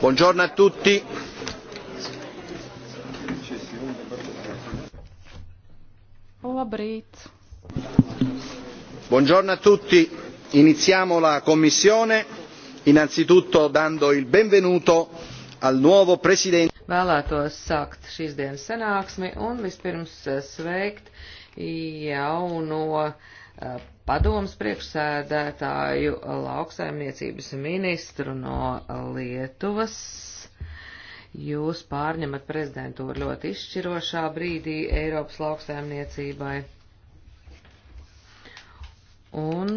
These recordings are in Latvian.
Buongiorno a tutti. Labrīt. Buongiorno a tutti. Iniziamo la Commissione innanzitutto dando il benvenuto al nuovo Presidente. Vēlētos sākt šīs dienas sanāksmi un vispirms eh, sveikt jauno uh, padomas priekšsēdētāju, lauksaimniecības ministru no Lietuvas. Jūs pārņemat prezidentūru ļoti izšķirošā brīdī Eiropas lauksaimniecībai. Un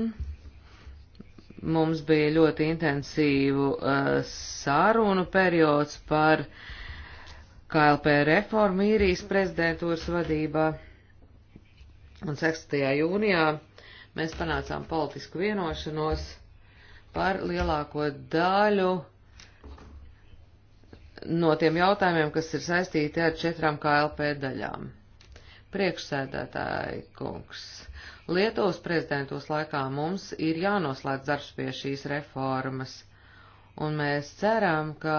mums bija ļoti intensīvu uh, eh, sārunu periods par KLP reformu īrijas prezidentūras vadībā. Un 6. jūnijā mēs panācām politisku vienošanos par lielāko daļu no tiem jautājumiem, kas ir saistīti ar četrām KLP daļām. Priekšsēdētāji kungs, Lietuvas prezidentos laikā mums ir jānoslēdz darbs pie šīs reformas, un mēs ceram, ka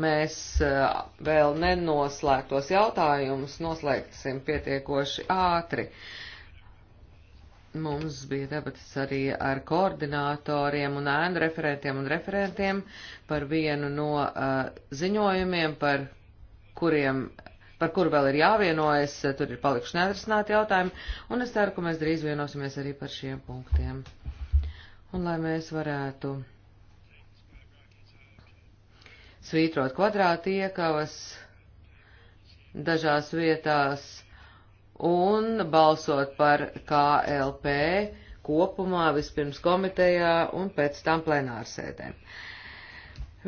mēs eh, vēl nenoslēgtos jautājumus noslēgsim pietiekoši ātri. Mums bija debatas arī ar koordinatoriem un ēnu referentiem un referentiem par vienu no uh, ziņojumiem, par kuriem, par kuru vēl ir jāvienojas, eh, tur ir palikuši neatrisināti jautājumi, un es ceru, ka mēs drīz vienosimies arī par šiem punktiem. Un lai mēs varētu svītrot kvadrātiekavas dažās vietās un balsot par KLP kopumā vispirms komitejā un pēc tam plenārsēdēm.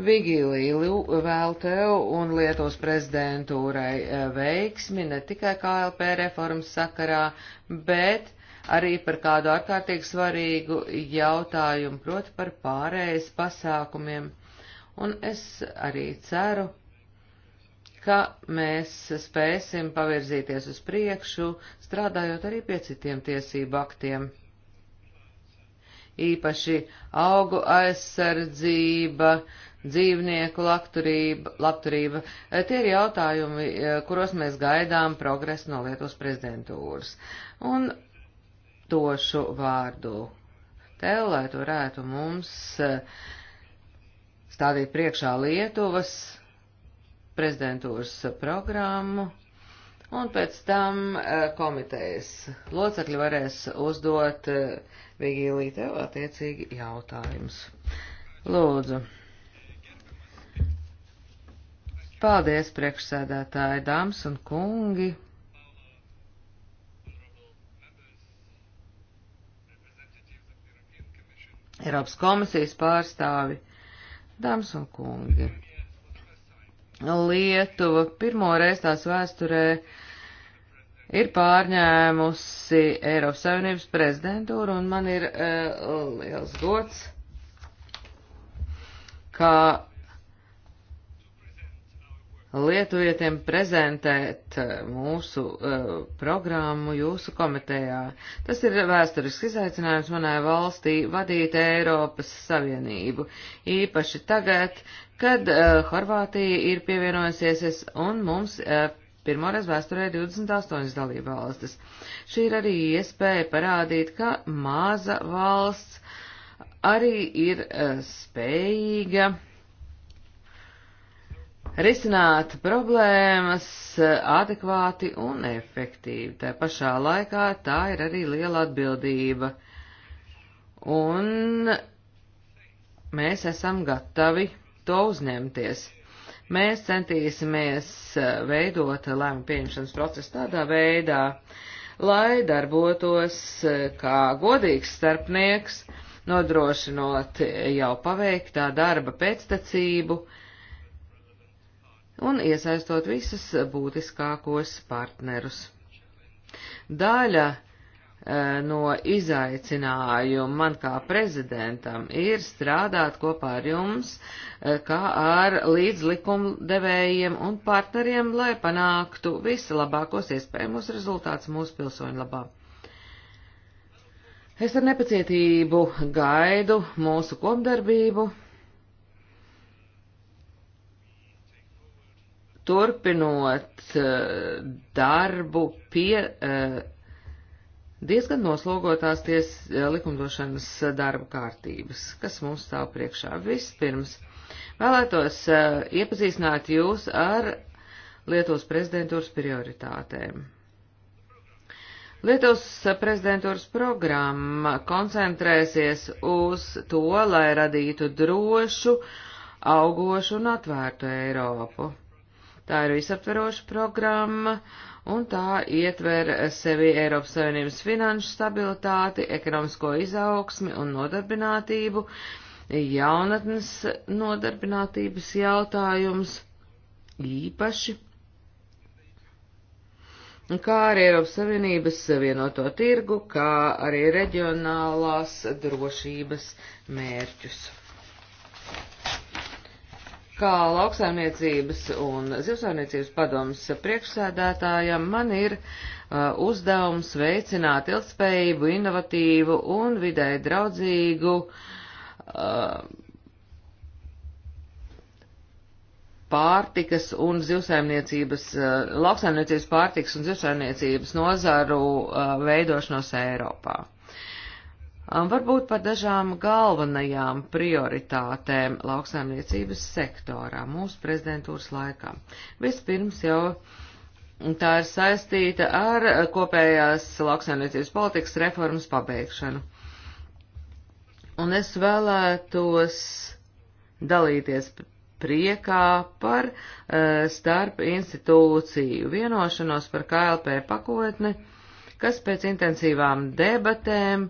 Vigīlija vēl tev un Lietuvas prezidentūrai e, veiksmi ne tikai KLP reformas sakarā, bet arī par kādu ārkārtīgi svarīgu jautājumu, proti par pārējais pasākumiem un es arī ceru, ka mēs spēsim pavirzīties uz priekšu, strādājot arī pie citiem tiesību aktiem. Īpaši augu aizsardzība, dzīvnieku labturība, labturība. Tie ir jautājumi, eh, kuros mēs gaidām progresu no Lietuvas prezidentūras. Un došu vārdu tev, lai tu varētu mums uh, stādīt priekšā Lietuvas prezidentūras programmu, un pēc tam e, komitejas locekļi varēs uzdot e, Vigīlī tev attiecīgi jautājumus. Lūdzu. Paldies, priekšsēdētāji, dāmas un kungi. Eiropas komisijas pārstāvi, Dāmas un kungi, Lietuva pirmoreiz tās vēsturē ir pārņēmusi Eiropas Savienības prezidentūru, un man ir uh, liels gods, ka lietuvietiem prezentēt eh, mūsu uh, programmu jūsu komitejā. Tas ir vēsturisks izaicinājums manai valstī vadīt Eiropas Savienību, īpaši tagad, kad uh, Horvātija ir pievienojusies un mums uh, Pirmoreiz vēsturē 28 dalība valstis. Šī ir arī iespēja parādīt, ka maza valsts arī ir uh, spējīga uh, risināt problēmas eh, adekvāti un efektīvi. Tā pašā laikā tā ir arī liela atbildība. Un mēs esam gatavi to uzņemties. Mēs centīsimies eh, veidot lēmu pieņemšanas procesu tādā veidā, lai darbotos eh, kā godīgs starpnieks, nodrošinot jau paveiktā darba pēctecību, uh, un iesaistot visus būtiskākos partnerus. Daļa e, no izaicinājuma man kā prezidentam ir strādāt kopā ar jums, e, kā ar līdzlikumdevējiem un partneriem, lai panāktu vislabākos iespējamos rezultātus mūsu pilsoņu labā. Es ar nepacietību gaidu mūsu kopdarbību turpinot eh, darbu pie eh, diezgan noslogotās ties eh, likumdošanas darba kārtības, kas mums stāv priekšā. Vispirms vēlētos iepazīstināt jūs ar Lietuvas prezidentūras prioritātēm. Lietuvas prezidentūras programma koncentrēsies uz to, lai radītu drošu, augošu un atvērtu Eiropu. Tā ir visaptveroša programma, un tā ietver sevi Eiropas Savienības finanšu stabilitāti, ekonomisko izaugsmi un nodarbinātību, jaunatnes nodarbinātības jautājums īpaši kā arī Eiropas Savienības vienoto tirgu, kā arī reģionālās drošības mērķus. Kā lauksaimniecības un zivsaimniecības padomas priekšsēdētājam man ir uh, uzdevums veicināt ilgspējību, inovatīvu un vidē draudzīgu uh, pārtikas un zivsaimniecības, uh, lauksaimniecības pārtikas un zivsaimniecības nozaru uh, veidošanos Eiropā. Um, varbūt par dažām galvenajām prioritātēm lauksaimniecības sektorā mūsu prezidentūras laikā. Vispirms jau tā ir saistīta ar kopējās lauksaimniecības politikas reformas pabeigšanu. Un es vēlētos dalīties priekā par uh, starp institūciju vienošanos par KLP pakotni. Uh, kas pēc intensīvām debatēm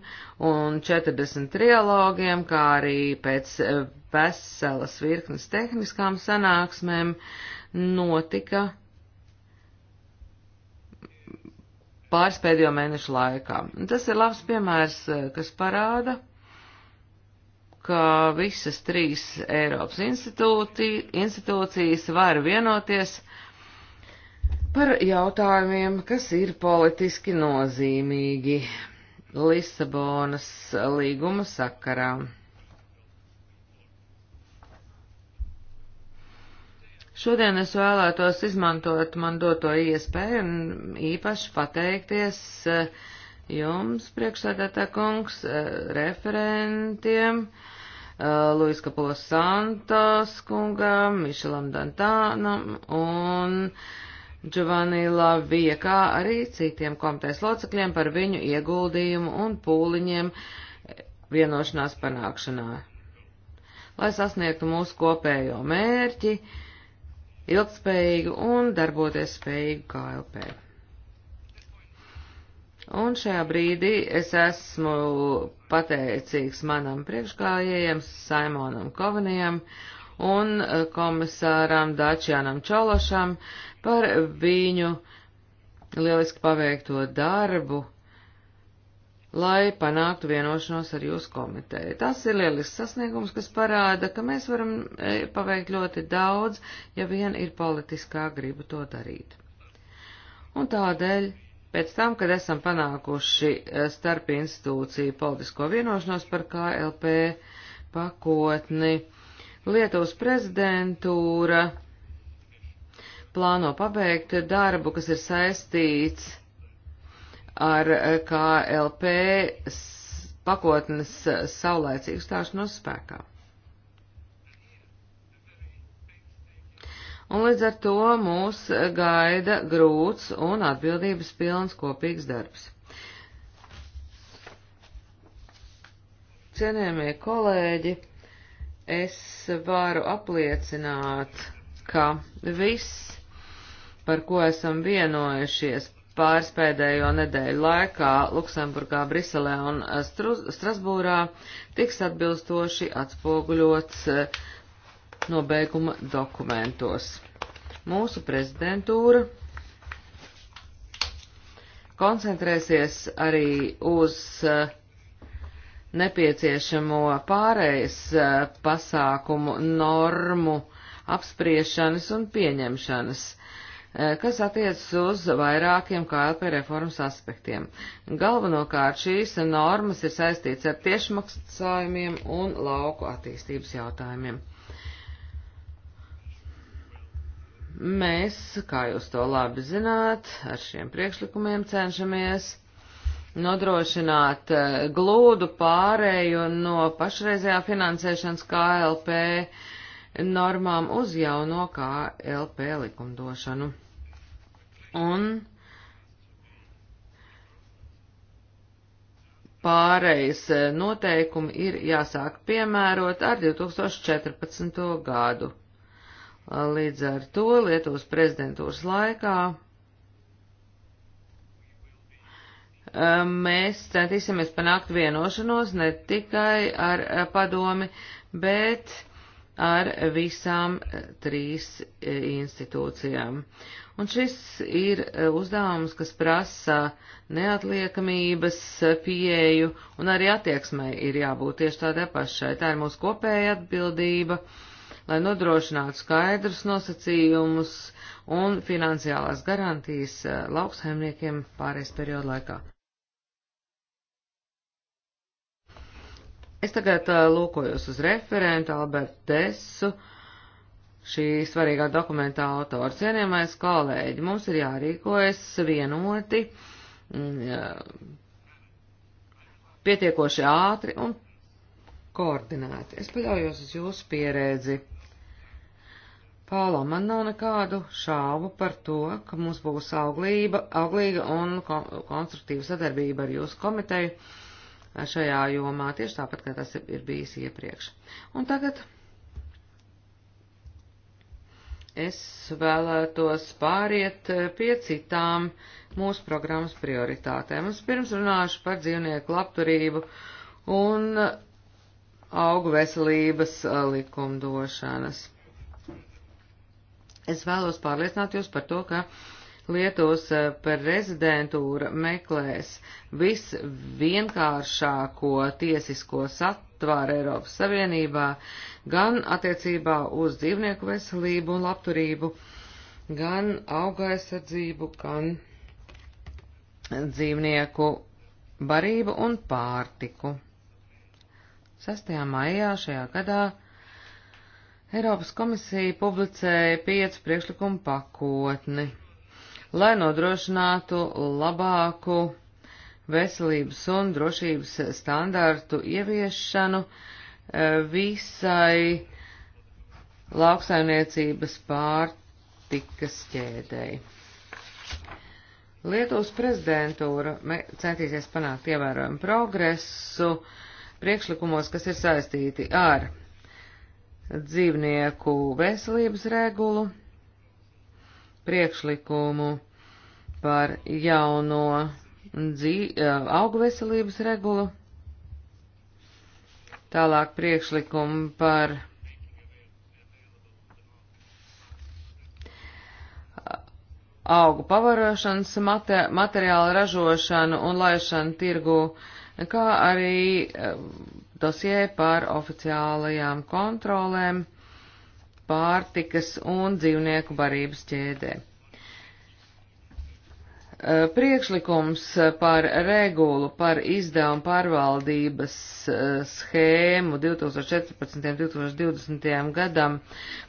un 40 trialogiem, kā arī pēc eh, veselas virknes tehniskām sanāksmēm notika pāris pēdējo mēnešu laikā. Tas ir labs piemērs, eh, kas parāda, ka visas trīs Eiropas institūti, institūcijas var vienoties par jautājumiem, kas ir politiski nozīmīgi Lisabonas līguma sakarā. Šodien es vēlētos izmantot man doto iespēju un īpaši pateikties eh, jums, priekšsēdētā kungs, eh, referentiem, eh, Luis Kapulos Santos kungam, Mišelam Dantānam un uh, Giovanni Lavija, kā arī citiem komitejas locekļiem par viņu ieguldījumu un pūliņiem vienošanās panākšanā. Lai sasniegtu mūsu kopējo mērķi, ilgspējīgu un darboties spējīgu KLP. Un šajā brīdī es esmu pateicīgs manam priekšgājējiem Simonam Kovanijam un eh, komisāram Dačianam Čološam, uh, par viņu lieliski paveikto darbu, lai panāktu vienošanos ar jūsu komiteju. Tas ir lielisks sasniegums, kas parāda, ka mēs varam e, paveikt ļoti daudz, ja vien ir politiskā griba to darīt. Un tādēļ Pēc tam, kad esam panākuši e, starp institūciju politisko vienošanos par KLP pakotni, Lietuvas prezidentūra plāno pabeigt darbu, kas ir saistīts ar KLP pakotnes saulēcīgu stāšanos spēkā. Un līdz ar to mūs gaida grūts un atbildības pilns kopīgs darbs. Cienējamie kolēģi, es varu apliecināt, ka viss par ko esam vienojušies pāris pēdējo nedēļu laikā Luksemburgā, Briselē un eh, Strasbūrā, tiks atbilstoši atspoguļots eh, nobeiguma dokumentos. Mūsu prezidentūra koncentrēsies arī uz eh, nepieciešamo pārējais pasākumu normu apspriešanas un pieņemšanas Eh, kas attiecas uz vairākiem KLP reformas aspektiem. Galvenokārt šīs normas ir saistīts ar tiešmaksājumiem un lauku attīstības jautājumiem. Mēs, kā jūs to labi zināt, ar šiem priekšlikumiem cenšamies nodrošināt eh, glūdu pārēju no pašreizējā finansēšanas KLP uh, normām uz jauno KLP likumdošanu. Un pārejas noteikumi ir jāsāk piemērot ar 2014. gadu. Līdz ar to Lietuvas prezidentūras laikā mēs centīsimies panākt vienošanos ne tikai ar padomi, bet ar visām eh, trīs eh, institūcijām. Un šis ir eh, uzdevums, kas prasa neatliekamības pieeju, un arī attieksmai ir jābūt tieši tādai pašai. Tā ir mūsu kopēja atbildība, lai nodrošinātu skaidrus nosacījumus un finansiālās garantijas lauksaimniekiem pārējais periodu laikā. Es tagad uh, lūkojos uz referentu Albertu Desu, šī svarīgā dokumentā autors. Cienījamais kolēģi, mums ir jārīkojas vienoti, mm, pietiekoši ātri un koordinēti. Es paļaujos uz jūsu pieredzi. Paulo, man nav nekādu šaubu par to, ka mums būs auglība, auglīga un ko konstruktīva sadarbība ar jūsu komiteju šajā jomā, tieši tāpat, kā tas ir bijis iepriekš. Un tagad es vēlētos pāriet pie citām mūsu programmas prioritātēm. Es pirms runāšu par dzīvnieku labturību un augu veselības likumdošanas. Es vēlos pārliecināt jūs par to, ka uh, Lietuvas eh, prezidentūra meklēs visvienkāršāko tiesisko satvaru Eiropas Savienībā gan attiecībā uz dzīvnieku veselību un labturību, gan augaisardzību, gan dzīvnieku barību un pārtiku. 6. maijā šajā gadā Eiropas komisija publicēja piecu priekšlikumu pakotni lai nodrošinātu labāku veselības un drošības standārtu ieviešanu e, visai lauksaimniecības pārtikas ķēdēji. Lietuvas prezidentūra centīsies panākt ievērojumu progresu priekšlikumos, kas ir saistīti ar dzīvnieku veselības regulu, priekšlikumu par jauno dzī, augu veselības regulu, tālāk priekšlikumu par augu pavarošanas mate, materiālu ražošanu un laišanu tirgu, kā arī dosie par oficiālajām kontrolēm pārtikas un dzīvnieku barības ķēdē. E, priekšlikums par regulu par izdevumu pārvaldības e, schēmu 2014-2020 gadam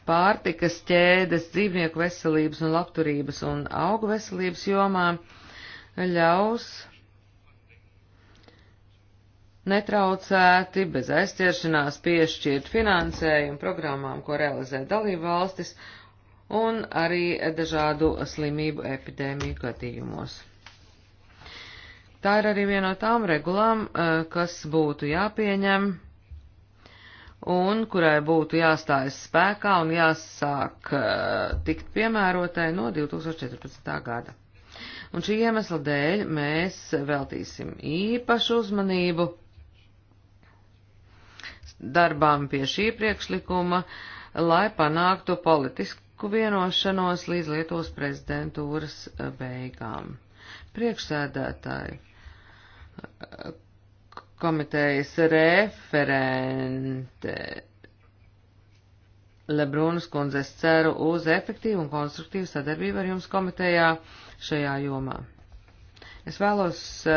pārtikas ķēdes, dzīvnieku veselības un labturības un augu veselības jomā ļaus netraucēti, bez aizķeršanās piešķirt finansējumu programmām, ko realizē dalību valstis, un arī dažādu slimību epidēmiju gadījumos. Tā ir arī viena no tām regulām, eh, kas būtu jāpieņem un kurai būtu jāstājas spēkā un jāsāk eh, tikt piemērotai no 2014. gada. Un šī iemesla dēļ mēs veltīsim īpašu uzmanību darbām pie šī priekšlikuma, lai panāktu politisku vienošanos līdz Lietuvas prezidentūras eh, beigām. Priekšsēdētāji, eh, komitejas referente Lebrūnas kundze, es ceru uz efektīvu un konstruktīvu sadarbību ar jums komitejā šajā jomā. Es vēlos eh,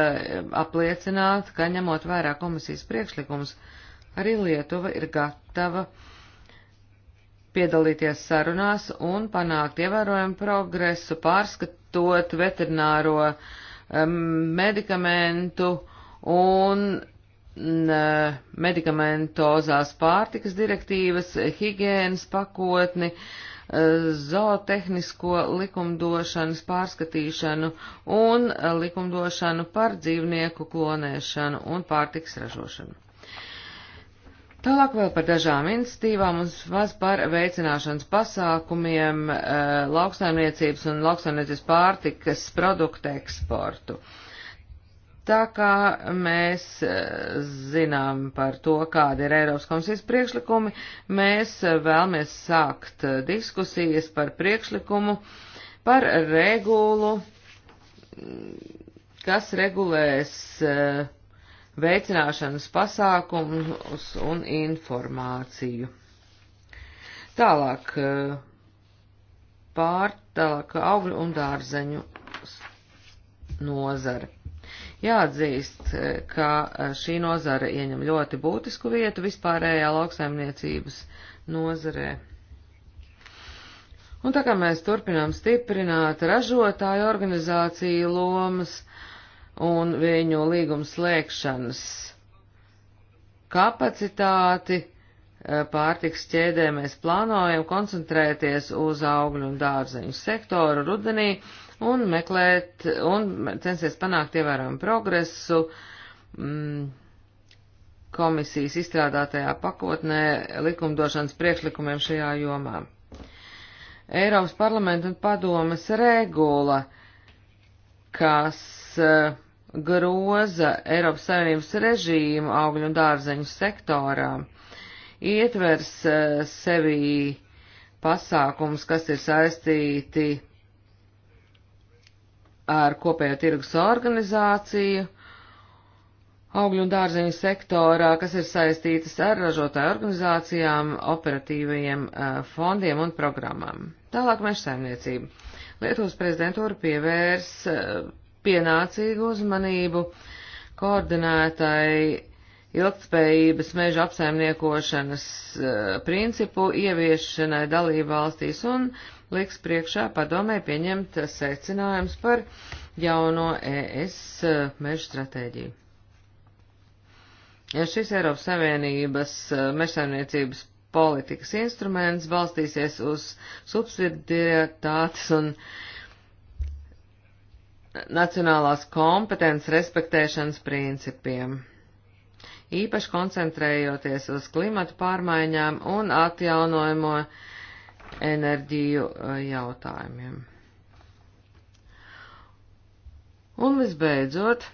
apliecināt, ka ņemot vērā komisijas priekšlikums, uh, Arī Lietuva ir gatava piedalīties sarunās un panākt ievērojumu progresu, pārskatot veterināro um, medikamentu un um, medikamentozās pārtikas direktīvas, higienas pakotni, uh, zootehnisko likumdošanas pārskatīšanu un e, likumdošanu par dzīvnieku klonēšanu un pārtiks ražošanu. Tālāk vēl par dažām institīvām un maz par veicināšanas pasākumiem eh, lauksaimniecības un lauksaimniecības pārtikas produktu eksportu. Tā kā mēs eh, zinām par to, kāda ir Eiropas komisijas priekšlikumi, mēs eh, vēlamies sākt diskusijas par priekšlikumu, par regulu, mm, kas regulēs uh, veicināšanas pasākumus un informāciju. Tālāk eh, pār, tālāk augļu un dārzeņu nozara. Jāatzīst, eh, ka eh, šī nozara ieņem ļoti būtisku vietu vispārējā lauksaimniecības nozarē. Un tā kā mēs turpinām stiprināt ražotāju organizāciju lomas, uh, un viņu līguma slēgšanas kapacitāti eh, pārtiks ķēdē mēs plānojam koncentrēties uz augļu un dārzeņu sektoru rudenī un meklēt un censties panākt ievērojumu progresu mm, komisijas izstrādātajā pakotnē likumdošanas priekšlikumiem šajā jomā. Eiropas parlamenta un padomas regula, kas uh, groza Eiropas Savienības režīmu augļu un dārzeņu sektorā, ietvers eh, sevī pasākums, kas ir saistīti ar kopējo tirgus organizāciju, augļu un dārzeņu sektorā, kas ir saistītas ar ražotāju organizācijām, operatīvajiem eh, fondiem un programmām. Tālāk mežsaimniecība. Lietuvas prezidentūra pievērs eh, pienācīgu uzmanību koordinētai ilgtspējības meža apsaimniekošanas e, principu ieviešanai dalību valstīs un liks priekšā padomē pieņemt secinājums par jauno ES e, meža stratēģiju. Ja šis Eiropas Savienības e, mežsaimniecības politikas instruments balstīsies uz subsidiarietātes un uh, nacionālās kompetences respektēšanas principiem, īpaši koncentrējoties uz klimatu pārmaiņām un atjaunojamo enerģiju e, jautājumiem. Un visbeidzot,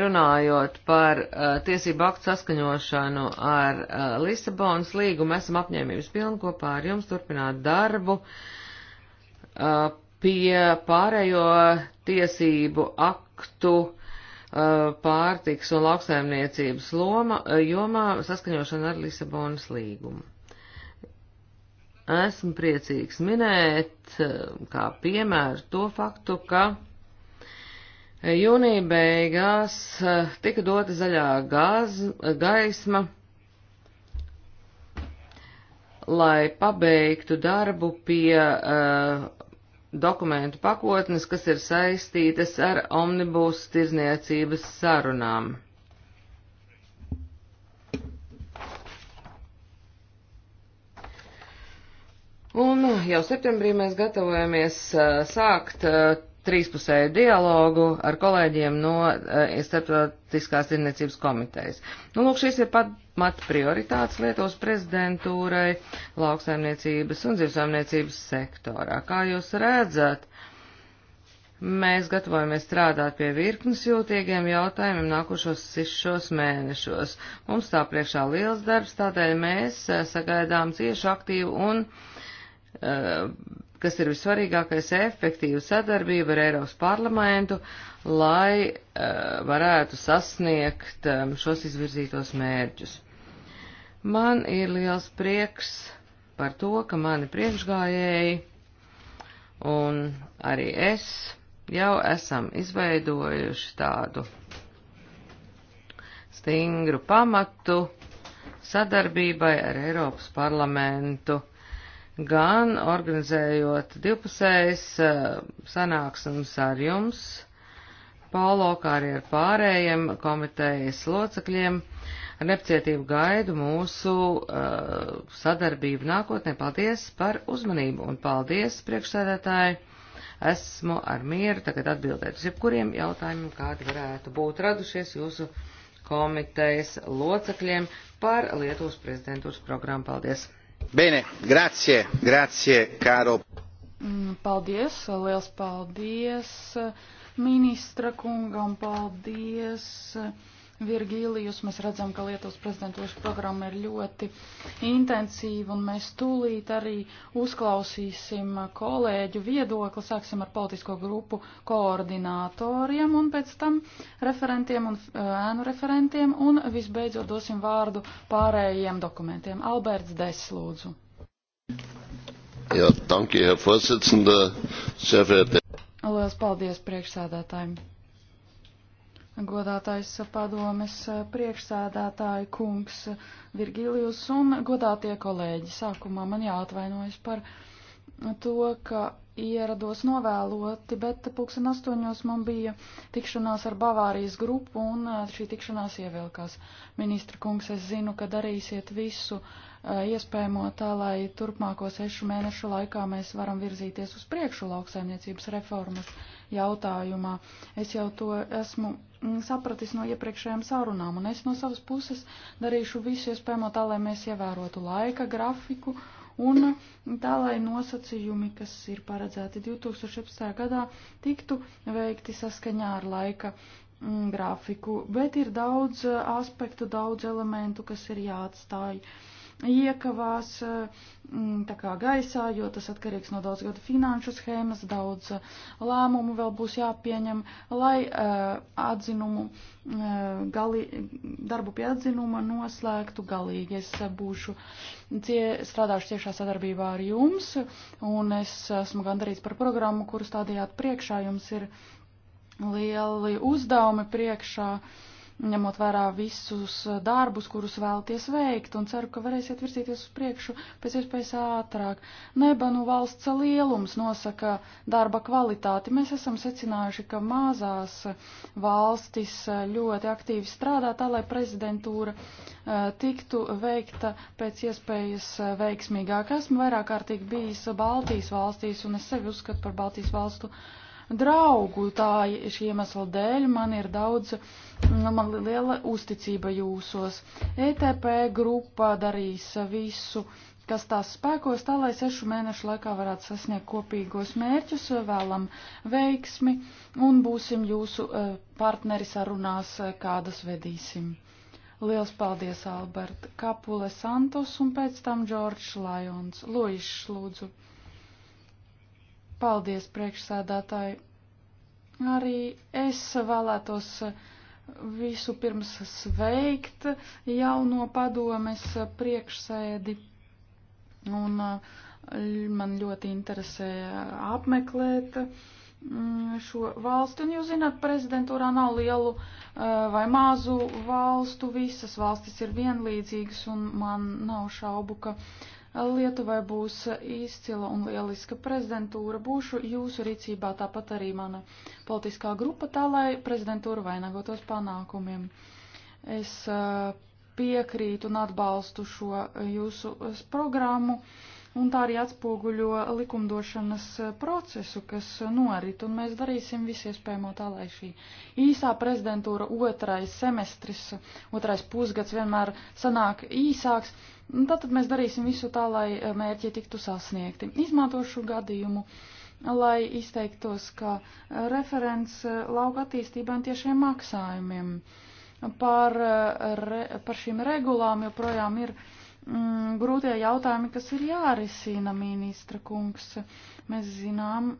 runājot par uh, tiesību aktu saskaņošanu ar uh, Lisabonas līgumu, esam apņēmības pilni kopā ar jums turpināt darbu, uh, pie pārējo tiesību aktu pārtiks un lauksaimniecības loma, jomā saskaņošana ar Lisabonas līgumu. Esmu priecīgs minēt kā piemēru to faktu, ka jūnija beigās tika dota zaļā gaz, gaisma lai pabeigtu darbu pie uh, dokumentu pakotnes, kas ir saistītas ar omnibus tirzniecības sarunām. Un jau septembrī mēs gatavojamies sākt trīspusēju dialogu ar kolēģiem no uh, starptautiskās tirniecības komitejas. Nu, lūk, šis ir pat prioritāts Lietuvas prezidentūrai lauksaimniecības un dzīvesaimniecības sektorā. Kā jūs redzat, mēs gatavojamies strādāt pie virknes jūtīgiem jautājumiem nākušos sešos mēnešos. Mums tā priekšā liels darbs, tādēļ mēs eh, sagaidām cieši aktīvu un uh, kas ir visvarīgākais, efektīva sadarbība ar Eiropas parlamentu, lai uh, varētu sasniegt um, šos izvirzītos mērķus. Man ir liels prieks par to, ka mani priekšgājēji un arī es jau esam izveidojuši tādu stingru pamatu sadarbībai ar Eiropas parlamentu gan organizējot divpusējas eh, sanāksmes ar jums, Paulo, kā arī ar pārējiem komitejas locekļiem. Ar nepacietību gaidu mūsu uh, sadarbību nākotnē. Paldies par uzmanību un paldies, priekšsēdētāji. Esmu ar mieru tagad atbildēt uz jebkuriem jautājumiem, kādi varētu būt radušies jūsu komitejas locekļiem par Lietuvas prezidentūras programmu. Paldies! Bene, grazie, grazie, karo. Mm, paldies, liels paldies ministra kungam, paldies. Virgīlijus. Mēs redzam, ka Lietuvas prezidentūras programma ir ļoti intensīva, un mēs tūlīt arī uzklausīsim kolēģu viedokli. Sāksim ar politisko grupu koordinatoriem, un pēc tam referentiem un eh, ēnu referentiem, un visbeidzot dosim vārdu pārējiem dokumentiem. Alberts Deslūdzu. Ja, danke, Herr Vorsitzender, sehr verehrte. Lielas paldies priekšsēdētājiem godātais padomes eh, priekšsēdētāja kungs Virgilijus un godātie kolēģi. Sākumā man jāatvainojas par to, ka ierados novēloti, bet pulksten astoņos man bija tikšanās ar Bavārijas grupu un eh, šī tikšanās ievilkās. Ministra kungs, es zinu, ka darīsiet visu eh, iespējamo tā, lai turpmāko sešu mēnešu laikā mēs varam virzīties uz priekšu lauksaimniecības reformas jautājumā. Es jau to esmu mm, sapratis no iepriekšējām sarunām, un es no savas puses darīšu visu iespējamo tā, lai mēs ievērotu laika grafiku un tā, lai nosacījumi, kas ir paredzēti 2017. gadā, tiktu veikti saskaņā ar laika mm, grafiku. Bet ir daudz aspektu, daudz elementu, kas ir jāatstāj uh, iekavās eh, mm, tā kā gaisā, jo tas atkarīgs no daudz gadu finanšu schēmas, daudz eh, lēmumu vēl būs jāpieņem, lai eh, atzinumu, gali, darbu pie atzinuma noslēgtu galīgi. Es būšu cie, strādāšu ciešā sadarbībā ar jums, un es esmu gandarīts par programmu, kuru stādījāt priekšā. Jums ir lieli uzdevumi priekšā. Uh, ņemot vērā visus darbus, kurus vēlties veikt, un ceru, ka varēsiet virzīties uz priekšu pēc iespējas ātrāk. Nebanu valsts lielums nosaka darba kvalitāti. Mēs esam secinājuši, ka mazās valstis ļoti aktīvi strādā tā, lai prezidentūra eh, tiktu veikta pēc iespējas veiksmīgāk. Esmu vairāk kārtīgi bijis Baltijas valstīs, un es sevi uzskatu par Baltijas valstu uh, draugu. Tā šī iemesla dēļ man ir daudz, nu, man liela uzticība jūsos. ETP grupa darīs visu kas tās spēkos, tā lai sešu mēnešu laikā varētu sasniegt kopīgos mērķus, vēlam veiksmi un būsim jūsu e, partneri sarunās, e, kādas vedīsim. Liels paldies, Albert! Kapule Santos un pēc tam Džordžs Lajons. Lojišs, lūdzu! Paldies, priekšsēdētāji. Arī es vēlētos visu pirms sveikt jauno padomes priekšsēdi. Un uh, man ļoti interesē apmeklēt mm, šo valsti. Un jūs zināt, prezidentūrā nav lielu uh, vai mazu valstu. Visas valstis ir vienlīdzīgas un man nav šaubu, ka Lietuvai būs izcila un lieliska prezidentūra. Būšu jūsu rīcībā tāpat arī mana politiskā grupa, tā lai prezidentūra vainagotos panākumiem. Es piekrītu un atbalstu šo jūsu programmu. Uh, un tā arī atspoguļo likumdošanas eh, procesu, kas eh, norit, un mēs darīsim visu iespējamo tā, lai šī īsā prezidentūra otrais semestris, otrais pusgads vienmēr sanāk īsāks, un tātad mēs darīsim visu tā, lai eh, mērķi tiktu sasniegti. Izmantošu gadījumu lai izteiktos kā referents lauka attīstībai un tiešiem maksājumiem. Par, re, par šīm regulām joprojām ir uh, mm, grūtie jautājumi, kas ir jārisina, ministra kungs. Mēs zinām,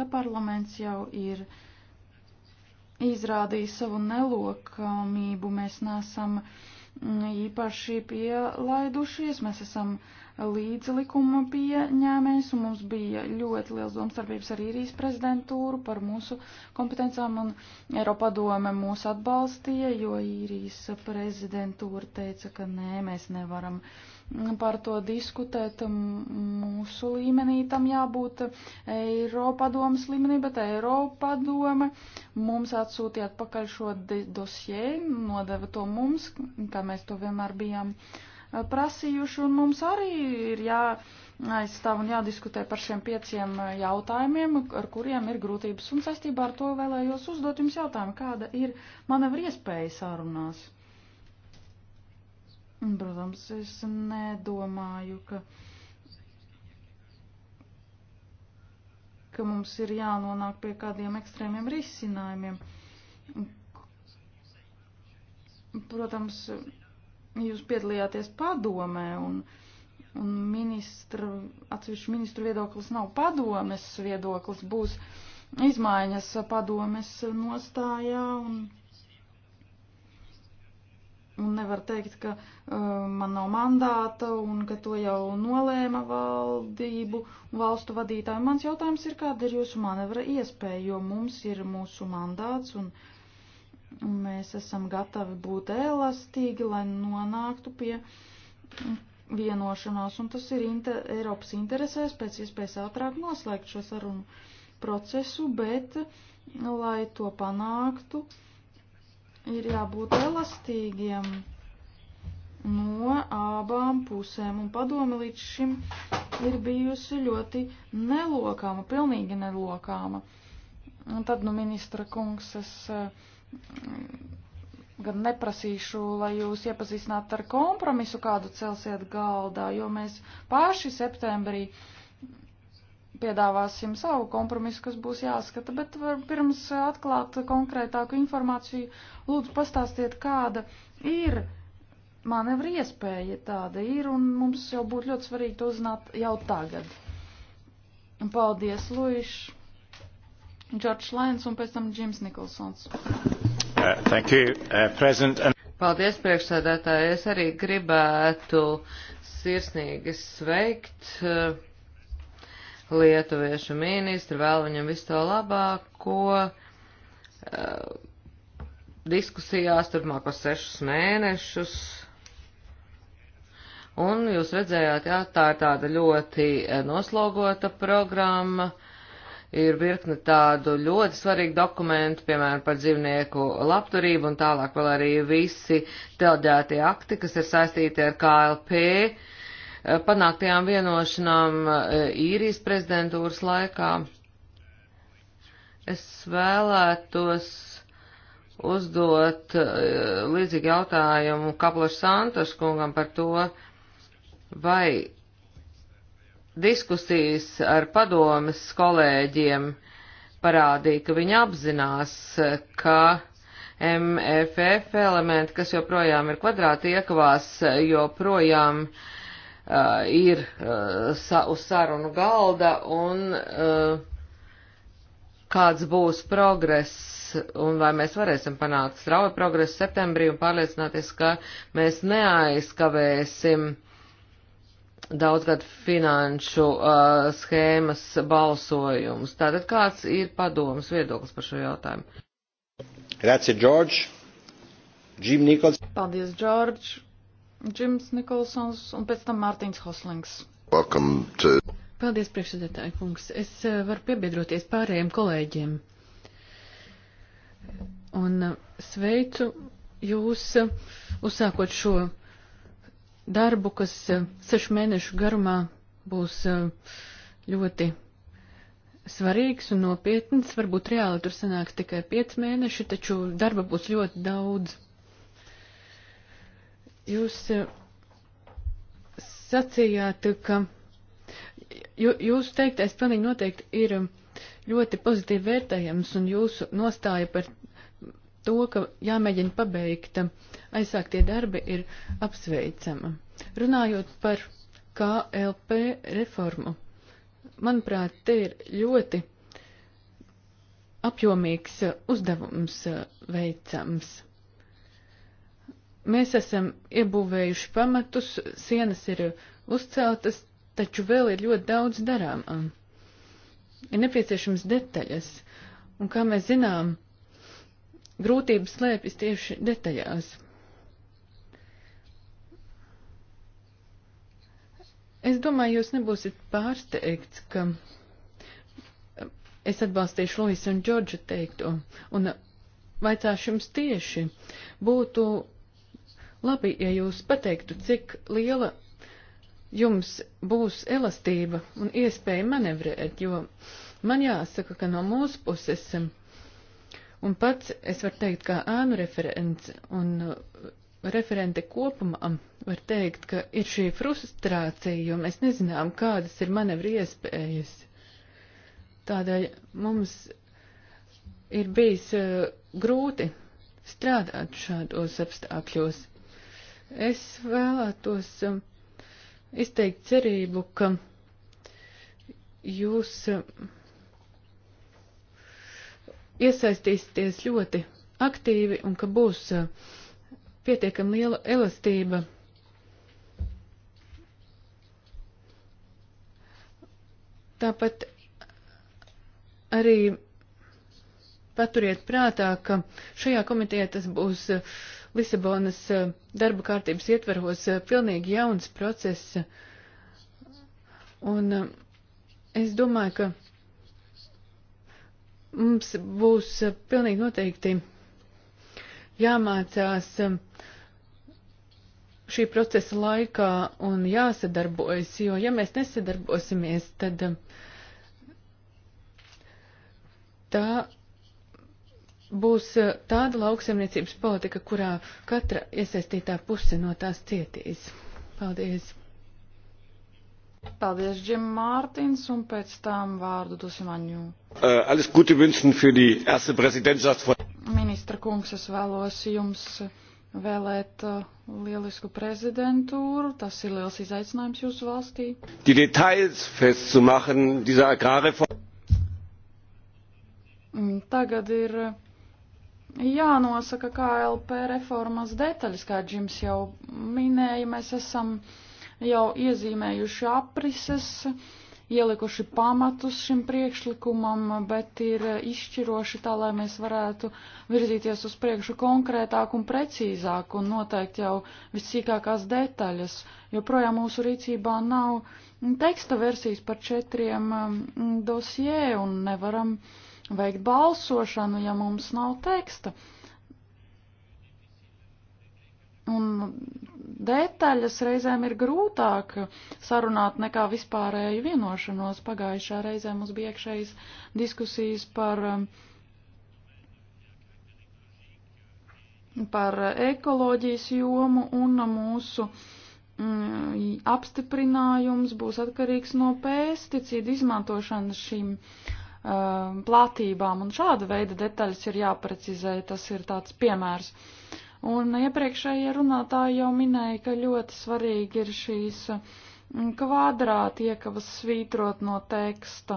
ka parlaments jau ir izrādījis savu nelokamību. Mēs nesam mm, īpaši pielaidušies, mēs esam uh, līdzlikuma pieņēmējs, un mums bija ļoti liels domstarpības ar īrijas prezidentūru par mūsu kompetencijām, un Eiropadome mūs atbalstīja, jo īrijas prezidentūra teica, ka nē, mēs nevaram par to diskutēt mūsu līmenī, tam jābūt Eiropadomas līmenī, bet Eiropadome mums atsūtīja atpakaļ šo dosjē, nodeva to mums, kā mēs to vienmēr bijām. Uh, prasījuši, un mums arī ir jā aizstāv un jādiskutē par šiem pieciem eh, jautājumiem, ar kuriem ir grūtības. Un saistībā ar to vēlējos uzdot jums jautājumu, kāda ir manevra iespēja sārunās. Protams, es nedomāju, ka, ka mums ir jānonāk pie kādiem ekstrēmiem risinājumiem. Protams, jūs piedalījāties padomē un, un ministra, atsevišķu ministru viedoklis nav padomes viedoklis, būs izmaiņas padomes nostājā un, un nevar teikt, ka uh, man nav mandāta un ka to jau nolēma valdību un valstu vadītāji. Mans jautājums ir, kāda ir jūsu manevra iespēja, jo mums ir mūsu mandāts un uh, Mēs esam gatavi būt elastīgi, lai nonāktu pie vienošanās, un tas ir inter, Eiropas interesēs pēc iespējas ātrāk noslēgt šo sarunu procesu, bet, lai to panāktu, ir jābūt elastīgiem no abām pusēm, un padome līdz šim ir bijusi ļoti nelokāma, pilnīgi nelokāma. Un tad, nu, ministra kungs, es gan neprasīšu, lai jūs iepazīstinātu ar kompromisu, kādu celsiet galdā, jo mēs paši septembrī piedāvāsim savu kompromisu, kas būs jāskata, bet pirms atklāt konkrētāku informāciju, lūdzu pastāstiet, kāda ir manevri iespēja tāda ir, un mums jau būtu ļoti svarīgi to uzzināt jau tagad. Paldies, Luīši! Džordžs Lēns un pēc tam Džims Nikolsons. Uh, thank you, uh, President. And... Paldies, priekšsēdētāji. Es arī gribētu sirsnīgi sveikt uh, lietuviešu ministru, vēl viņam visu to labāko. Uh, diskusijās turpmākos sešus mēnešus. Un jūs redzējāt, jā, tā ir tāda ļoti uh, noslogota programma. Uh, ir virkne tādu ļoti svarīgu dokumentu, piemēram, par dzīvnieku labturību un tālāk vēl arī visi telģētie akti, kas ir saistīti ar KLP eh, panāktajām vienošanām eh, īrijas prezidentūras laikā. Es vēlētos uzdot eh, līdzīgi jautājumu Kaplašu Santoškungam par to, vai diskusijas ar padomes kolēģiem parādīja, ka viņi apzinās, ka MFF elementi, kas joprojām ir kvadrāti iekavās, joprojām uh, ir uh, sa uz sarunu galda un uh, kāds būs progress un vai mēs varēsim panākt strauju progresu septembrī un pārliecināties, ka mēs neaizkavēsim uh, daudzgad finanšu uh, schēmas balsojums. Tātad kāds ir padomas viedoklis par šo jautājumu? Grazie, George. Jim Nikols. Paldies, George. Džims Nikolsons un pēc tam Mārtiņš Hoslings. Welcome to. Paldies, priekšsēdētāji kungs. Es uh, varu piebiedroties pārējiem kolēģiem. Un uh, sveicu jūs uh, uzsākot šo darbu, kas eh, sešu mēnešu garumā būs eh, ļoti svarīgs un nopietns. Varbūt reāli tur sanāks tikai 5 mēneši, taču darba būs ļoti daudz. Jūs eh, sacījāt, ka jūsu teiktais pilnīgi noteikti ir ļoti pozitīvi vērtējams un jūsu nostāja par to, ka jāmēģina pabeigt uh, aizsāktie darbi ir apsveicama. Runājot par KLP reformu, manuprāt, te ir ļoti apjomīgs uzdevums veicams. Mēs esam iebūvējuši pamatus, sienas ir uzceltas, taču vēl ir ļoti daudz darāmā. Ir nepieciešams detaļas, un kā mēs zinām, grūtības slēpjas tieši detaļās. Es domāju, jūs nebūsiet pārsteigts, ka es atbalstīšu Luisa un Džordža teikto un vaicāšu jums tieši. Būtu labi, ja jūs pateiktu, cik liela jums būs elastība un iespēja manevrēt, jo man jāsaka, ka no mūsu puses, un pats es varu teikt kā ānu referents un referente kopumā var teikt, ka ir šī frustrācija, jo mēs nezinām, kādas ir manevri iespējas. Tādēļ mums ir bijis uh, grūti strādāt šādos apstākļos. Es vēlētos uh, izteikt cerību, ka jūs uh, iesaistīsieties ļoti aktīvi un ka būs uh, pietiekami liela elastība. Tāpat arī paturiet prātā, ka šajā komitejā tas būs eh, Lisabonas eh, darba kārtības ietveros eh, pilnīgi jauns process. Un es domāju, ka mums būs pilnīgi noteikti jāmācās um, šī procesa laikā un jāsadarbojas, jo ja mēs nesadarbosimies, tad um, tā būs uh, tāda lauksaimniecības politika, kurā katra iesaistītā puse no tās cietīs. Paldies! Paldies, Džim Mārtins, un pēc tam vārdu dosim Aņū. Uh, äh, alles Gute wünschen für die erste Präsidentschaft von. Ministra kungs, es vēlos jums vēlēt uh, lielisku prezidentūru. Tas ir liels izaicinājums jūsu valstī. Die details festzumachen, dieser agrarreform. Mm, tagad ir uh, jānosaka KLP reformas detaļas, kā Džims jau minēja. Mēs esam jau iezīmējuši aprises. Uh, ielikuši pamatus šim priekšlikumam, bet ir izšķiroši tā, lai mēs varētu virzīties uz priekšu konkrētāk un precīzāk un noteikt jau vissīkākās detaļas, jo projām mūsu rīcībā nav teksta versijas par četriem um, dosjē un nevaram veikt balsošanu, ja mums nav teksta. Uh, Un detaļas reizēm ir grūtāk sarunāt nekā vispārēju vienošanos. Pagājušā reizē mums bija iekšējas diskusijas par, par ekoloģijas jomu un mūsu mm, apstiprinājums būs atkarīgs no pesticīdu izmantošanas šīm eh, platībām, un šāda veida detaļas ir jāprecizē, tas ir tāds piemērs. Uh, Un iepriekšējie runātāji jau minēja, ka ļoti svarīgi ir šīs mm, kvadrāti iekavas svītrot no teksta.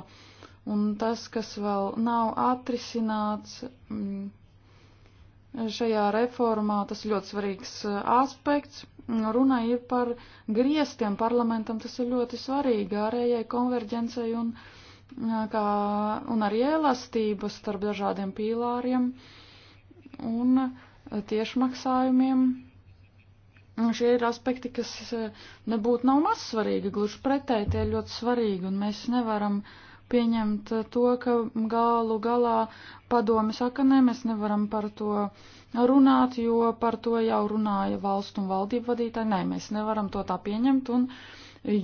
Un tas, kas vēl nav atrisināts mm, šajā reformā, tas ļoti svarīgs eh, aspekts. Runa ir par griestiem parlamentam, tas ir ļoti svarīgi ārējai konverģencei un, eh, kā, un arī elastība starp dažādiem pīlāriem. Un, uh, Eh, tiešmaksājumiem. Šie ir aspekti, kas eh, nebūtu nav mazsvarīgi, gluži pretēji tie ir ļoti svarīgi, un mēs nevaram pieņemt eh, to, ka galu galā padomi saka, nē, mēs nevaram par to runāt, jo par to jau runāja valstu un valdību vadītāji, nē, mēs nevaram to tā pieņemt, un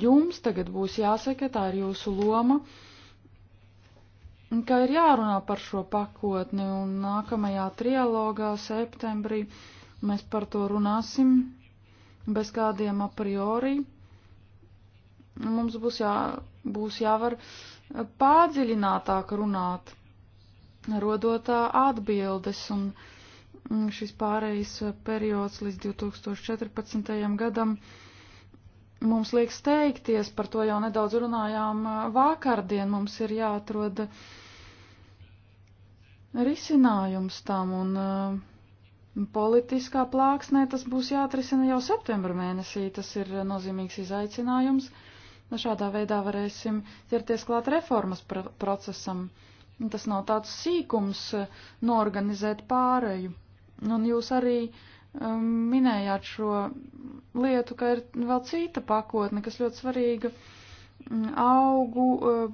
jums tagad būs jāsaka, tā ir jūsu loma. Uh, ka ir jārunā par šo pakotni, un nākamajā trialogā septembrī mēs par to runāsim bez kādiem a priori. Mums būs, jā, būs jāvar pādziļinātāk runāt, rodot atbildes, un mm, šis pārējais periods līdz 2014. gadam mums liek steigties, par to jau nedaudz runājām vakardien, mums ir jāatrod risinājums tam, un politiskā plāksnē tas būs jāatrisina jau septembra mēnesī, tas ir nozīmīgs izaicinājums. Šādā veidā varēsim ķerties klāt reformas pr procesam. Tas nav tāds sīkums norganizēt pāreju. Un jūs arī uh, Um, minējāt šo lietu, ka ir vēl cita pakotne, kas ļoti svarīga mm, augu uh,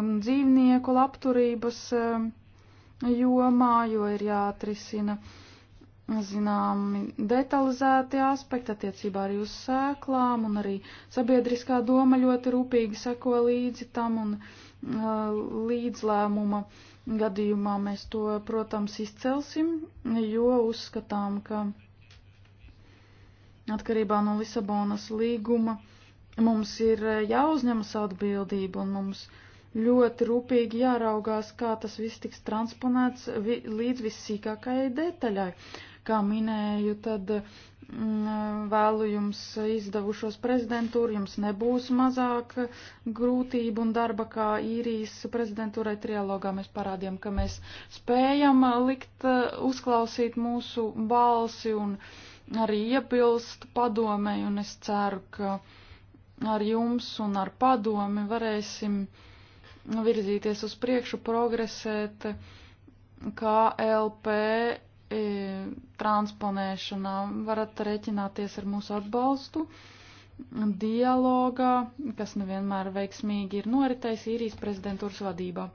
un dzīvnieku labturības uh, jomā, jo ir jāatrisina zināmi detalizēti aspekti attiecībā arī uz sēklām, un arī sabiedriskā doma ļoti rūpīgi seko līdzi tam un uh, līdzlēmuma uh, gadījumā mēs to, protams, izcelsim, jo uzskatām, ka atkarībā no Lisabonas līguma mums ir jāuzņemas atbildība un mums ļoti rūpīgi jāraugās, kā tas viss tiks transponēts vi līdz vissīkākajai detaļai. Kā minēju, tad Mm, vēlu jums izdevušos prezidentūru, jums nebūs mazāk grūtību un darba kā īrijas prezidentūrai trialogā. Mēs parādījām, ka mēs spējam likt uzklausīt mūsu balsi un arī iepilst padomē, un es ceru, ka ar jums un ar padomi varēsim virzīties uz priekšu, progresēt, kā LP E, transponēšanā. Varat reķināties ar mūsu atbalstu dialogā, kas nevienmēr veiksmīgi ir noritējis īrijas prezidentūras vadībā.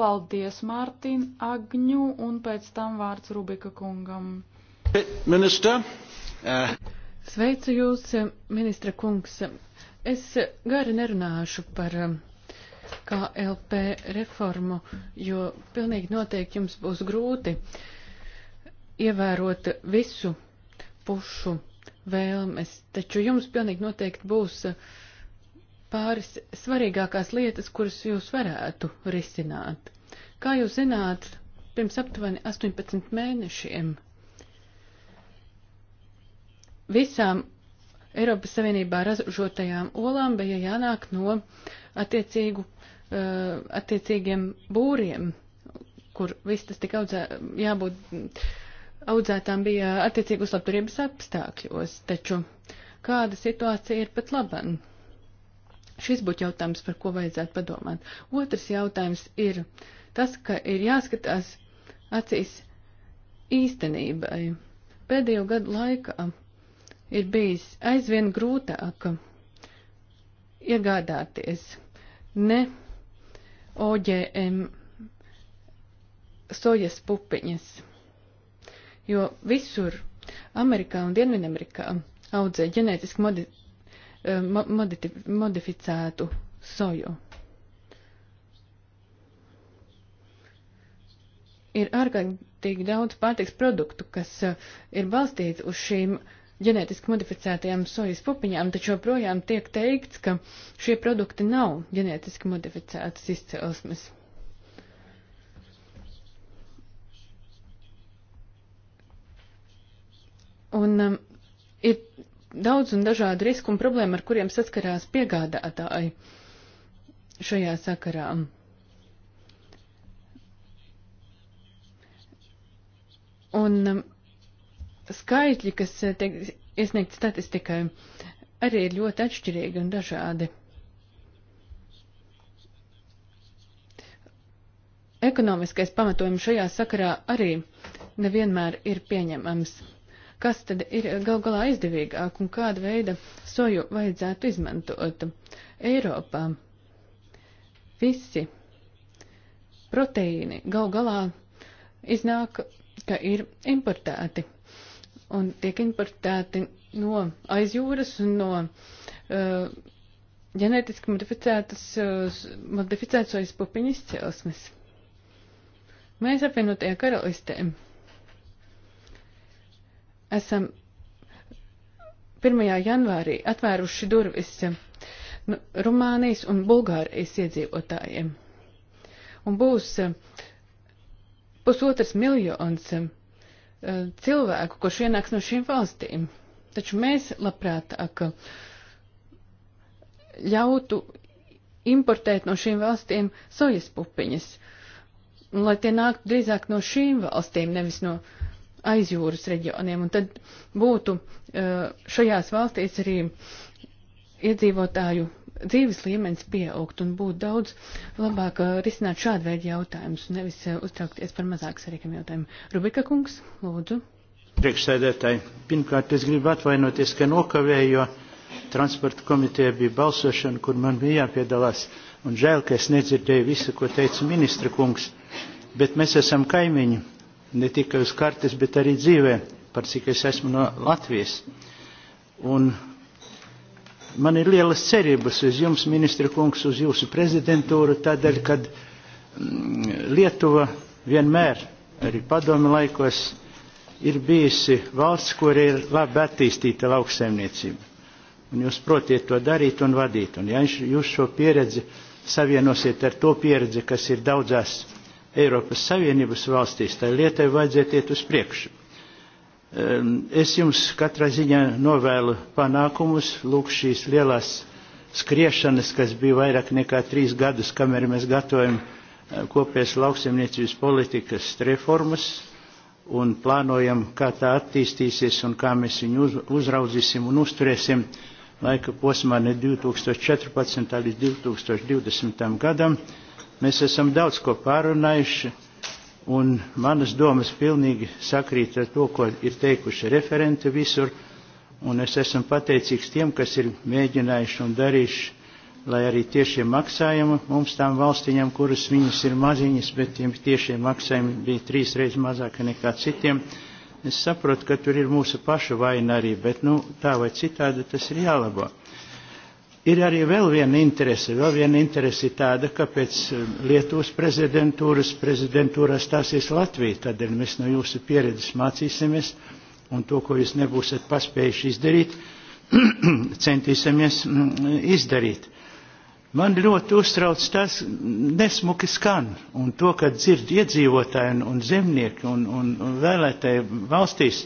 Paldies, Mārtiņ, Agņu, un pēc tam vārds Rubika kungam. Ministra. Uh. Sveicu jūs, ministra kungs. Es gari nerunāšu par um, KLP reformu, jo pilnīgi noteikti jums būs grūti. Uh, ievērot visu pušu vēlmes, taču jums pilnīgi noteikti būs pāris svarīgākās lietas, kuras jūs varētu risināt. Kā jūs zināt, pirms aptuveni 18 mēnešiem visām Eiropas Savienībā ražotajām olām bija jānāk no attiecīgu, eh, attiecīgiem būriem, kur viss tas tika audzē, jābūt audzētām bija attiecīgi uz labturības apstākļos, taču kāda situācija ir pat laban? Šis būtu jautājums, par ko vajadzētu padomāt. Otrs jautājums ir tas, ka ir jāskatās acīs īstenībai. Pēdējo gadu laikā ir bijis aizvien grūtāk iegādāties ne OGM sojas pupiņas jo visur Amerikā un Dienvidamerikā audzē ģenētiski modi, eh, mo, moditi, modificētu soju. Ir ārkārtīgi daudz pārtiks produktu, kas eh, ir balstīts uz šīm ģenētiski modificētajām sojas pupiņām, taču joprojām tiek teikts, ka šie produkti nav ģenētiski modificētas izcelsmes. Un um, ir daudz un dažādi riski un problēma, ar kuriem saskarās piegādātāji šajā sakarā. Un um, skaitļi, kas tiek iesniegti statistikai, arī ir ļoti atšķirīgi un dažādi. Ekonomiskais pamatojums šajā sakarā arī nevienmēr ir pieņemams kas tad ir gal galā izdevīgāk un kāda veida soju vajadzētu izmantot. Eiropā visi proteīni gal galā iznāk, ka ir importēti un tiek importēti no aizjūras un no uh, ģenētiski modificētas, uh, modificētas sojas pupiņu izcelsmes. Mēs apvienotajā karalistē esam 1. janvārī atvēruši durvis nu, Rumānijas un Bulgārijas iedzīvotājiem. Un būs eh, pusotras miljons eh, cilvēku, kurš ienāks no šīm valstīm. Taču mēs labprātāk eh, ļautu importēt no šīm valstīm sojas pupiņas, lai tie nāktu drīzāk no šīm valstīm, nevis no uh, aizjūras reģioniem. Un tad būtu eh, šajās valstīs arī iedzīvotāju dzīves līmenis pieaugt un būtu daudz labāk eh, risināt šādu veidu jautājumus, nevis eh, uztraukties par mazāk sarīkam jautājumu. Rubika kungs, lūdzu. Priekšsēdētāji, pirmkārt es gribu atvainoties, ka nokavēju, jo transporta komiteja bija balsošana, kur man bija jāpiedalās. Un žēl, ka es nedzirdēju visu, ko teica ministra kungs, bet mēs esam kaimiņi ne tikai uz kartes, bet arī dzīvē, par cik es esmu no Latvijas. Un man ir lielas cerības uz jums, ministra kungs, uz jūsu prezidentūru, tādēļ, kad mm, Lietuva vienmēr, arī padomi laikos, ir bijusi valsts, kur ir labi attīstīta lauksaimniecība. Un jūs protiet to darīt un vadīt. Un ja jūs šo pieredzi savienosiet ar to pieredzi, kas ir daudzās Eiropas Savienības valstīs, tai lietai vajadzētu iet uz priekšu. Ehm, es jums katrā ziņā novēlu panākumus, lūk šīs lielās skriešanas, kas bija vairāk nekā trīs gadus, kamēr mēs gatavojam ehm, kopējas lauksimniecības politikas reformas un plānojam, kā tā attīstīsies un kā mēs viņu uz, uzraudzīsim un uzturēsim laika posmā ne 2014. līdz 2020. gadam. Mēs esam daudz ko pārunājuši, un manas domas pilnīgi sakrīt ar to, ko ir teikuši referenti visur, un es esmu pateicīgs tiem, kas ir mēģinājuši un darījuši, lai arī tiešie maksājumi mums tām valstiņām, kuras viņas ir maziņas, bet tiem tiešie maksājumi bija trīsreiz mazāki nekā citiem. Es saprotu, ka tur ir mūsu paša vaina arī, bet nu, tā vai citādi tas ir jālabo. Ir arī vēl viena interese. Vēl viena interese ir tāda, ka pēc eh, Lietuvas prezidentūras prezidentūrā stāsies Latvija. Tādēļ mēs no jūsu pieredzes mācīsimies un to, ko jūs nebūsiet paspējuši izdarīt, centīsimies mm, izdarīt. Man ļoti uztrauc tas nesmuki skan un to, ka dzird iedzīvotāji un, un zemnieki un, un, un vēlētāji valstīs,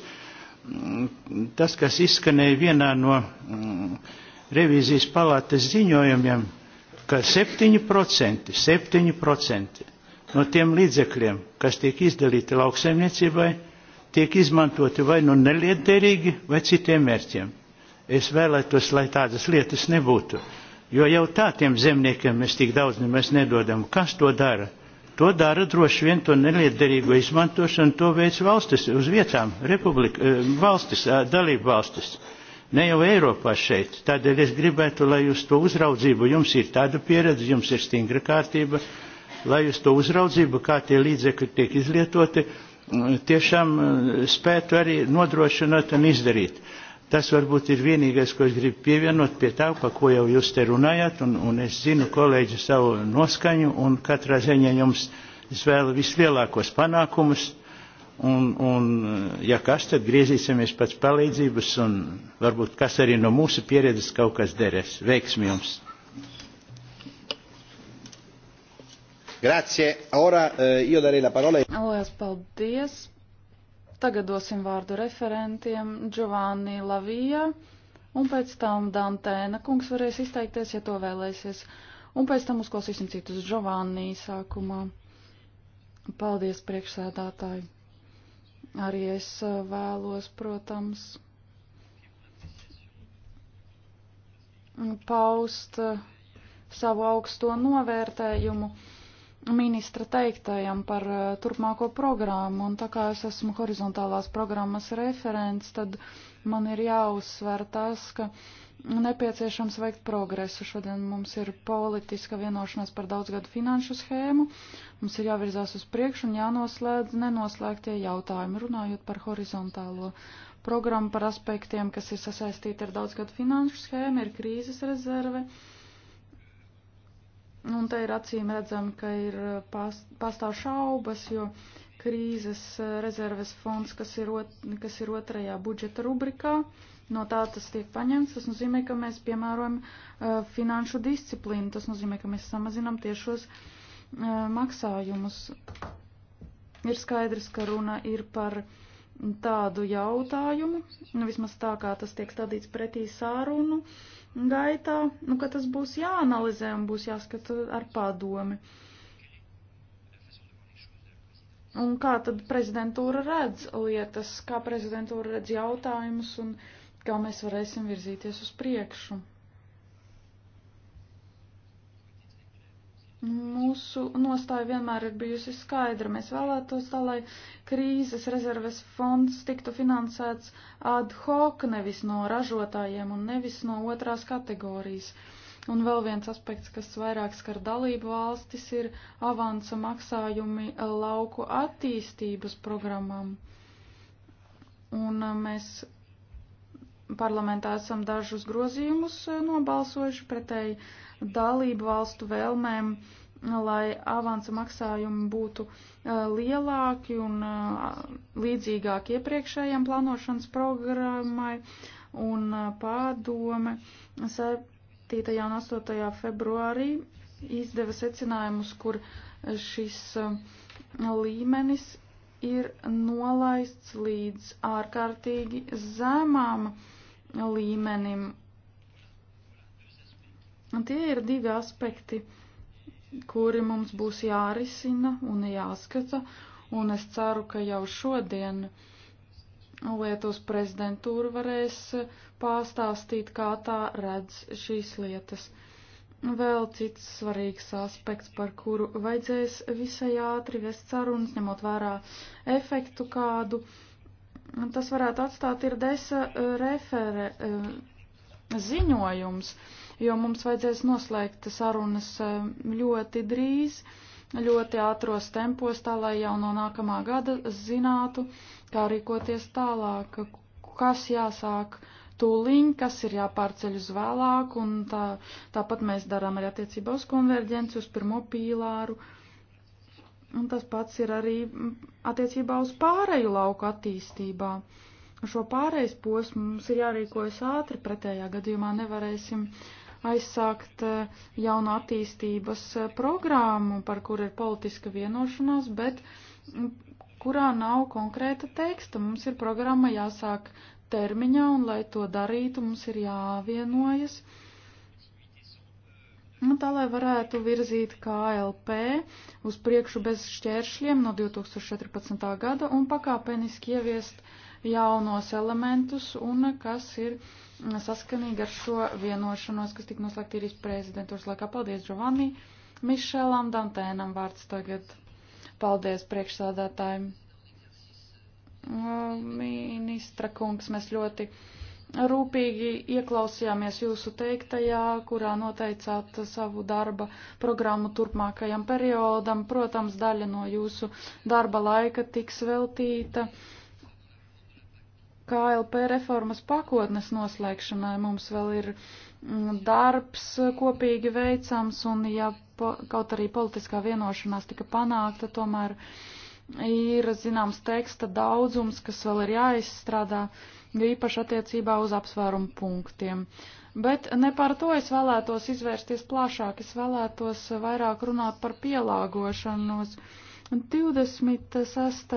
mm, tas, kas izskanēja vienā no mm, revīzijas palātas ziņojumiem, ka 7%, 7% no tiem līdzekļiem, kas tiek izdalīti lauksaimniecībai, tiek izmantoti vai nu nelietderīgi, vai citiem mērķiem. Es vēlētos, lai tādas lietas nebūtu, jo jau tā tiem zemniekiem mēs tik daudz nemaz nedodam. Kas to dara? To dara droši vien to nelietderīgo izmantošanu, to veids valstis uz vietām, republika, eh, valstis, eh, dalību valstis ne jau Eiropā šeit. Tādēļ es gribētu, lai uz to uzraudzību jums ir tāda pieredze, jums ir stingra kārtība, lai uz to uzraudzību, kā tie līdzekļi tiek izlietoti, tiešām eh, spētu arī nodrošināt un izdarīt. Tas varbūt ir vienīgais, ko es gribu pievienot pie tā, pa ko jau jūs te runājat, un, un es zinu kolēģi savu noskaņu, un katrā ziņā jums es vēlu vislielākos panākumus Un, un, ja kas, tad griezīsimies pēc palīdzības, un varbūt kas arī no mūsu pieredzes kaut kas derēs. Veiksmi jums! Grazie. Ora eh, io darei la parola. Lielas paldies. Tagad dosim vārdu referentiem Giovanni Lavija, un pēc tam Dantēna kungs varēs izteikties, ja to vēlēsies. Un pēc tam uzklausīsim citus Giovanni sākumā. Paldies, priekšsēdātāji! Arī es vēlos, protams, paust savu augsto novērtējumu ministra teiktajam par turpmāko programmu, un tā kā es esmu horizontālās programmas referents, tad man ir jāuzsver tas, ka uh, nepieciešams veikt progresu. Šodien mums ir politiska vienošanās par daudzgadu finanšu schēmu. Mums ir jāvirzās uz priekšu un jānoslēdz nenoslēgtie jautājumi, runājot par horizontālo programmu, par aspektiem, kas ir sasaistīti ar daudzgadu finanšu schēmu, ir krīzes rezerve. Un te ir acīm redzami, ka ir pastāv šaubas, jo krīzes rezerves fonds, kas ir, ot, kas ir otrajā budžeta rubrikā, uh, no tā tas tiek paņemts, tas nozīmē, ka mēs piemērojam uh, finanšu disciplīnu, tas nozīmē, ka mēs samazinam tiešos uh, maksājumus. Ir skaidrs, ka runa ir par tādu jautājumu, nu vismaz tā kā tas tiek stādīts pretī sārunu gaitā, nu ka tas būs jāanalizē un būs jāskata ar padomi. Un kā tad prezidentūra redz lietas, kā prezidentūra redz jautājumus un uh, kā mēs varēsim virzīties uz priekšu. Mūsu nostāja vienmēr ir bijusi skaidra. Mēs vēlētos tā, lai krīzes rezerves fonds tiktu finansēts ad hoc, nevis no ražotājiem un nevis no otrās kategorijas. Un vēl viens aspekts, kas vairāk skar dalību valstis, ir avansa maksājumi lauku attīstības programmām. Un uh, mēs parlamentā esam dažus grozījumus e, nobalsojuši pretēji dalību valstu vēlmēm, lai avansa maksājumi būtu e, lielāki un e, līdzīgāki iepriekšējiem plānošanas programmai un pārdome 7. un 8. februārī izdeva secinājumus, kur šis līmenis ir nolaists līdz ārkārtīgi zemām uh, līmenim. Un tie ir divi aspekti, kuri mums būs jārisina un jāskata, un es ceru, ka jau šodien Lietuvas prezidentūra varēs pārstāstīt, kā tā redz šīs lietas. Vēl cits svarīgs aspekts, par kuru vajadzēs visai ātri vest sarunas, ņemot vērā efektu kādu Tas varētu atstāt ir desa e, refere e, ziņojums, jo mums vajadzēs noslēgt sarunas e, ļoti drīz, ļoti ātros tempos, tā lai jau no nākamā gada zinātu, kā rīkoties tālāk, kas jāsāk tūliņ, kas ir jāpārceļ uz vēlāk, un tā, tāpat mēs darām arī attiecībā uz konverģenci, uz pirmo pīlāru. Uh, Un tas pats ir arī mm, attiecībā uz pārēju lauku attīstībā. Šo pārējais posmu mums ir jārīkojas ātri, pretējā gadījumā nevarēsim aizsākt eh, jaunu attīstības eh, programmu, par kur ir politiska vienošanās, bet mm, kurā nav konkrēta teksta. Mums ir programma jāsāk termiņā, un lai to darītu, mums ir jāvienojas. Uh, Nu, tā lai varētu virzīt KLP uz priekšu bez šķēršļiem no 2014. gada un pakāpeniski ieviest jaunos elementus un kas ir saskanīgi ar šo vienošanos, kas tika noslēgta īrijas prezidentūras laikā. Paldies, Giovanni! Mišelam Dantēnam vārds tagad. Paldies priekšsādātājiem! Ministra kungs, mēs ļoti rūpīgi ieklausījāmies jūsu teiktajā, kurā noteicāt savu darba programmu turpmākajam periodam. Protams, daļa no jūsu darba laika tiks veltīta KLP reformas pakotnes noslēgšanai. Mums vēl ir mm, darbs kopīgi veicams, un ja po, kaut arī politiskā vienošanās tika panākta, tomēr ir zināms teksta daudzums, kas vēl ir jāizstrādā. Uh, īpaši attiecībā uz apsvērumu punktiem. Bet ne par to es vēlētos izvērsties plašāk, es vēlētos vairāk runāt par pielāgošanos. 26.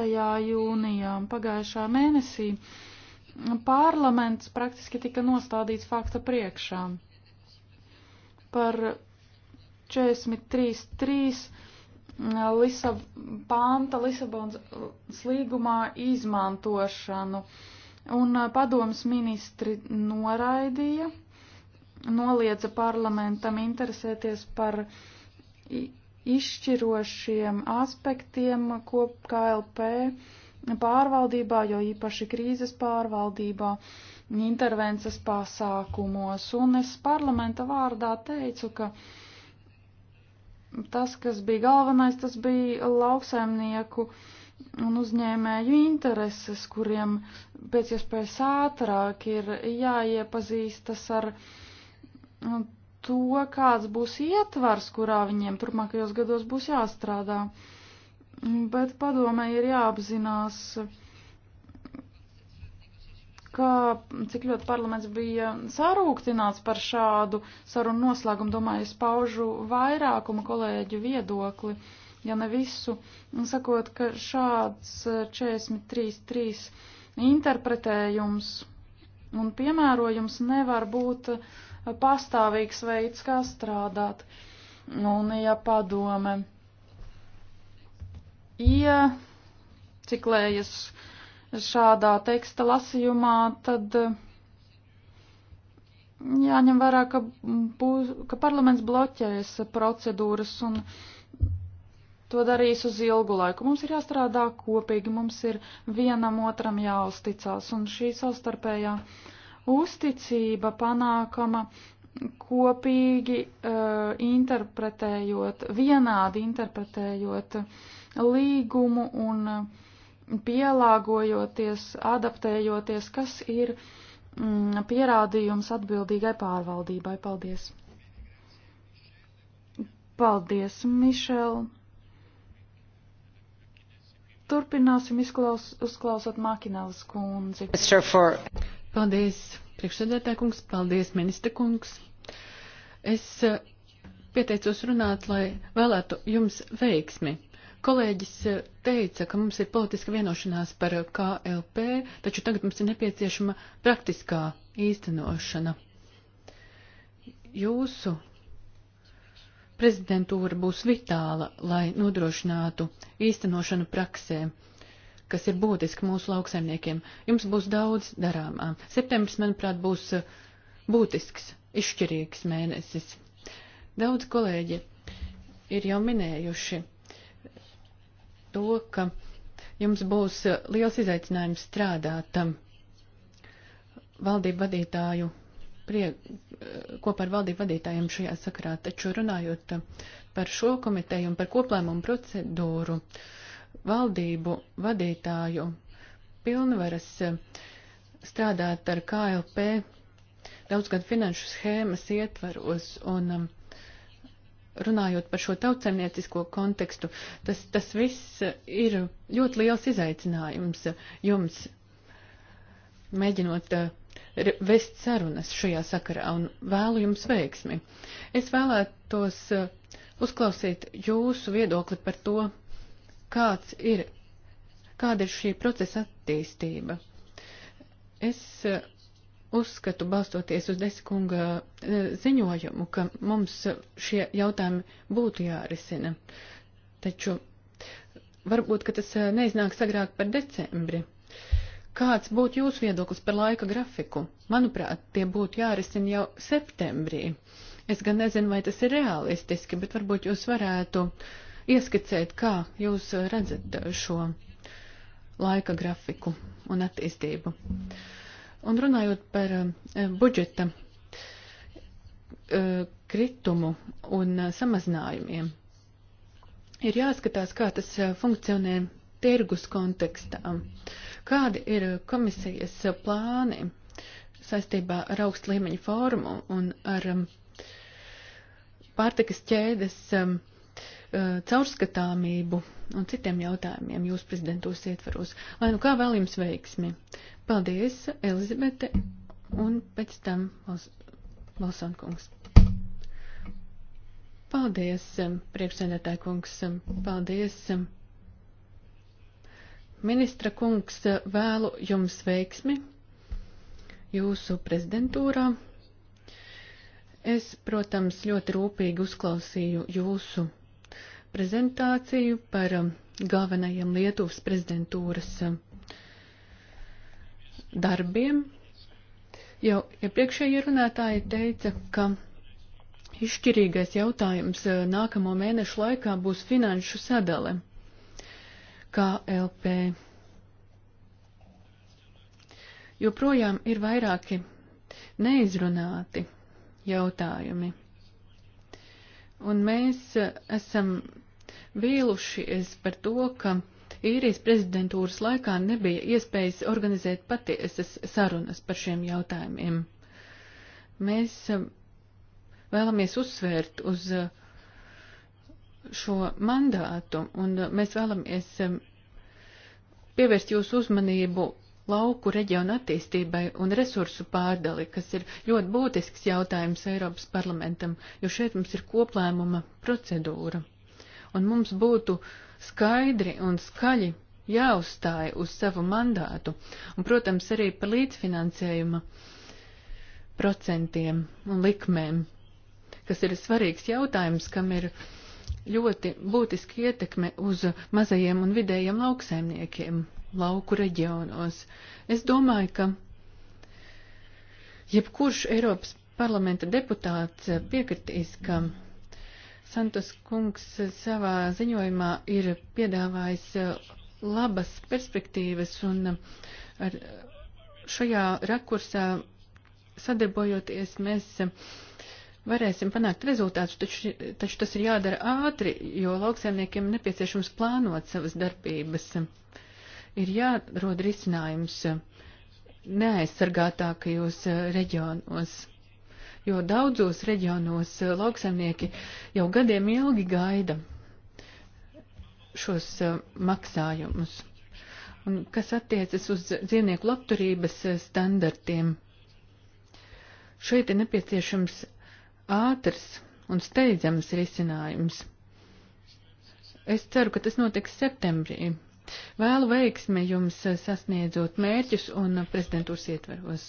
jūnijā pagājušā mēnesī parlaments praktiski tika nostādīts fakta priekšā par 43.3. Eh, Lisab pānta Lisabonas eh, līgumā izmantošanu. Uh, un padomas ministri noraidīja, noliedza parlamentam interesēties par izšķirošiem aspektiem kop KLP pārvaldībā, jo īpaši krīzes pārvaldībā, intervences pasākumos. Un es parlamenta vārdā teicu, ka tas, kas bija galvenais, tas bija lauksaimnieku uh, un uzņēmēju intereses, kuriem pēc iespējas ātrāk ir jāiepazīstas ar um, to, kāds būs ietvars, kurā viņiem turpmākajos gados būs jāstrādā. Bet padomē ir jāapzinās, ka cik ļoti parlaments bija sarūktināts par šādu sarunu noslēgumu, domāju, es paužu vairākuma kolēģu viedokli. Uh, ja ne visu, sakot, ka šāds 43.3 e, interpretējums un piemērojums nevar būt e, pastāvīgs veids, kā strādāt. Un, ja padome ieciklējas šādā teksta lasījumā, tad e, jāņem vērā, ka, būs, ka parlaments bloķēs procedūras un uh, to darīs uz ilgu laiku. Mums ir jāstrādā kopīgi, mums ir vienam otram jāuzticās, un šī savstarpējā uzticība panākama kopīgi uh, interpretējot, vienādi interpretējot līgumu un pielāgojoties, adaptējoties, kas ir mm, pierādījums atbildīgai pārvaldībai. Paldies! Paldies, Mišela! Turpināsim izklaus, uzklausot Mākinēlas kundzi. Paldies, priekšsēdētāj kungs, paldies, ministra kungs. Es eh, pieteicos runāt, lai vēlētu jums veiksmi. Kolēģis eh, teica, ka mums ir politiska vienošanās par eh, KLP, taču tagad mums ir nepieciešama praktiskā īstenošana. Jūsu Prezidentūra būs vitāla, lai nodrošinātu īstenošanu praksē, kas ir būtiski mūsu lauksaimniekiem. Jums būs daudz darāmā. Septembris, manuprāt, būs eh, būtisks, izšķirīgs mēnesis. Daudz kolēģi ir jau minējuši to, ka jums būs eh, liels izaicinājums strādāt eh, valdību vadītāju prie, kopā ar valdību vadītājiem šajā sakarā. Taču runājot par šo komiteju un par koplēmumu procedūru, valdību vadītāju pilnvaras strādāt ar KLP daudzgad finanšu schēmas ietvaros un um, runājot par šo tautsemniecisko kontekstu, tas, tas viss ir ļoti liels izaicinājums jums, mēģinot uh, vest sarunas šajā sakarā un vēlu jums veiksmi. Es vēlētos uh, uzklausīt jūsu viedokli par to, kāds ir, kāda ir šī procesa attīstība. Es uh, uzskatu, balstoties uz deskunga uh, ziņojumu, ka mums šie jautājumi būtu jārisina. Taču varbūt, ka tas neiznāks agrāk par decembri. Kāds būtu jūsu viedoklis par laika grafiku? Manuprāt, tie būtu jārisina jau septembrī. Es gan nezinu, vai tas ir realistiski, bet varbūt jūs varētu ieskicēt, kā jūs redzat šo laika grafiku un attīstību. Un runājot par eh, budžeta eh, kritumu un eh, samazinājumiem, ir jāskatās, kā tas funkcionē tirgus kontekstā. Uh, Kādi ir komisijas plāni saistībā ar augstu līmeņu fórumu un ar um, pārtikas ķēdes um, uh, caurskatāmību un citiem jautājumiem jūs prezidentos ietvaros. Lai nu kā vēl jums veiksmi. Paldies, Elizabete, un pēc tam Valsona kungs. Paldies, um, priekšsēdētāja kungs. Paldies. Ministra kungs, vēlu jums veiksmi jūsu prezidentūrā. Es, protams, ļoti rūpīgi uzklausīju jūsu prezentāciju par um, galvenajiem Lietuvas prezidentūras um, darbiem. Jau iepriekšējie ja runātāji teica, ka izšķirīgais jautājums uh, nākamo mēnešu laikā būs finanšu sadale. KLP. Joprojām ir vairāki neizrunāti jautājumi. Un mēs eh, esam vīlušies par to, ka īrijas prezidentūras laikā nebija iespējas organizēt patiesas sarunas par šiem jautājumiem. Mēs eh, vēlamies uzsvērt uz uh, šo mandātu, un uh, mēs vēlamies um, pievērst jūsu uzmanību lauku reģionu attīstībai un resursu pārdali, kas ir ļoti būtisks jautājums Eiropas parlamentam, jo šeit mums ir koplēmuma procedūra. Un mums būtu skaidri un skaļi jāuzstāja uz savu mandātu, un, protams, arī par līdzfinansējuma procentiem un likmēm, kas ir svarīgs jautājums, kam ir uh, ļoti būtiski ietekme uz mazajiem un vidējiem lauksaimniekiem lauku reģionos. Es domāju, ka jebkurš Eiropas parlamenta deputāts piekritīs, ka Santos kungs savā ziņojumā ir piedāvājis labas perspektīvas un ar šajā rakursā sadarbojoties mēs varēsim panākt rezultātus, taču, taču tas ir jādara ātri, jo lauksaimniekiem nepieciešams plānot savas darbības. Ir jārod risinājums neaizsargātākajos reģionos, jo daudzos reģionos lauksaimnieki jau gadiem ilgi gaida šos eh, maksājumus. Un kas attiecas uz dzīvnieku labturības standartiem? Šeit ir nepieciešams ātrs un steidzams risinājums. Es ceru, ka tas notiks septembrī. Vēlu veiksmi jums sasniedzot mērķus un prezidentūras ietveros.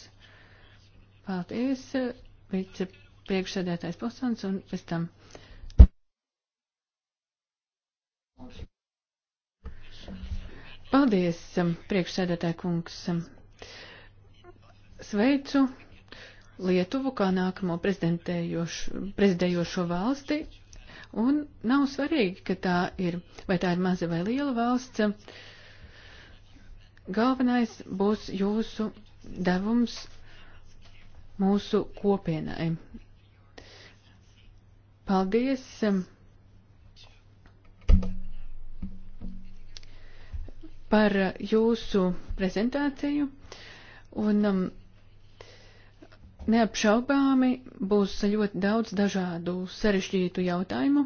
Paldies, vicepriekšsēdētājs Posons un pēc tam. Paldies, priekšsēdētāja kungs. Sveicu Lietuvu kā nākamo prezidējošo valsti, un nav svarīgi, ka tā ir, vai tā ir maza vai liela valsts. Galvenais būs jūsu devums mūsu kopienai. Paldies! par jūsu prezentāciju. Un um, Neapšaubāmi būs ļoti daudz dažādu sarežģītu jautājumu,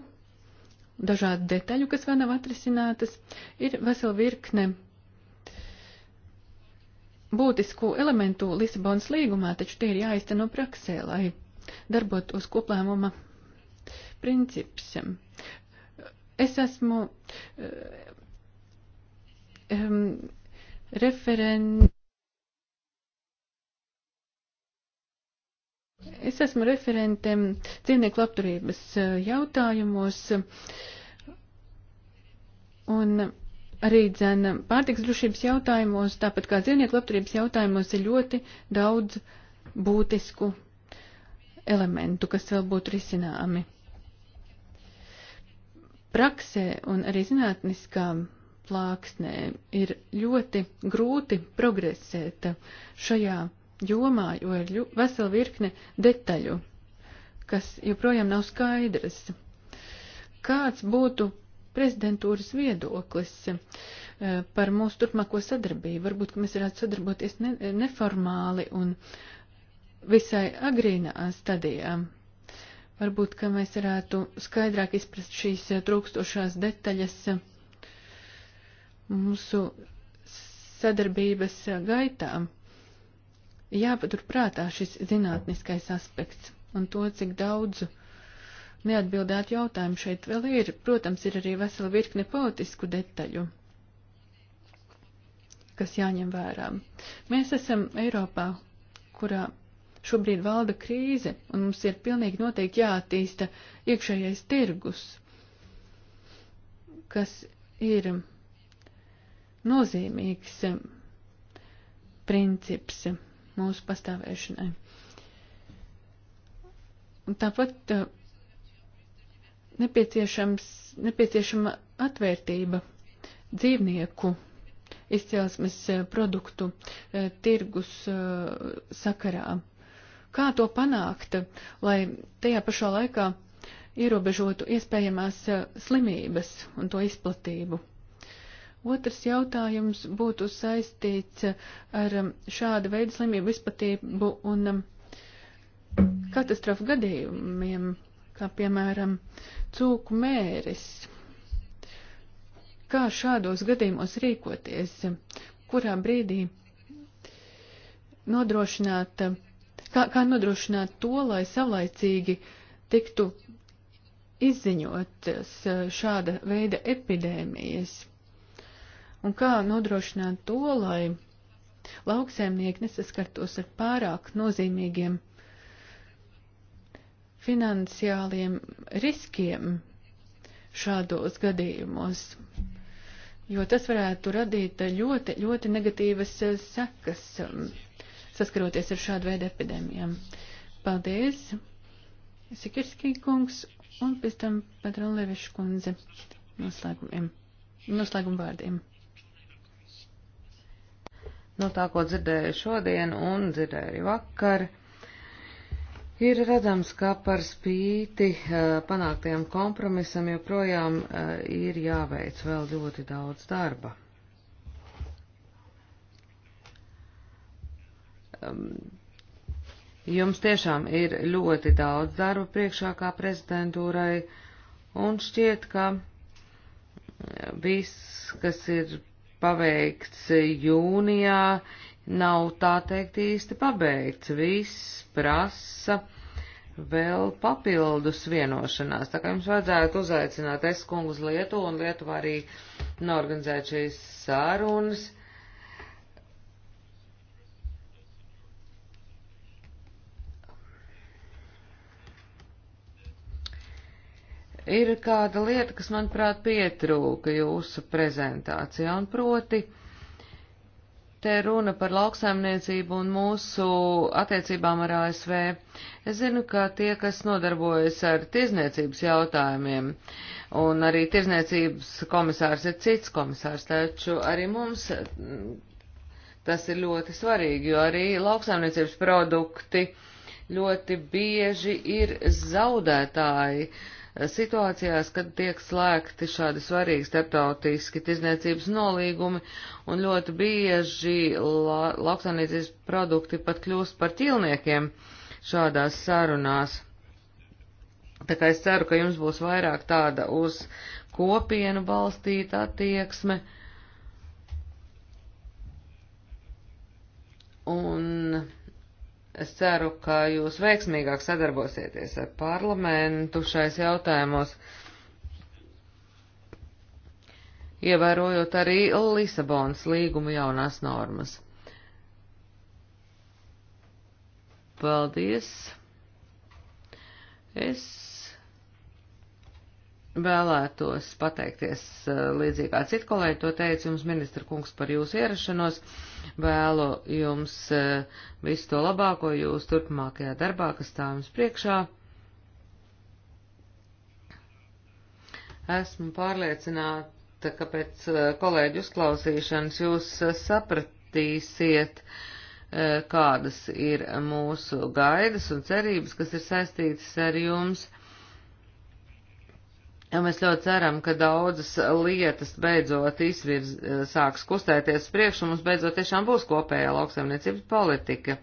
dažādu detaļu, kas vēl nav atrisinātas. Ir vesela virkne būtisku elementu Lisabonas līgumā, taču tie ir jāizteno praksē, lai darbotos koplēmuma princips. Es esmu um, eh, referents Es esmu referente dzīvnieku labturības eh, jautājumos un arī dzēna pārtiks drošības jautājumos, tāpat kā dzīvnieku labturības jautājumos ir ļoti daudz būtisku elementu, kas vēl būtu risināmi. Praksē un arī zinātniskā plāksnē ir ļoti grūti progresēt šajā jomā, jo ir vesela virkne detaļu, kas joprojām nav skaidras. Kāds būtu prezidentūras viedoklis eh, par mūsu turpmāko sadarbību? Varbūt, ka mēs varētu sadarboties ne, neformāli un visai agrīnā stadijā. Varbūt, ka mēs varētu skaidrāk izprast šīs eh, trūkstošās detaļas eh, mūsu sadarbības gaitām jāpaturprātā šis zinātniskais aspekts un to, cik daudz neatbildētu jautājumu šeit vēl ir. Protams, ir arī vesela virkne politisku detaļu, kas jāņem vērā. Mēs esam Eiropā, kurā šobrīd valda krīze, un mums ir pilnīgi noteikti jāattīsta iekšējais tirgus, kas ir nozīmīgs princips mūsu pastāvēšanai. Un tāpat uh, nepieciešama atvērtība dzīvnieku izcelsmes uh, produktu uh, tirgus sakarā. Kā to panākt, lai tajā pašā laikā ierobežotu iespējamās slimības un to izplatību? Otrs jautājums būtu saistīts ar um, šāda veida slimību izplatību un um, katastrofu gadījumiem, kā piemēram cūku mēris. Kā šādos gadījumos rīkoties? Kurā brīdī nodrošināt, kā, kā nodrošināt to, lai savlaicīgi tiktu izziņotas šāda veida epidēmijas? un kā nodrošināt to, lai lauksēmnieki nesaskartos ar pārāk nozīmīgiem finansiāliem riskiem šādos gadījumos, jo tas varētu radīt ļoti, ļoti negatīvas eh, sekas, um, saskaroties ar šādu veidu epidēmijām. Paldies, Sikirskī kungs, un pēc tam Petrona Leveša kundze noslēgumiem, noslēguma vārdiem no tā, ko dzirdēju šodien un dzirdēju vakar, ir redzams, ka par spīti eh, panāktiem kompromisam joprojām eh, ir jāveic vēl ļoti daudz darba. Jums tiešām ir ļoti daudz darba priekšā kā prezidentūrai, un šķiet, ka eh, viss, kas ir paveikts jūnijā, nav tā teikt īsti pabeigts. Viss prasa vēl papildus vienošanās. Tā kā jums vajadzētu uzaicināt es kungus Lietu un Lietuva arī norganizēt šīs sārunas. Uh, ir kāda lieta, kas, manuprāt, pietrūka jūsu prezentācijā, un proti, te runa par lauksaimniecību un mūsu attiecībām ar ASV. Es zinu, ka tie, kas nodarbojas ar tirzniecības jautājumiem, un arī tirzniecības komisārs ir cits komisārs, taču arī mums mm, tas ir ļoti svarīgi, jo arī lauksaimniecības produkti ļoti bieži ir zaudētāji. Uh, situācijās, kad tiek slēgti šādi svarīgi starptautiski tirzniecības nolīgumi, un ļoti bieži la lauksaimniecības produkti pat kļūst par ķīlniekiem šādās sarunās. Tā kā es ceru, ka jums būs vairāk tāda uz kopienu balstīta attieksme. Un Es ceru, ka jūs veiksmīgāk sadarbosieties ar parlamentu šais jautājumos, ievērojot arī Lisabonas līguma jaunās normas. Paldies! Es vēlētos pateikties eh, līdzīgi kā citu kolēģi to teica jums, ministra kungs, par jūsu ierašanos. Vēlu jums eh, visu to labāko jūs turpmākajā darbā, kas stāv jums priekšā. Esmu pārliecināta, ka pēc eh, kolēģu uzklausīšanas jūs sapratīsiet, kādas ir mūsu gaidas un cerības, kas ir saistītas ar jums. Ja mēs ļoti ceram, ka daudzas lietas beidzot izvirz, sāks kustēties priekš, un mums beidzot tiešām būs kopējā lauksaimniecības politika.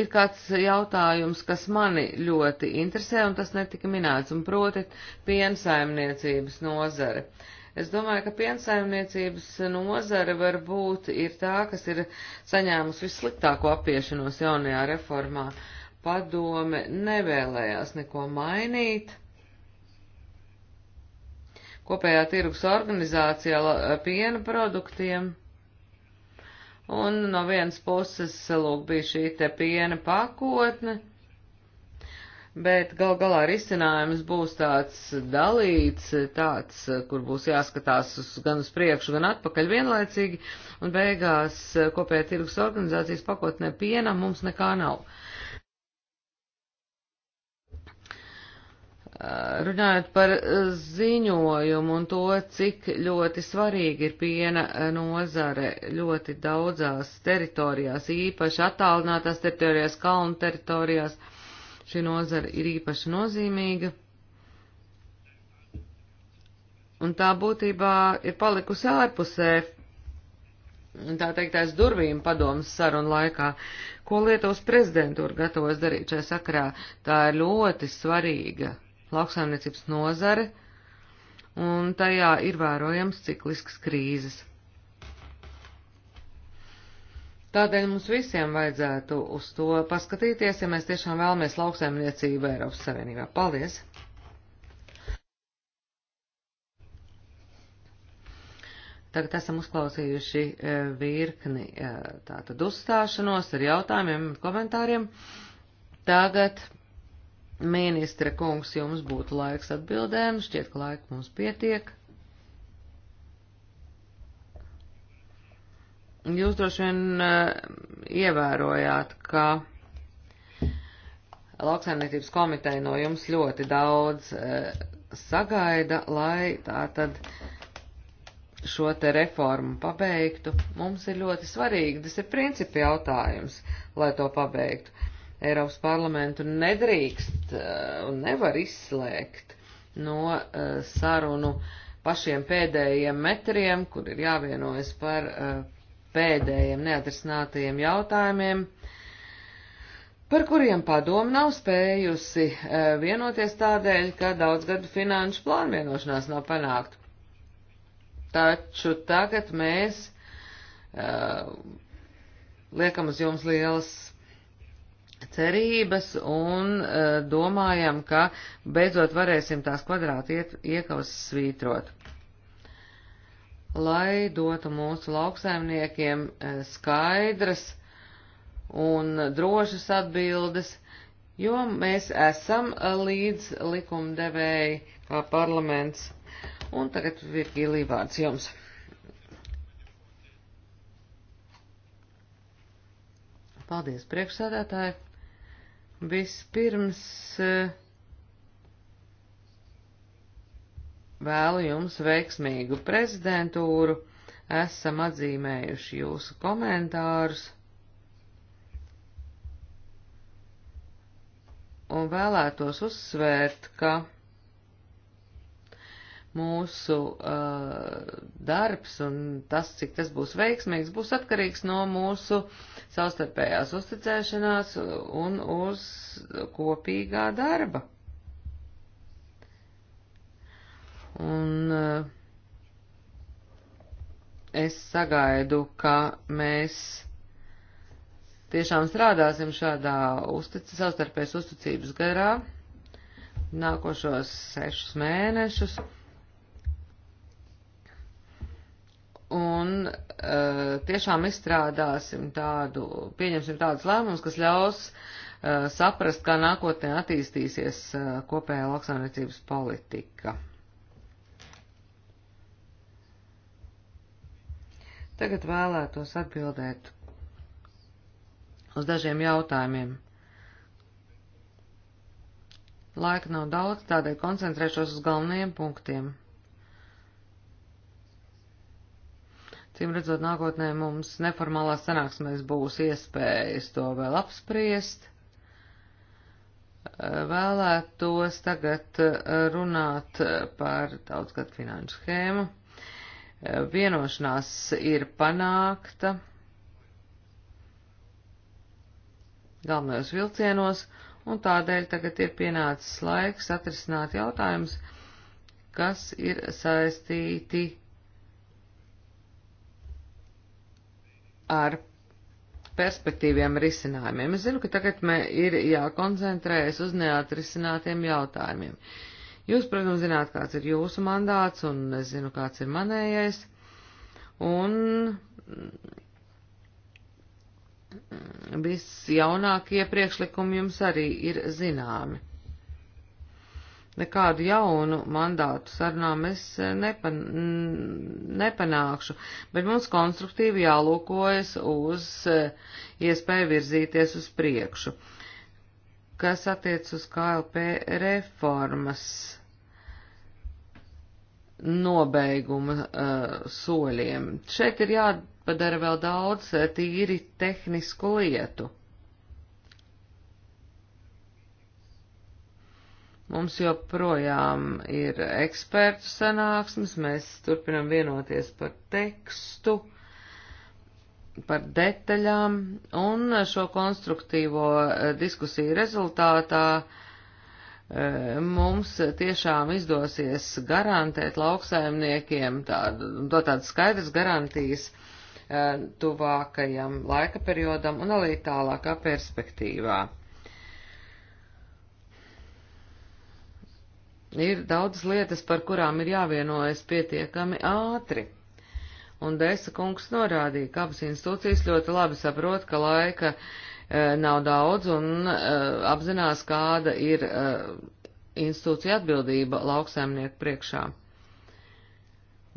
Ir kāds jautājums, kas mani ļoti interesē, un tas netika minēts, un proti piensaimniecības nozare. Es domāju, ka piensaimniecības nozare varbūt ir tā, kas ir saņēmusi vissliktāko apiešanos jaunajā reformā. Uh, padome nevēlējās neko mainīt. Kopējā tirgus organizācijā piena produktiem. Un no vienas puses, lūk, bija šī te piena pakotne, bet gal galā risinājums būs tāds dalīts, tāds, kur būs jāskatās uz, gan uz priekšu, gan atpakaļ vienlaicīgi, un beigās kopējā tirgus organizācijas pakotnē piena mums nekā nav. Uh, Runājot par eh, ziņojumu un to, cik ļoti svarīgi ir piena eh, nozare ļoti daudzās teritorijās, īpaši attālinātās teritorijās, kalnu teritorijās, šī nozara ir īpaši nozīmīga. Un tā būtībā ir palikusi ārpusē, tā teiktās durvīm padomas sarunu laikā, ko Lietuvas prezidentūra gatavos darīt šajā sakrā. Tā ir ļoti svarīga lauksaimniecības nozare, un tajā ir vērojams ciklisks krīzes. Tādēļ mums visiem vajadzētu uz to paskatīties, ja mēs tiešām vēlamies lauksaimniecību Eiropas Savienībā. Paldies! Tagad esam uzklausījuši eh, virkni eh, tātad uzstāšanos ar jautājumiem un komentāriem. Tagad Ministra kungs, jums būtu laiks atbildēm, šķiet, ka laika mums pietiek. Jūs droši vien uh, ievērojāt, ka lauksaimniecības komiteja no jums ļoti daudz uh, sagaida, lai tā tad šo te reformu pabeigtu. Mums ir ļoti svarīgi, tas ir principi jautājums, lai to pabeigtu. Uh, Eiropas parlamentu nedrīkst eh, un nevar izslēgt no eh, sarunu pašiem pēdējiem metriem, kur ir jāvienojas par eh, pēdējiem neatrisinātajiem jautājumiem, par kuriem padomu nav spējusi vienoties tādēļ, ka daudzgadu finanšu plānu vienošanās nav panākt. Taču tagad mēs liekam uz jums lielas cerības un uh, domājam, ka beidzot varēsim tās kvadrāti iekavas svītrot, lai dotu mūsu lauksaimniekiem uh, skaidras un drošas atbildes, jo mēs esam eh, līdz likumdevēji kā parlaments. Un tagad Virkīlī vārds jums. Paldies, priekšsēdētāji! Vispirms eh, vēlu jums veiksmīgu prezidentūru. Esam atzīmējuši jūsu komentārus. Un vēlētos uzsvērt, ka mūsu uh, darbs un tas, cik tas būs veiksmīgs, būs atkarīgs no mūsu savstarpējās uzticēšanās un uz kopīgā darba. Un uh, es sagaidu, ka mēs tiešām strādāsim šādā uztic savstarpējas uzticības garā nākošos sešus mēnešus un uh, tiešām izstrādāsim tādu, pieņemsim tādus lēmumus, kas ļaus uh, saprast, kā nākotnē attīstīsies uh, kopējā lauksaimniecības politika. Tagad vēlētos atbildēt uz dažiem jautājumiem. Laika nav daudz, tādēļ koncentrēšos uz galvenajiem punktiem. Cīm redzot, nākotnē mums neformālās sanāksmēs būs iespējas to vēl apspriest. Vēlētos tagad eh, runāt par daudzgad finanšu schēmu. Eh, vienošanās ir panākta galvenajos vilcienos, un tādēļ tagad ir pienācis laiks atrisināt jautājumus, kas ir saistīti ar ar perspektīviem risinājumiem. Es zinu, ka tagad mē ir jākoncentrējas uz neatrisinātiem jautājumiem. Jūs, protams, zināt, kāds ir jūsu mandāts, un es zinu, kāds ir manējais. Un viss jaunākie priekšlikumi jums arī ir zināmi nekādu jaunu mandātu sarunām es eh, nepan, nepanākšu, bet mums konstruktīvi jālūkojas uz eh, iespēju virzīties uz priekšu. Kas attiec uz KLP reformas nobeiguma uh, soļiem? Šeit ir jāpadara vēl daudz tīri tehnisku lietu Mums joprojām ir ekspertu sanāksmes, mēs turpinam vienoties par tekstu, par detaļām, un šo konstruktīvo eh, diskusiju rezultātā eh, mums tiešām izdosies garantēt lauksaimniekiem tādu, dot tādas skaidras garantijas eh, tuvākajam laika periodam un arī tālākā perspektīvā. ir daudz lietas, par kurām ir jāvienojas pietiekami ātri. Un Dēsa kungs norādīja, ka abas institūcijas ļoti labi saprot, ka laika e, nav daudz un e, apzinās, kāda ir e, institūcija atbildība lauksaimnieku priekšā.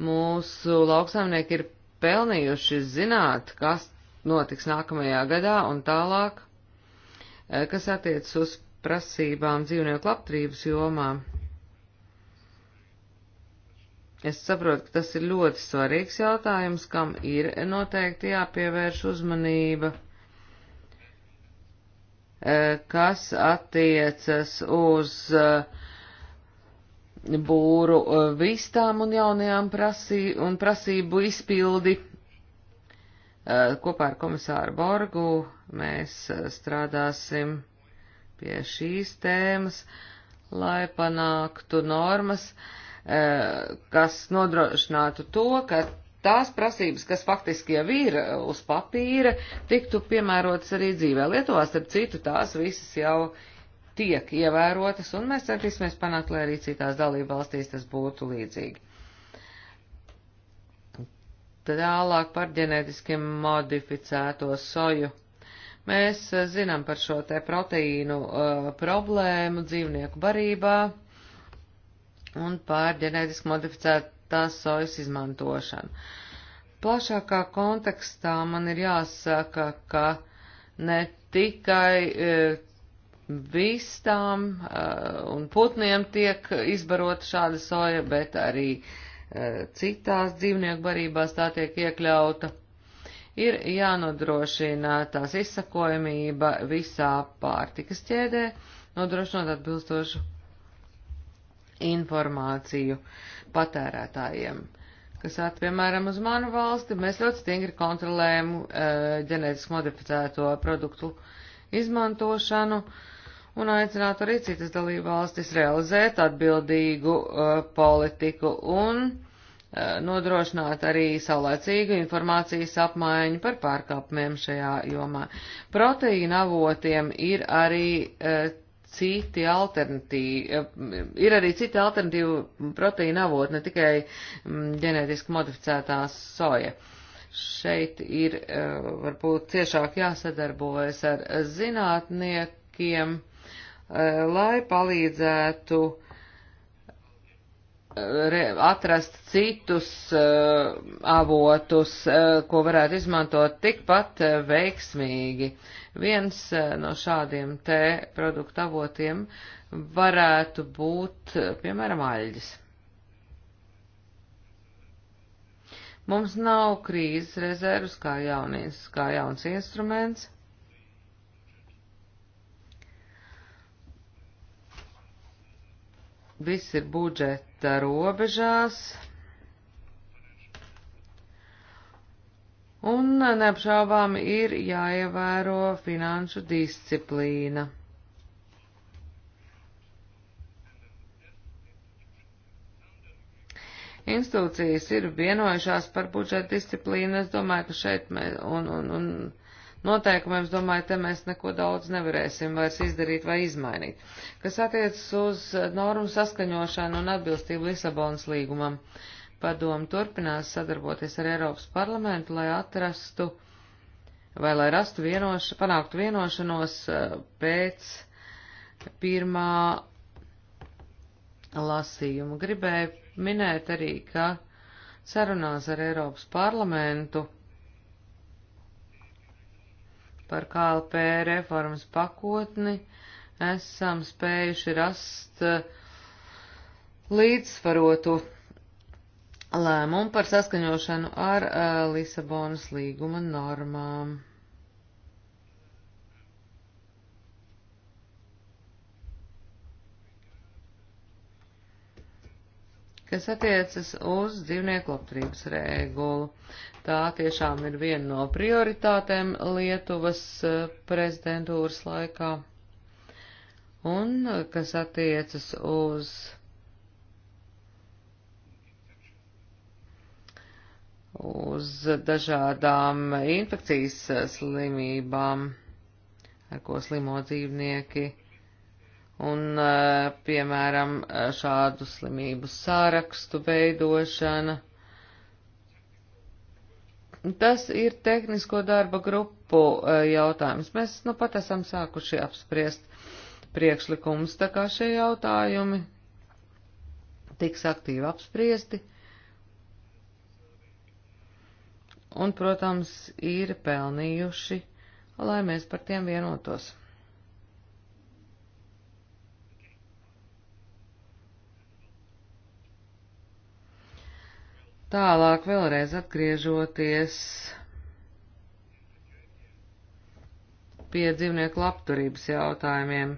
Mūsu lauksaimnieki ir pelnījuši zināt, kas notiks nākamajā gadā un tālāk, e, kas attiecas uz prasībām dzīvnieku labturības jomā. Es saprotu, ka tas ir ļoti svarīgs jautājums, kam ir noteikti jāpievērš uzmanība, e, kas attiecas uz e, būru e, vistām un jaunajām prasī, un prasību izpildi. Kopā ar komisāru Borgu mēs strādāsim pie šīs tēmas, lai panāktu normas, uh, kas nodrošinātu to, ka tās prasības, kas faktiski jau ir e, uz papīra, tiktu piemērotas arī dzīvē. Lietuvā, starp citu, tās visas jau tiek ievērotas, un mēs centīsimies panākt, lai arī citās dalība valstīs tas būtu līdzīgi. Tālāk par ģenētiski modificēto soju. Mēs e, zinām par šo te proteīnu uh, problēmu dzīvnieku barībā. Uh, un pār ģenētiski modificētās sojas izmantošanu. Plašākā kontekstā man ir jāsaka, ka ne tikai e, vistām e, un putniem tiek izbarota šāda soja, bet arī e, citās dzīvnieku barībās tā tiek iekļauta. Ir jānodrošina tās izsakojamība visā pārtikas ķēdē, nodrošinot atbilstošu informāciju patērētājiem. Kas at, piemēram, uz manu valsti, mēs ļoti stingri kontrolējam e, ģenētiski modificēto produktu izmantošanu un aicinātu arī citas dalību valstis realizēt atbildīgu uh, politiku un uh, nodrošināt arī saulēcīgu informācijas apmaiņu par pārkāpumiem šajā jomā. Proteīna avotiem ir arī uh, citi alternatīvi, eh, ir arī citi alternatīvi proteīna avot, ne tikai mm, ģenētiski modificētā soja. Šeit ir eh, varbūt ciešāk jāsadarbojas ar zinātniekiem, eh, lai palīdzētu atrast citus avotus, ko varētu izmantot tikpat veiksmīgi. Uh, Viens eh, no šādiem te produktu avotiem varētu būt, eh, piemēram, aļģis. Mums nav krīzes rezervas kā, jaunies, kā jauns instruments. Viss ir budžeta robežās. un neapšaubām ir jāievēro finanšu disciplīna. Institūcijas ir vienojušās par budžeta disciplīnu, es domāju, ka šeit mēs, un, un, un noteikumiem, es domāju, te mēs neko daudz nevarēsim vairs izdarīt vai izmainīt. Kas attiecas uz normu saskaņošanu un atbilstību Lisabonas līgumam. Uh, Padomu turpinās sadarboties ar Eiropas parlamentu, lai atrastu vai lai rastu vienoš, panāktu vienošanos eh, pēc pirmā lasījuma. Gribēju minēt arī, ka sarunās ar Eiropas parlamentu par KLP reformas pakotni esam spējuši rast eh, līdzsvarotu lēmumu par saskaņošanu ar uh, Lisabonas līguma normām. kas attiecas uz dzīvnieku labturības regulu. Tā tiešām ir viena no prioritātēm Lietuvas uh, prezidentūras laikā. Un uh, kas attiecas uz uz dažādām infekcijas slimībām, ar ko slimo dzīvnieki, un, eh, piemēram, šādu slimību sārakstu veidošana. Tas ir tehnisko darba grupu eh, jautājums. Mēs nu pat esam sākuši apspriest priekšlikumus, tā kā šie jautājumi tiks aktīvi apspriesti un, protams, ir pelnījuši, lai mēs par tiem vienotos. Tālāk vēlreiz atgriežoties pie dzīvnieku labturības jautājumiem.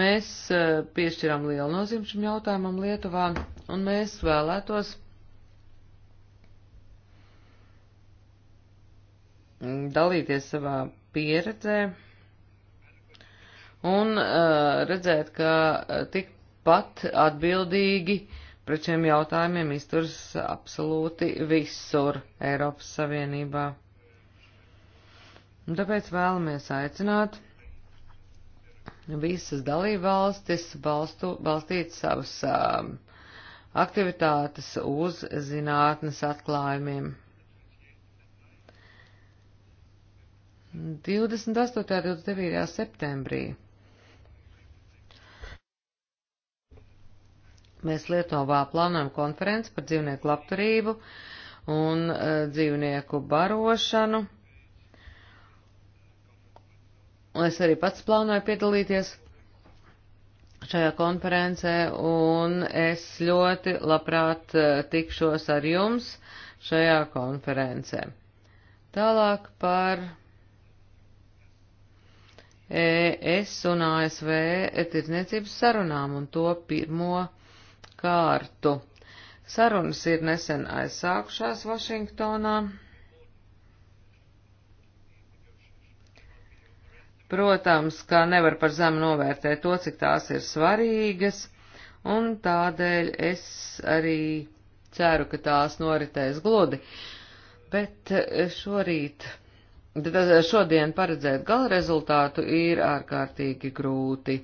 Mēs eh, piešķiram lielu nozīmi šim jautājumam Lietuvā, un mēs vēlētos Mm, dalīties savā pieredzē un uh, redzēt, ka uh, tikpat atbildīgi pret šiem jautājumiem izturs absolūti visur Eiropas Savienībā. Un tāpēc vēlamies aicināt visas dalībvalstis balstu, balstīt savas uh, aktivitātes uz zinātnes atklājumiem. 28. un 29. septembrī. Mēs Lietovā plānojam konferenci par dzīvnieku labturību un uh, dzīvnieku barošanu. Un es arī pats plānoju piedalīties šajā konferencē, un es ļoti labprāt e, tikšos ar jums šajā konferencē. Tālāk par ES un ASV tirdzniecības sarunām un to pirmo kārtu. Sarunas ir nesen aizsākušās Vašingtonā. Protams, ka nevar par zemu novērtēt to, cik tās ir svarīgas, un tādēļ es arī ceru, ka tās noritēs gludi. Bet šorīt Bet eh, šodien paredzēt gala rezultātu ir ārkārtīgi grūti.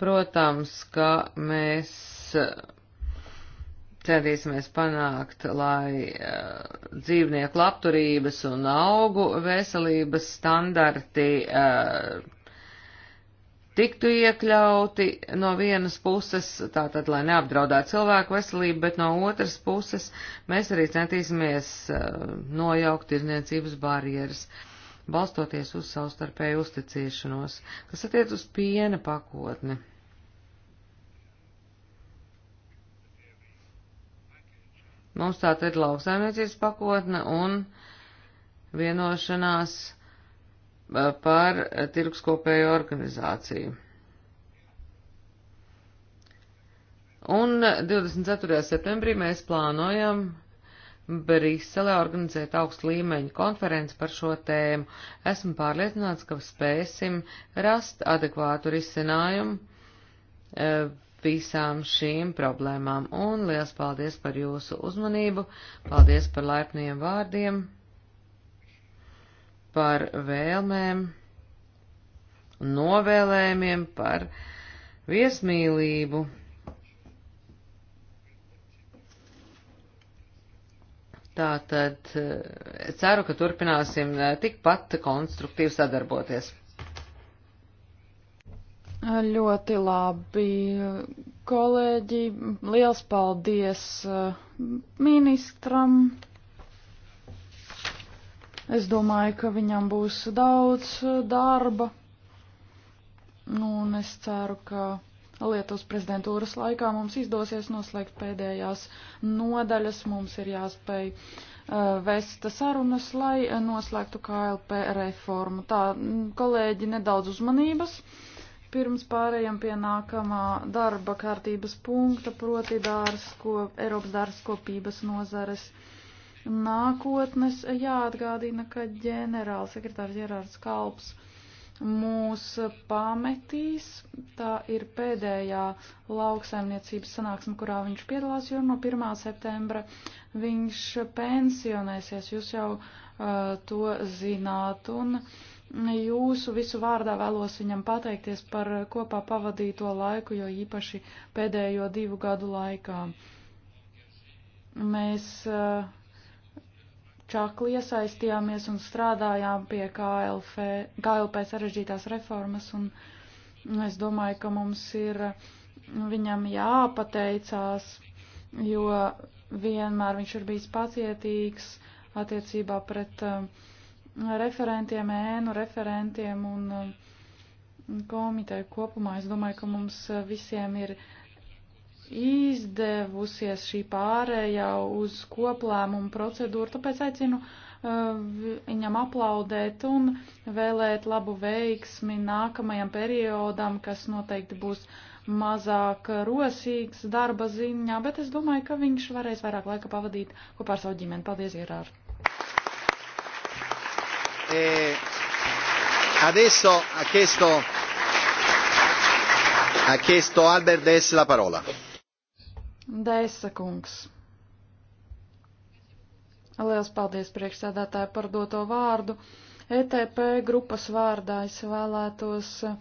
Protams, ka mēs eh, centīsimies panākt, lai uh, dzīvnieku labturības un augu veselības standarti uh, tiktu iekļauti no vienas puses, tātad, lai neapdraudētu cilvēku veselību, bet no otras puses mēs arī centīsimies uh, nojaukt tirniecības barjeras, balstoties uz savstarpēju uzticēšanos, kas attiec uz piena pakotni. Mums tā tad ir lauksaimniecības pakotne un vienošanās par tirgskopēju organizāciju. Un 24. septembrī mēs plānojam Briselē organizēt augstu līmeņu konferenci par šo tēmu. Esmu pārliecināts, ka spēsim rast adekvātu risinājumu e, visām šīm problēmām. Un liels paldies par jūsu uzmanību, paldies par laipniem vārdiem par vēlmēm un novēlējumiem par viesmīlību. Tātad eh, ceru, ka turpināsim eh, tikpat konstruktīvi sadarboties. Ļoti labi, kolēģi. Liels paldies eh, ministram. Es domāju, ka viņam būs daudz eh, darba, nu, un es ceru, ka Lietuvas prezidentūras laikā mums izdosies noslēgt pēdējās nodaļas. Mums ir jāspēj uh, vest sarunas, lai noslēgtu KLP reformu. Tā, mm, kolēģi, nedaudz uzmanības. Pirms pārējām pie nākamā darba kārtības punkta, proti dārskop, Eiropas dārskopības nozares nākotnes. Jāatgādina, ka ģenerālsekretārs Gerārds Kalps mūs pametīs. Tā ir pēdējā lauksaimniecības sanāksme, kurā viņš piedalās, jo no 1. septembra viņš pensionēsies. Jūs jau uh, to zināt. Un, Jūsu visu vārdā vēlos viņam pateikties par kopā pavadīto laiku, jo īpaši pēdējo divu gadu laikā. Mēs uh, čakli iesaistījāmies un strādājām pie KLF, KLP sarežģītās reformas, un es domāju, ka mums ir viņam jāpateicās, jo vienmēr viņš ir bijis pacietīgs attiecībā pret eh, referentiem, ēnu referentiem un eh, komiteju kopumā. Es domāju, ka mums eh, visiem ir jāpateicās izdevusies šī pārējā uz koplēmumu procedūru, tāpēc aicinu uh, viņam aplaudēt un vēlēt labu veiksmi nākamajam periodam, kas noteikti būs mazāk rosīgs darba ziņā, bet es domāju, ka viņš varēs vairāk laika pavadīt kopā ar savu ģimeni. Paldies, Gerār! Eh, adesso ha chiesto, ha chiesto Albert Dess la parola. Daisa kungs. Liels paldies priekšsēdētāji par doto vārdu. ETP grupas vārdā es vēlētos uh,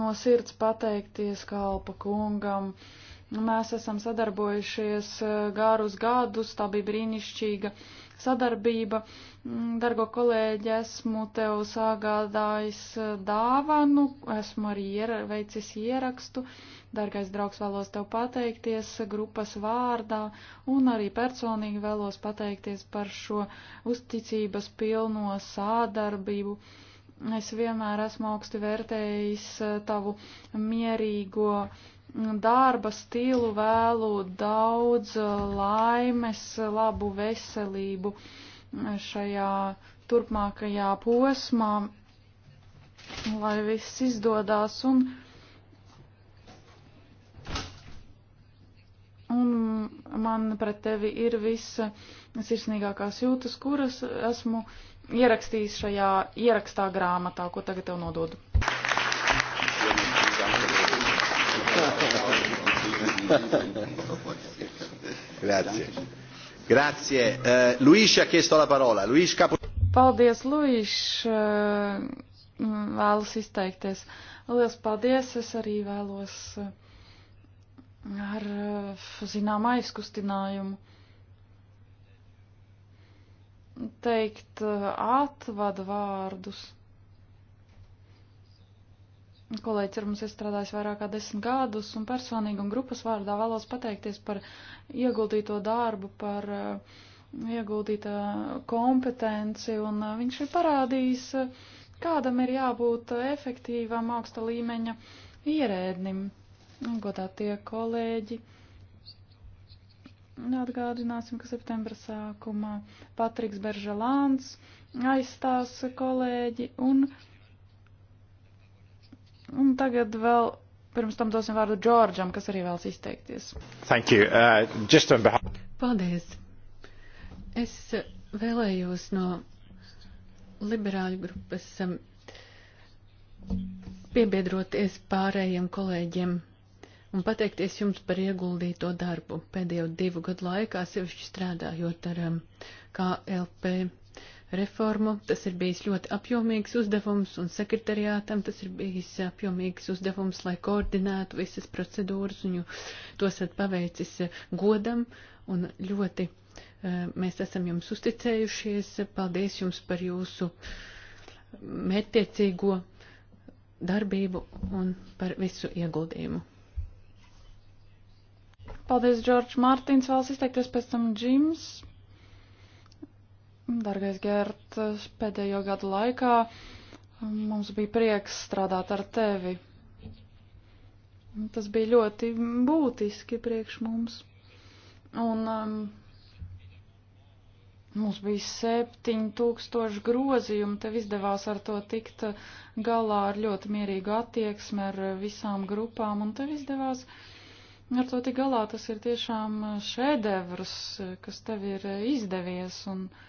no sirds pateikties kalpa kungam. Mēs esam sadarbojušies uh, gārus gadus, tā bija brīnišķīga sadarbība. Mm, dargo kolēģi, esmu tev sagādājis eh, dāvanu, esmu arī iera, veicis ierakstu. Dargais draugs, vēlos tev pateikties grupas vārdā un arī personīgi vēlos pateikties par šo uzticības pilno sādarbību. Es vienmēr esmu augsti vērtējis eh, tavu mierīgo uh, darba stilu vēlu daudz uh, laimes, labu veselību uh, šajā turpmākajā posmā, lai viss izdodās un, un man pret tevi ir visa sirsnīgākās jūtas, kuras esmu ierakstījis šajā ierakstā grāmatā, ko tagad tev nododu. Grazie. Grazie. Uh, Luis ha chiesto la parola. Luis Capo... Paldies, Luis. Uh, vēlas izteikties. Lielas paldies. Es arī vēlos eh, ar uh, zinām aizkustinājumu teikt uh, atvadu vārdus. Kolēģis ar mums ir strādājis vairāk kā desmit gadus, un personīgi un grupas vārdā vēlos pateikties par ieguldīto darbu, par uh, ieguldītā kompetenci, un uh, viņš ir parādījis, uh, kādam ir jābūt efektīvam augsta līmeņa ierēdnim. Godā tie kolēģi. Atgādināsim, ka septembra sākumā Patriks Beržalāns aizstās kolēģi un Un tagad vēl pirms tam dosim vārdu Džordžam, kas arī vēlas izteikties. Thank you. Uh, just on behalf. Paldies. Es vēlējos no liberāļu grupas um, piebiedroties pārējiem kolēģiem un pateikties jums par ieguldīto darbu pēdējo divu gadu laikā, sevišķi strādājot ar um, KLP reformu. Tas ir bijis ļoti apjomīgs uzdevums, un sekretariātam tas ir bijis apjomīgs uzdevums, lai koordinētu visas procedūras, un jūs to esat paveicis godam, un ļoti eh, mēs esam jums uzticējušies. Paldies jums par jūsu mērķtiecīgo darbību un par visu ieguldījumu. Paldies, Džordž Mārtiņš, vēlas izteikties pēc tam Džims. Dargais Gērt, pēdējo gadu laikā mums bija prieks strādāt ar tevi. Tas bija ļoti būtiski priekš mums. Un um, mums bija 7000 grozījumu, tev izdevās ar to tikt galā ar ļoti mierīgu attieksmi ar visām grupām, un tev izdevās ar to tikt galā. Tas ir tiešām šedevrs, kas tev ir izdevies. Un, uh,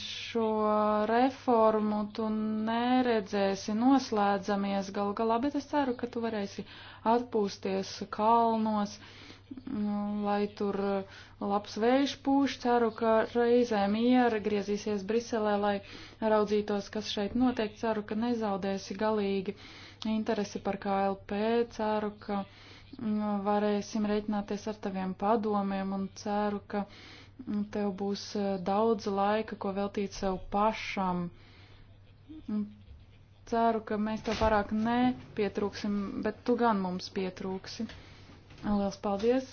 šo reformu tu neredzēsi noslēdzamies gal galā, bet es ceru, ka tu varēsi atpūsties kalnos, nu, lai tur labs vējš pūš. Ceru, ka reizē miera griezīsies Briselē, lai raudzītos, kas šeit notiek. Ceru, ka nezaudēsi galīgi interesi par KLP. Ceru, ka nu, varēsim reiķināties ar taviem padomiem un ceru, ka Tev būs eh, daudz laika, ko veltīt sev pašam. Ceru, ka mēs tev pārāk nepietrūksim, bet tu gan mums pietrūksi. Lielas paldies!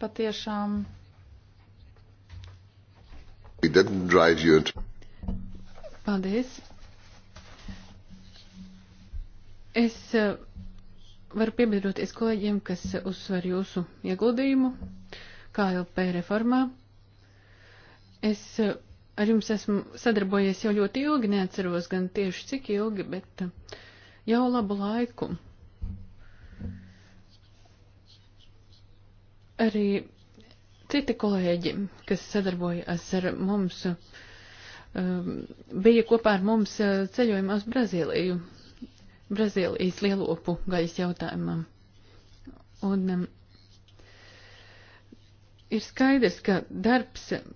Patiešām. Paldies! Es uh, Varu piebiedroties kolēģiem, kas uzsver jūsu ieguldījumu KLP reformā. Es eh, ar jums esmu sadarbojies jau ļoti ilgi, neatceros gan tieši cik ilgi, bet eh, jau labu laiku. Arī citi kolēģi, kas sadarbojas ar mums, eh, bija kopā ar mums ceļojumā uz Brazīliju Brazīlijas lielopu gaļas jautājumam. Un um, ir skaidrs, ka darbs um,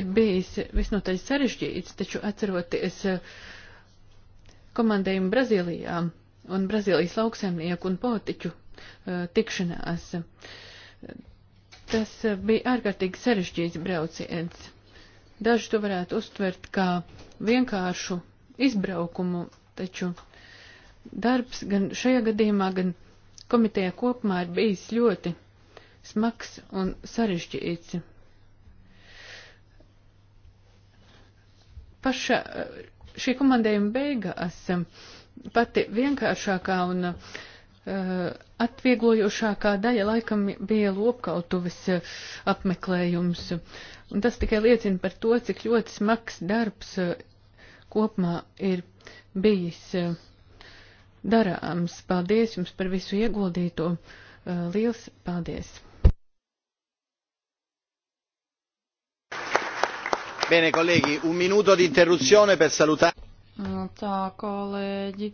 ir bijis visnotaļ sarežģīts, taču atceroties uh, komandējumu Brazīlijā un Brazīlijas lauksaimnieku un politiķu uh, tikšanās, tas bija ārkārtīgi sarežģīts brauciens. Daži to varētu uztvert kā vienkāršu izbraukumu, taču Darbs gan šajā gadījumā, gan komitejā kopumā ir bijis ļoti smags un sarežģīts. Paša šī komandējuma beigās pati vienkāršākā un uh, atvieglojošākā daļa laikam bija lopkautuves eh, apmeklējums. Un tas tikai liecina par to, cik ļoti smags darbs eh, kopumā ir bijis. Uh, darāms. Paldies jums par visu ieguldīto. Uh, liels paldies! Bene, colleghi, un minuto di interruzione per salutare. Uh, tā, kolēģi,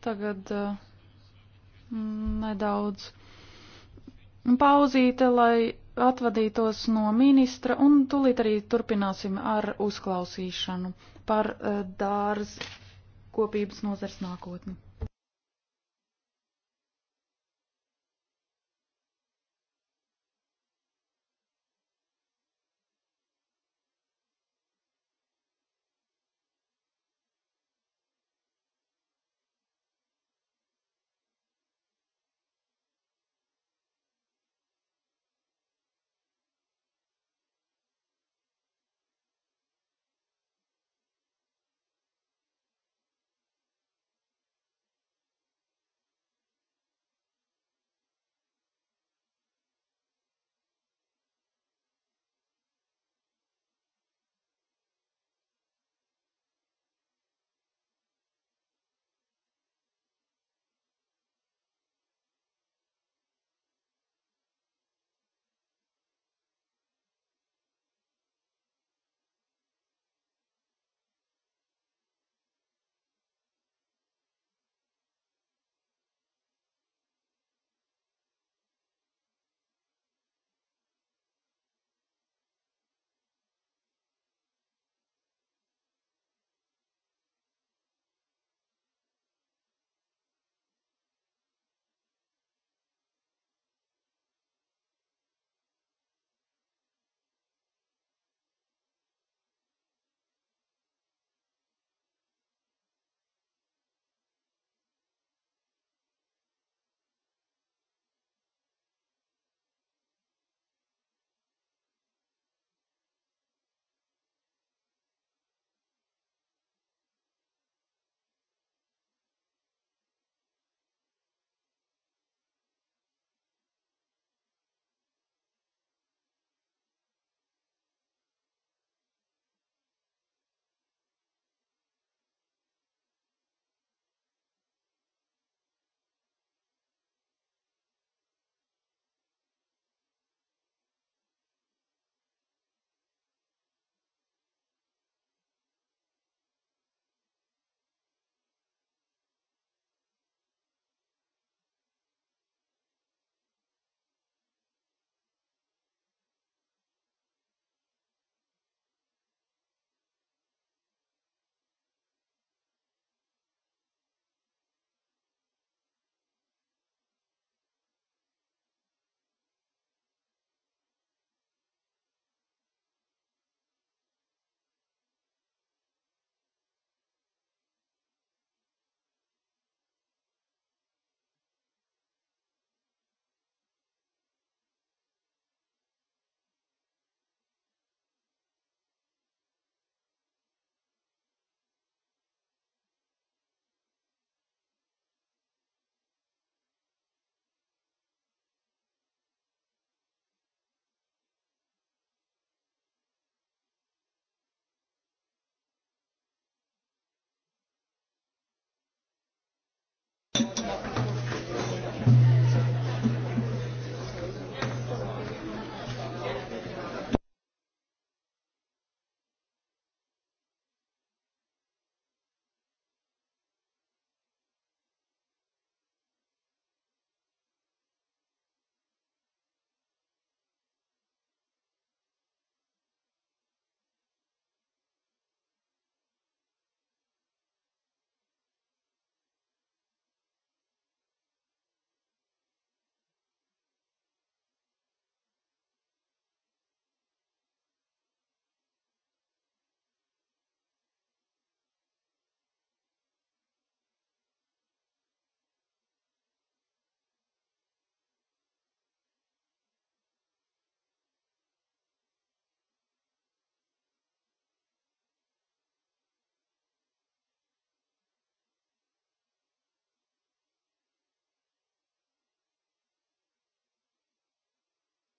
tagad uh, nedaudz pauzīte, lai atvadītos no ministra, un tūlīt arī turpināsim ar uzklausīšanu par dārzu kopības nozars nākotni.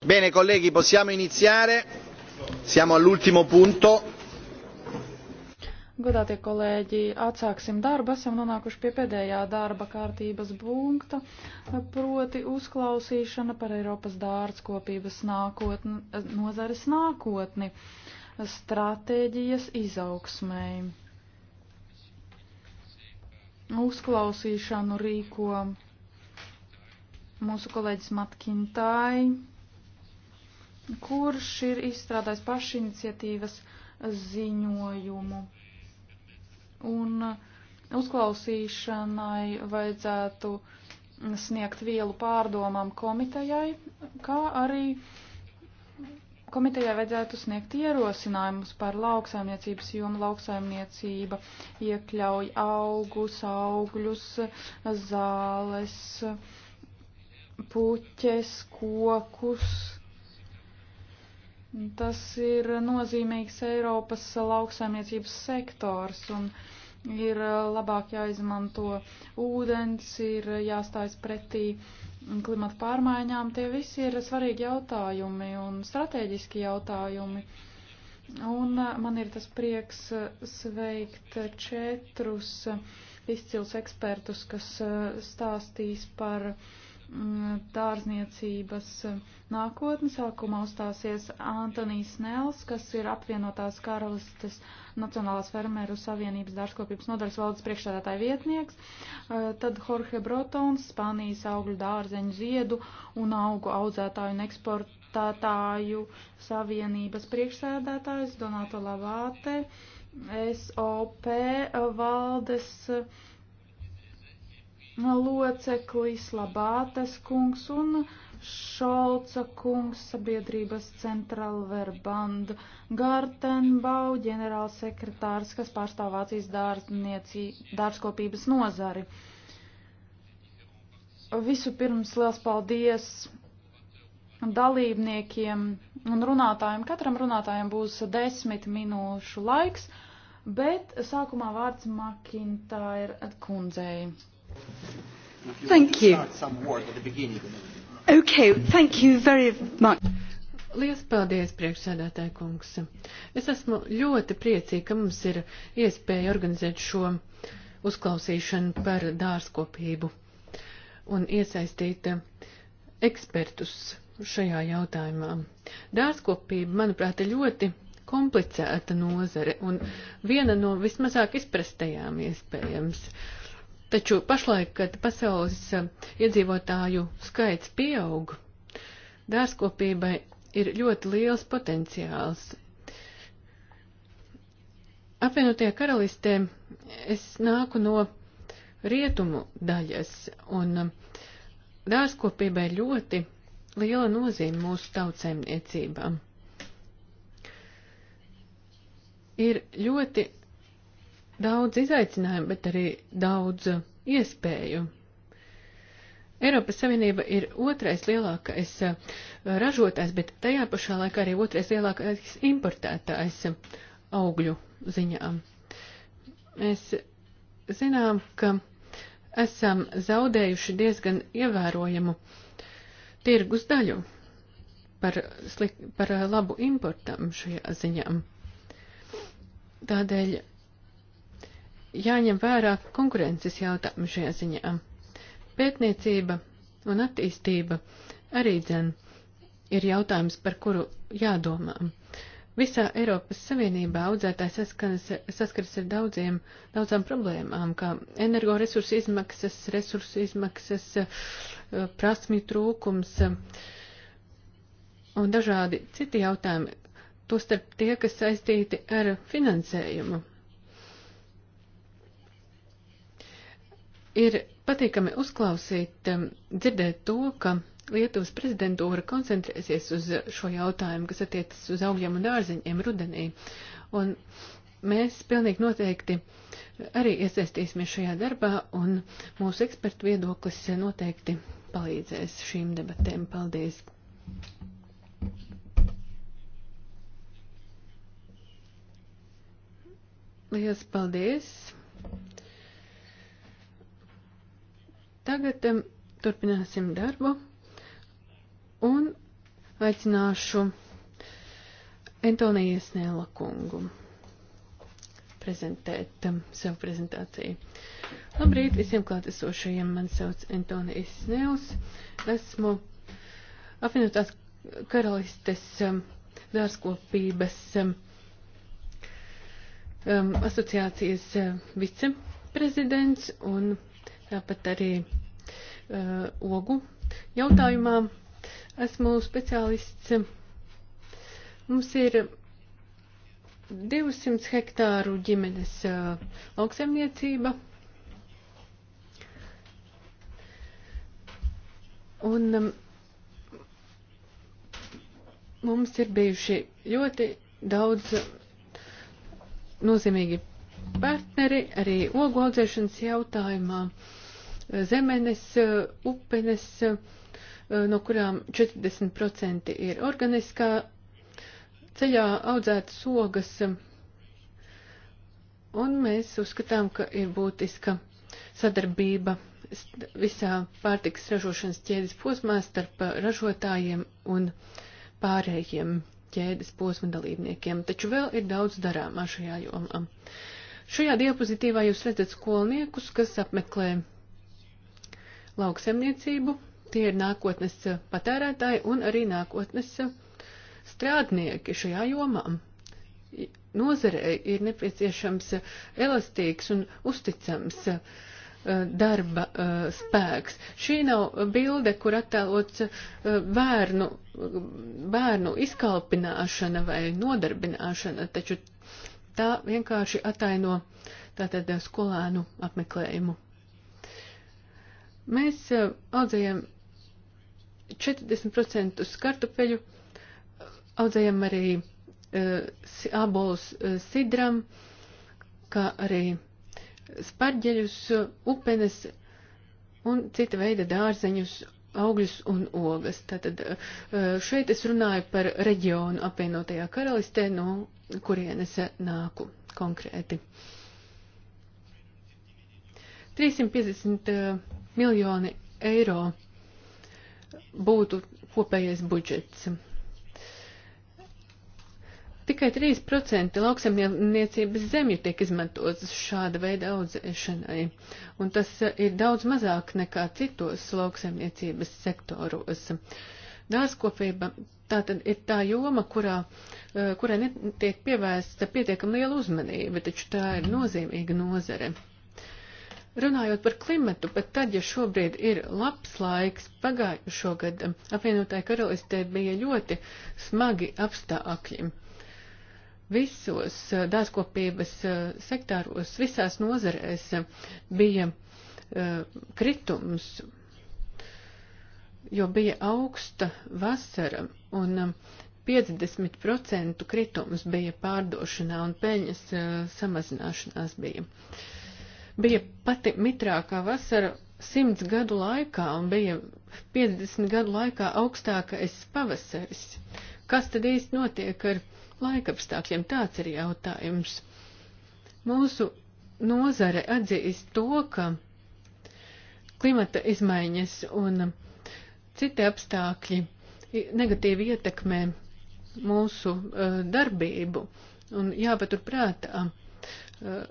Bene colleghi, possiamo iniziare. Siamo all'ultimo punto. Godātie kolēģi, atsāksim darbu. Esam nonākuši pie pēdējā darba kārtības punkta, proti uzklausīšana par Eiropas dārdskopības nākotni, nozares nākotni, stratēģijas izaugsmēji. Uzklausīšanu rīko mūsu kolēģis Matkintāji kurš ir izstrādājis pašiniciatīvas ziņojumu. Un uh, uzklausīšanai vajadzētu sniegt vielu pārdomām komitejai, kā arī komitejai vajadzētu sniegt ierosinājumus par lauksaimniecības jomu. Lauksaimniecība iekļauj augus, augļus, zāles, puķes, kokus, Tas ir nozīmīgs Eiropas lauksaimniecības sektors un ir labāk jāizmanto ūdens, ir jāstājas pretī klimata pārmaiņām. Tie visi ir svarīgi jautājumi un strateģiski jautājumi. Un man ir tas prieks sveikt četrus izcils ekspertus, kas stāstīs par uh, dārzniecības nākotni. Sākumā uzstāsies Antonijs Nels, kas ir apvienotās karalistes Nacionālās fermēru savienības dārzkopības nodaļas valdes priekšstādātāja vietnieks, eh, tad Jorge Brotons, Spānijas augļu dārzeņu ziedu un augu audzētāju un eksportētāju savienības priekšsēdētājs Donato Lavāte, SOP valdes priekšsēdētājs loceklis, Labātes kungs un Šolca kungs, sabiedrības centralverband, Gartenbau, ģenerālsekretārs, kas pārstāv Vācijas dārzkopības nozari. Visu pirms liels paldies dalībniekiem un runātājiem. Katram runātājam būs desmit minūšu laiks, bet sākumā vārds Makintāra kundzei. Thank you. Okay, thank you very much. Lielas paldies, priekšsēdētāja kungs. Es esmu ļoti priecīga, ka mums ir iespēja organizēt šo uzklausīšanu par dārzkopību un iesaistīt ekspertus šajā jautājumā. Dārzkopība, manuprāt, ir ļoti komplicēta nozare un viena no vismazāk izprastajām iespējams. Uh, Taču pašlaik, kad pasaules eh, iedzīvotāju skaits pieaug, dārzkopībai ir ļoti liels potenciāls. Apvienotie karalistē es nāku no rietumu daļas, un eh, dārzkopībai ļoti liela nozīme mūsu tautsēmniecībām. Ir ļoti daudz izaicinājumu, bet arī daudz iespēju. Eiropas Savienība ir otrais lielākais eh, ražotājs, bet tajā pašā laikā arī otrais lielākais importētājs augļu ziņām. Mēs zinām, ka esam zaudējuši diezgan ievērojamu tirgus daļu par, slik, par labu importam šajā ziņām. Tādēļ jāņem vērā konkurences jautājumu šajā ziņā. Pētniecība un attīstība arī dzen ir jautājums, par kuru jādomā. Visā Eiropas Savienībā audzētājs saskaras, saskaras ar daudziem, daudzām problēmām, kā energoresursu izmaksas, resursu izmaksas, prasmju trūkums un dažādi citi jautājumi, tostarp tie, kas saistīti ar finansējumu Ir patīkami uzklausīt, um, dzirdēt to, ka Lietuvas prezidentūra koncentrēsies uz šo jautājumu, kas attiecas uz augļiem un dārzeņiem rudenī. Un mēs pilnīgi noteikti arī iesaistīsimies šajā darbā, un mūsu ekspertu viedoklis noteikti palīdzēs šīm debatēm. Paldies! Lielas paldies! Tagad um, turpināsim darbu un aicināšu Antoniju Snēla kungu prezentēt um, savu prezentāciju. Labrīt visiem klātesošajiem, man sauc Antonijs Snēls, esmu apvienotās karalistes um, dārzkopības um, asociācijas uh, viceprezidents un tāpat arī uh, ogu jautājumā. Esmu speciālists. Mums ir 200 hektāru ģimenes uh, lauksaimniecība. Un um, mums ir bijuši ļoti daudz nozīmīgi partneri arī ogu audzēšanas jautājumā. Uh, zemenes, upenes, no kurām 40% ir organiskā. Ceļā audzētas ogas, un mēs uzskatām, ka ir būtiska sadarbība visā pārtikas ražošanas ķēdes posmā starp ražotājiem un pārējiem ķēdes posma dalībniekiem, taču vēl ir daudz darāmā šajā jomā. Šajā diapozitīvā jūs redzat skolniekus, kas apmeklē lauksemniecību. Tie ir nākotnes patērētāji un arī nākotnes strādnieki šajā jomā. Nozarei ir nepieciešams elastīgs un uzticams eh, darba eh, spēks. Šī nav bilde, kur attēlots eh, bērnu, bērnu izkalpināšana vai nodarbināšana, taču tā vienkārši ataino tātad skolēnu apmeklējumu. Mēs audzējam 40% kartupeļu, audzējam arī abolus sidram, kā arī sparģeļus, upenes un cita veida dārzeņus, augļus un ogas. Tātad šeit es runāju par reģionu apvienotajā karalistē, no kurienes nāku konkrēti. 350 miljoni eiro būtu kopējais budžets. Tikai 3% lauksaimniecības zemju tiek izmantotas šāda veida audzēšanai, un tas ir daudz mazāk nekā citos lauksaimniecības sektoros. Dārzkopība tā tad ir tā joma, kurā, eh, kurai netiek pievērsta pietiekam liela uzmanība, taču tā ir nozīmīga nozare. Runājot par klimatu, pat tad, ja šobrīd ir labs laiks, pagājušo gadu apvienotāja karalistē bija ļoti smagi apstākļi. Visos eh, dāskopības eh, sektāros, visās nozarēs eh, bija kritums, jo bija augsta vasara un 50% kritums bija pārdošanā un peļņas samazināšanās bija. Uh, bija pati mitrākā vasara simts gadu laikā un bija 50 gadu laikā augstākais pavasaris. Kas tad īsti notiek ar laikapstākļiem? Tāds ir jautājums. Mūsu nozare atzīst to, ka klimata izmaiņas un citi apstākļi negatīvi ietekmē mūsu uh, darbību. Un jāpaturprāt, uh, eh,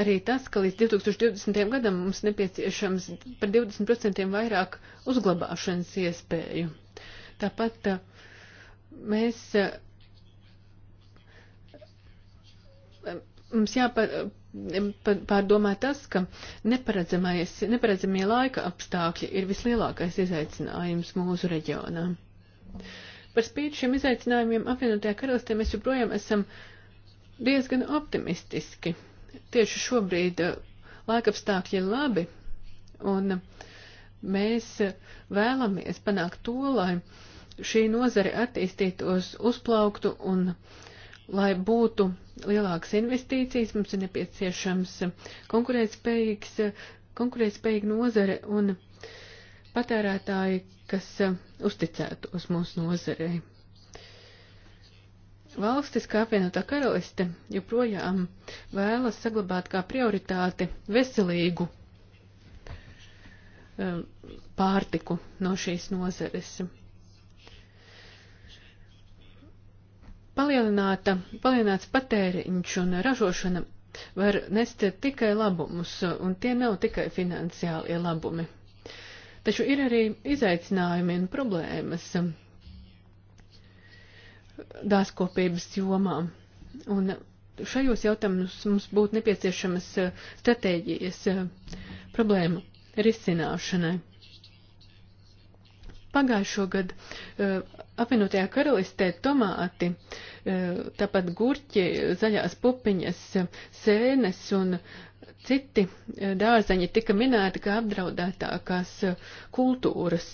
arī tas, ka līdz 2020. gadam mums nepieciešams par 20% vairāk uzglabāšanas iespēju. Tāpat eh, mēs. Eh, mums jāpārdomā eh, tas, ka neparedzamie laika apstākļi ir vislielākais izaicinājums mūsu reģionā. Par spīti šiem izaicinājumiem apvienotajā karalistē mēs joprojām esam diezgan optimistiski tieši šobrīd eh, laikapstākļi ir labi, un mēs eh, vēlamies panākt to, lai šī nozare attīstītos, uzplauktu un lai būtu lielākas investīcijas, mums ir nepieciešams konkurētspējīgs, eh, konkurētspējīga nozare un patērētāji, kas uzticētos mūsu nozarei. Valstis kā apvienotā karaliste joprojām vēlas saglabāt kā prioritāti veselīgu um, pārtiku no šīs nozares. Palielināta, palielināts patēriņš un ražošana var nest tikai labumus, un tie nav tikai finansiālie labumi. Taču ir arī izaicinājumi un problēmas, dāskopības jomām. Un šajos jautājumus mums būtu nepieciešamas eh, stratēģijas eh, problēmu risināšanai. Pagājušo gadu eh, apvienotajā karalistē tomāti, tāpat gurķi, zaļās pupiņas, sēnes un citi dārzeņi tika minēti kā apdraudētākās kultūras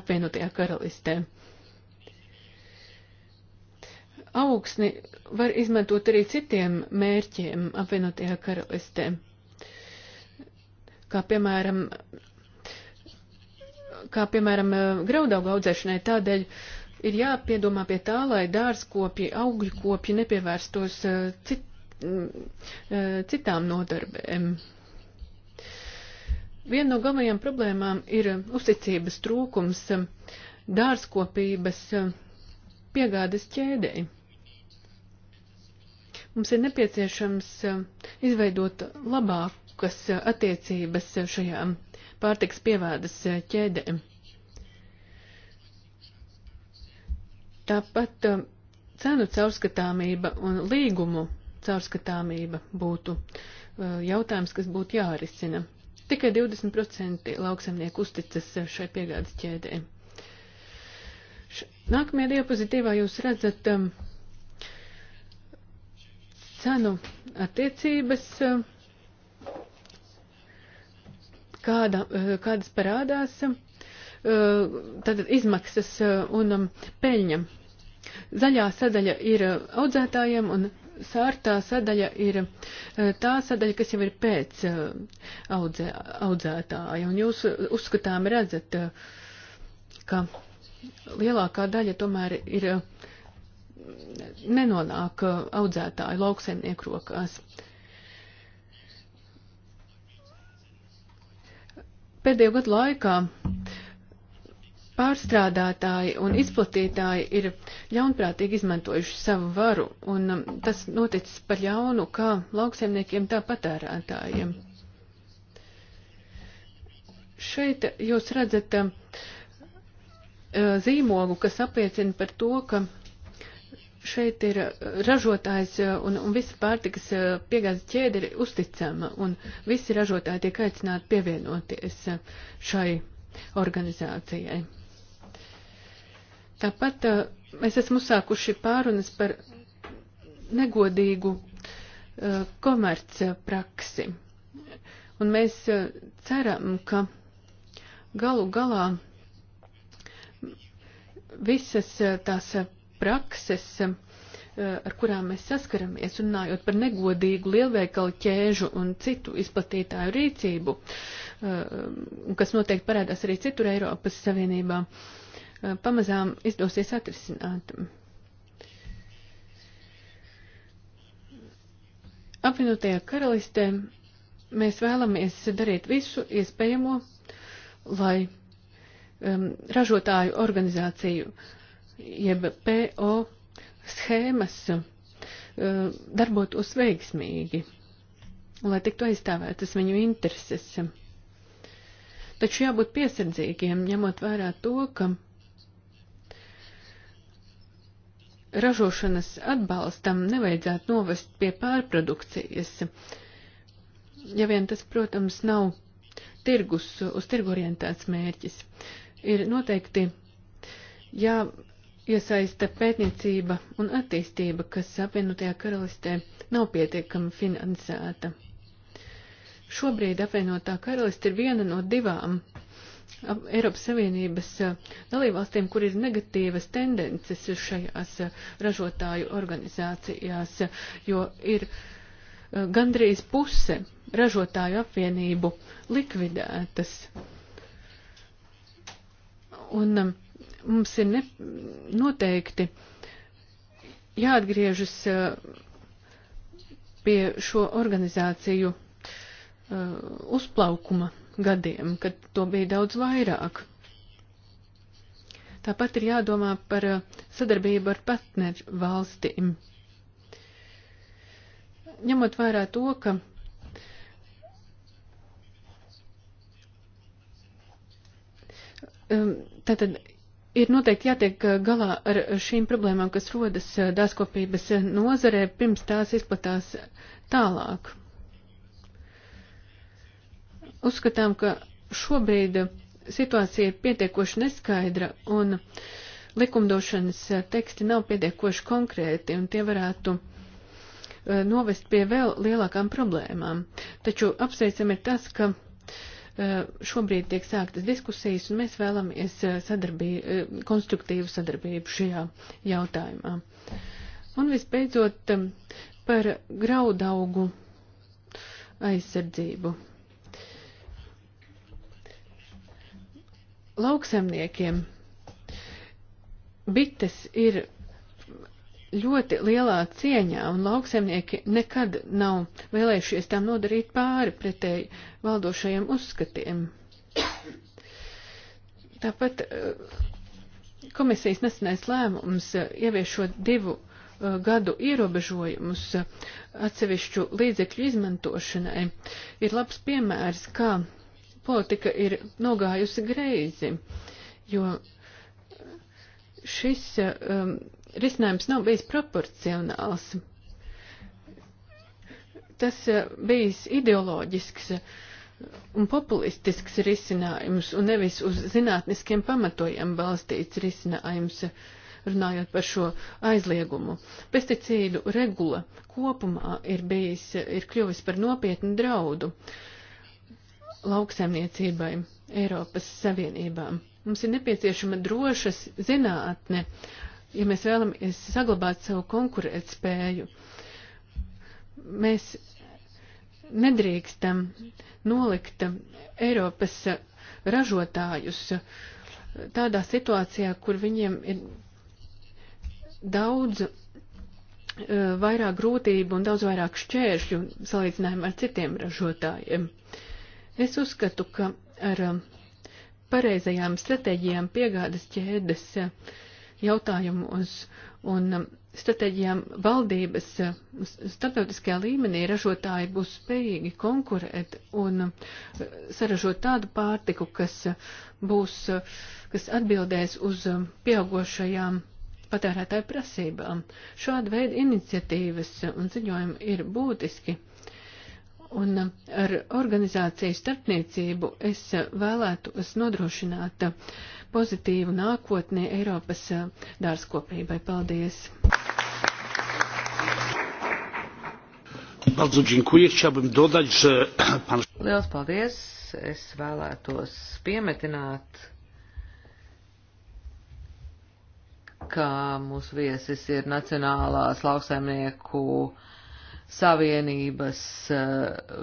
apvienotajā karalistē augsni var izmantot arī citiem mērķiem apvienotajā karalistē. Kā piemēram, kā piemēram eh, graudaugu audzēšanai, tādēļ ir jāpiedomā pie tā, lai dārzkopji, augļu kopji nepievērstos eh, cit, mm, eh, citām nodarbēm. Viena no galvenajām problēmām ir uzticības trūkums dārzkopības piegādes ķēdēji. Mums ir nepieciešams eh, izveidot labākas eh, attiecības eh, šajām pārtiks pievādas ķēdēm. Tāpat cenu caurskatāmība un līgumu caurskatāmība būtu jautājums, kas būtu jārisina. Tikai 20% lauksamnieku uzticas šai piegādes ķēdē. Nākamajā diapozitīvā jūs redzat cenu attiecības, kāda, kādas parādās, tad izmaksas un peļņa. Zaļā sadaļa ir audzētājiem un sārtā sadaļa ir tā sadaļa, kas jau ir pēc audzē, audzētāja. Un jūs uzskatām redzat, ka lielākā daļa tomēr ir uh, nenonāk uh, audzētāju lauksaimnieku rokās. Pēdējo gadu laikā pārstrādātāji un izplatītāji ir ļaunprātīgi izmantojuši savu varu, un um, tas noticis par ļaunu kā lauksaimniekiem, tā patērētājiem. Šeit jūs redzat um, uh, zīmogu, kas apliecina par to, ka šeit ir eh, ražotājs eh, un, un visa pārtikas eh, piegādes ķēde ir uzticama, un visi ražotāji tiek aicināti pievienoties šai organizācijai. Tāpat mēs esam uzsākuši pārunas par negodīgu komerci praksi, un mēs ceram, ka galu galā visas tās prakses Eh, ar kurām mēs saskaramies, runājot par negodīgu lielveikalu ķēžu un citu izplatītāju rīcību, eh, kas noteikti parādās arī citur Eiropas Savienībā, eh, pamazām izdosies atrisināt. Apvienotajā karalistē mēs vēlamies darīt visu iespējamo, lai um, ražotāju organizāciju, jeb PO schēmas eh, darbotos veiksmīgi, lai tiktu aizstāvētas viņu intereses. Taču jābūt piesardzīgiem, ņemot vērā to, ka ražošanas atbalstam nevajadzētu novest pie pārprodukcijas, ja vien tas, protams, nav tirgus, uz tirgu orientēts mērķis. Ir noteikti jā. Ja iesaista pētniecība un attīstība, kas apvienotajā karalistē nav pietiekami finansēta. Šobrīd apvienotā karaliste ir viena no divām Eiropas Savienības dalībvalstīm, kur ir negatīvas tendences šajās ražotāju organizācijās, jo ir gandrīz puse ražotāju apvienību likvidētas. Un um, mums ir ne, noteikti jāatgriežas pie šo organizāciju uh, uzplaukuma gadiem, kad to bija daudz vairāk. Tāpat ir jādomā par uh, sadarbību ar partneru valstīm. Ņemot vērā to, ka um, tātad ir noteikti jātiek eh, galā ar šīm problēmām, kas rodas eh, dāskopības eh, nozarē, pirms tās izplatās tālāk. Uzskatām, ka šobrīd situācija ir pietiekoši neskaidra un likumdošanas teksti nav pietiekoši konkrēti un tie varētu novest pie vēl lielākām problēmām. Taču apsveicam ir tas, ka Eh, šobrīd tiek sāktas diskusijas, un mēs vēlamies eh, sadarbī, eh, konstruktīvu sadarbību šajā jautājumā. Un visbeidzot par graudaugu aizsardzību. Lauksemniekiem bites ir ļoti lielā cieņā, un lauksemnieki nekad nav vēlējušies tam nodarīt pāri pretēji valdošajiem uzskatiem. Tāpat eh, komisijas nesenais lēmums eh, ieviešot divu eh, gadu ierobežojumus atsevišķu līdzekļu izmantošanai ir labs piemērs, kā politika ir nogājusi greizi, jo šis um, risinājums nav bijis proporcionāls. Tas eh, bijis ideoloģisks eh, un populistisks risinājums un nevis uz zinātniskiem pamatojiem balstīts risinājums, runājot par šo aizliegumu. Pesticīdu regula kopumā ir bijis, ir kļuvis par nopietnu draudu lauksaimniecībai Eiropas Savienībām. Mums ir nepieciešama drošas zinātne, uh, ja mēs vēlamies saglabāt savu konkurētspēju, mēs nedrīkstam nolikt Eiropas ražotājus tādā situācijā, kur viņiem ir daudz e, vairāk grūtību un daudz vairāk šķēršļu salīdzinājumā ar citiem ražotājiem. Es uzskatu, ka ar e, pareizajām stratēģijām piegādas ķēdes uh, jautājumos un um, stratēģijām valdības uh, starptautiskajā līmenī ražotāji būs spējīgi konkurēt un uh, saražot tādu pārtiku, kas uh, būs, kas atbildēs uz um, pieaugošajām patērētāju prasībām. Šāda veida iniciatīvas un ziņojumi ir būtiski. Un ar organizāciju starpniecību es vēlētos nodrošināt uh, pozitīvu nākotni Eiropas dārzkopībai. Paldies! Bardzo dziękuję. Chciałbym dodać, że pan... Liels paldies. Es vēlētos piemetināt, ka mūsu viesis ir Nacionālās lauksaimnieku uh, Savienības eh,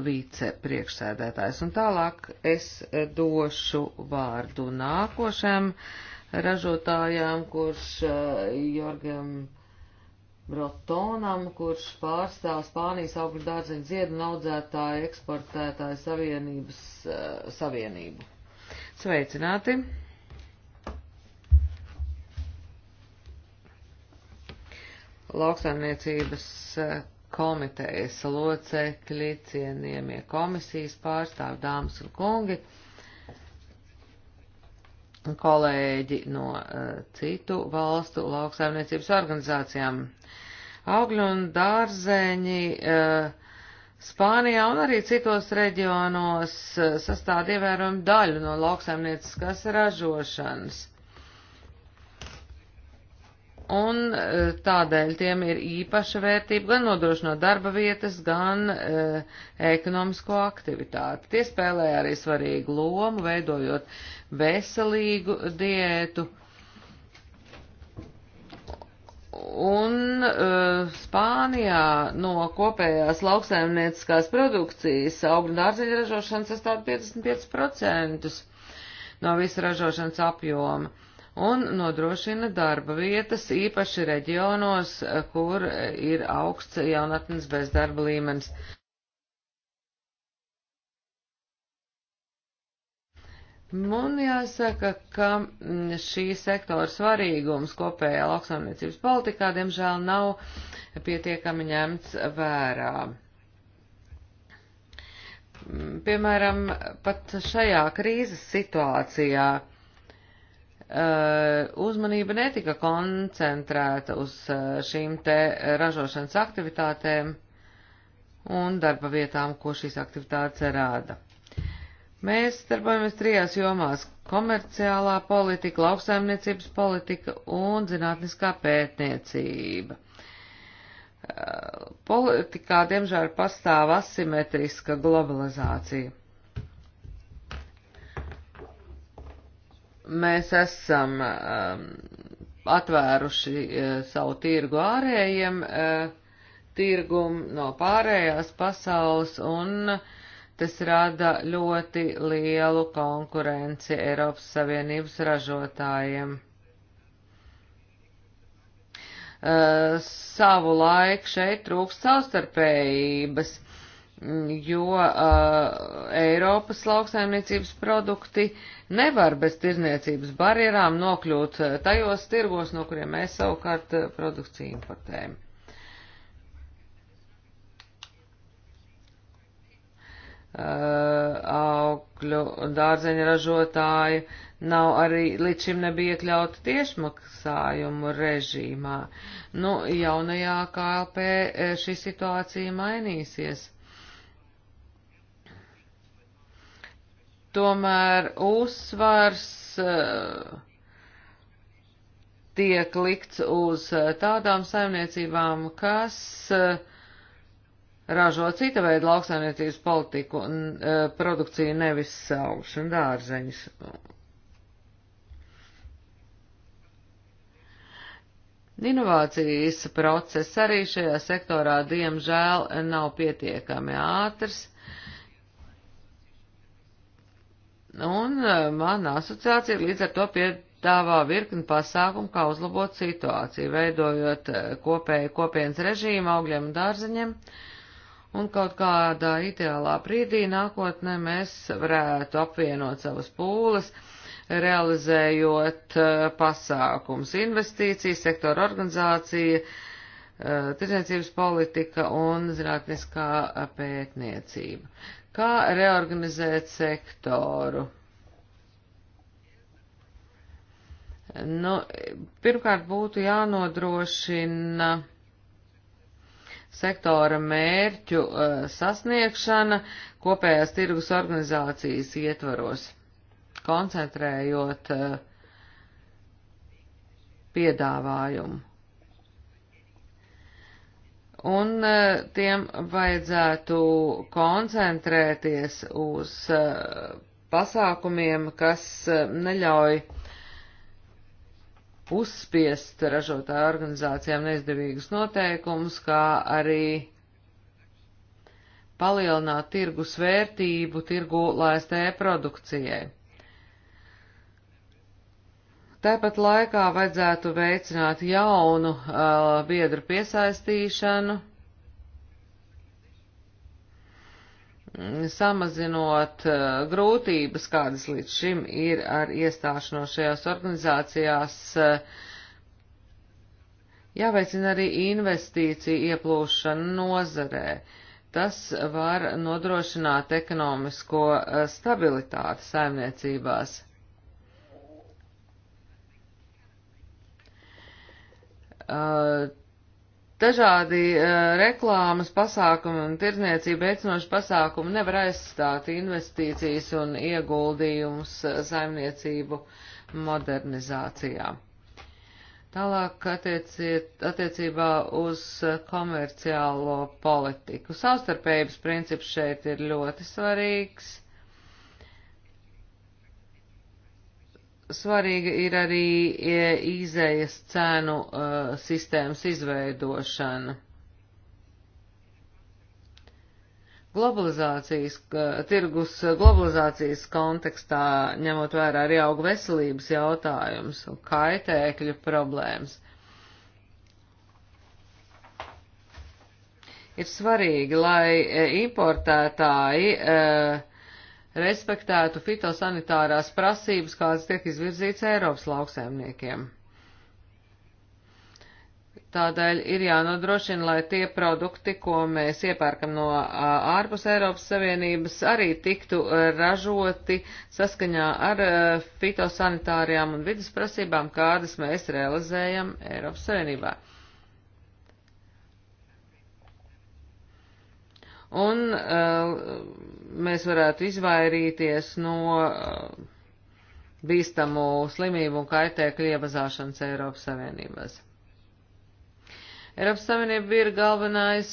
vicepriekšsēdētājs. Un tālāk es došu vārdu nākošajam ražotājām, kurš eh, Jorgam Brotonam, kurš pārstāv Spānijas augļu dārzeņu ziedu un audzētāju eksportētāju savienības eh, savienību. Sveicināti! Lauksaimniecības komitejas locekļi, cienījamie komisijas pārstāvi, dāmas un kungi, kolēģi no uh, citu valstu lauksaimniecības organizācijām. Augļi un dārzeņi uh, Spānijā un arī citos reģionos uh, sastāv ievērojumu daļu no lauksaimnieciskās ražošanas un e, tādēļ tiem ir īpaša vērtība gan nodrošinot darba vietas, gan e, ekonomisko aktivitāti. Tie spēlē arī svarīgu lomu, veidojot veselīgu diētu. Un uh, e, Spānijā no kopējās lauksaimnieciskās produkcijas augļu un dārzeļu ražošana sastāv 55% no visu ražošanas apjoma. Uh, un nodrošina darba vietas, īpaši reģionos, eh, kur eh, ir augsts jaunatnes bezdarba līmenis. Man jāsaka, ka mm, šī sektora svarīgums kopējā lauksaimniecības politikā, diemžēl, nav pietiekami ņemts vērā. Mm, piemēram, pat šajā krīzes situācijā Uh, uzmanība netika koncentrēta uz uh, šīm te ražošanas aktivitātēm un darba vietām, ko šīs aktivitātes rāda. Mēs darbojamies trijās jomās - komerciālā politika, lauksaimniecības politika un zinātniskā pētniecība. Uh, Politikā, diemžēl, pastāv asimetriska globalizācija mēs esam um, atvēruši uh, savu tirgu ārējiem uh, tirgumu no pārējās pasaules, un tas rada ļoti lielu konkurenci Eiropas Savienības ražotājiem. Uh, savu laiku šeit trūkst savstarpējības jo uh, Eiropas lauksaimniecības produkti nevar bez tirzniecības barjerām nokļūt uh, tajos tirgos, no kuriem mēs savukārt uh, produkciju importējam. Uh, augļu dārzeņu ražotāji nav arī līdz šim nebija iekļauti tiešmaksājumu režīmā. Nu, jaunajā KLP uh, šī situācija mainīsies tomēr uzsvars eh, tiek likts uz eh, tādām saimniecībām, kas eh, ražo cita veida lauksaimniecības politiku un produkciju nevis augšu un dārzeņus. Inovācijas process arī šajā sektorā, diemžēl, nav pietiekami ātrs Un eh, mana asociācija līdz ar to piedāvā virkni pasākumu, kā uzlabot situāciju, veidojot eh, kopēju kopienas režīmu augļiem un dārzeņiem. Un kaut kādā ideālā brīdī nākotnē mēs varētu apvienot savas pūles, realizējot eh, pasākums, investīcijas, sektora organizācija, tirdzniecības politika un zinātniskā pētniecība. Kā reorganizēt sektoru? Nu, pirmkārt, būtu jānodrošina sektora mērķu eh, sasniegšana kopējās tirgus organizācijas ietvaros, koncentrējot eh, piedāvājumu un e, tiem vajadzētu koncentrēties uz e, pasākumiem, kas e, neļauj uzspiest ražotāju organizācijām neizdevīgus noteikumus, kā arī palielināt tirgus vērtību tirgu laistē produkcijai. Tāpat laikā vajadzētu veicināt jaunu uh, biedru piesaistīšanu, samazinot uh, grūtības, kādas līdz šim ir ar iestāšanos šajās organizācijās. Uh, jāveicina arī investīcija ieplūšana nozarē. Tas var nodrošināt ekonomisko uh, stabilitāti saimniecībās. Uh, dažādi uh, reklāmas pasākumi un tirdzniecība veicinoši pasākumi nevar aizstāt investīcijas un ieguldījumus uh, saimniecību modernizācijā. Tālāk attieciet, attiecībā uz komerciālo politiku. Savstarpējības princips šeit ir ļoti svarīgs. svarīga ir arī e, izējas cēnu uh, e, sistēmas izveidošana. Globalizācijas, uh, tirgus globalizācijas kontekstā, ņemot vērā arī augu veselības jautājums un kaitēkļu problēmas, ir svarīgi, lai importētāji uh, respektētu fitosanitārās prasības, kādas tiek izvirzīts Eiropas lauksēmniekiem. Tādēļ ir jānodrošina, lai tie produkti, ko mēs iepērkam no ārpus Eiropas Savienības, arī tiktu ražoti saskaņā ar fitosanitārijām un vidas prasībām, kādas mēs realizējam Eiropas Savienībā. Un uh, mēs varētu izvairīties no uh, bīstamu slimību un kaitēkļu iemazāšanas Eiropas Savienībās. Eiropas Savienība ir galvenais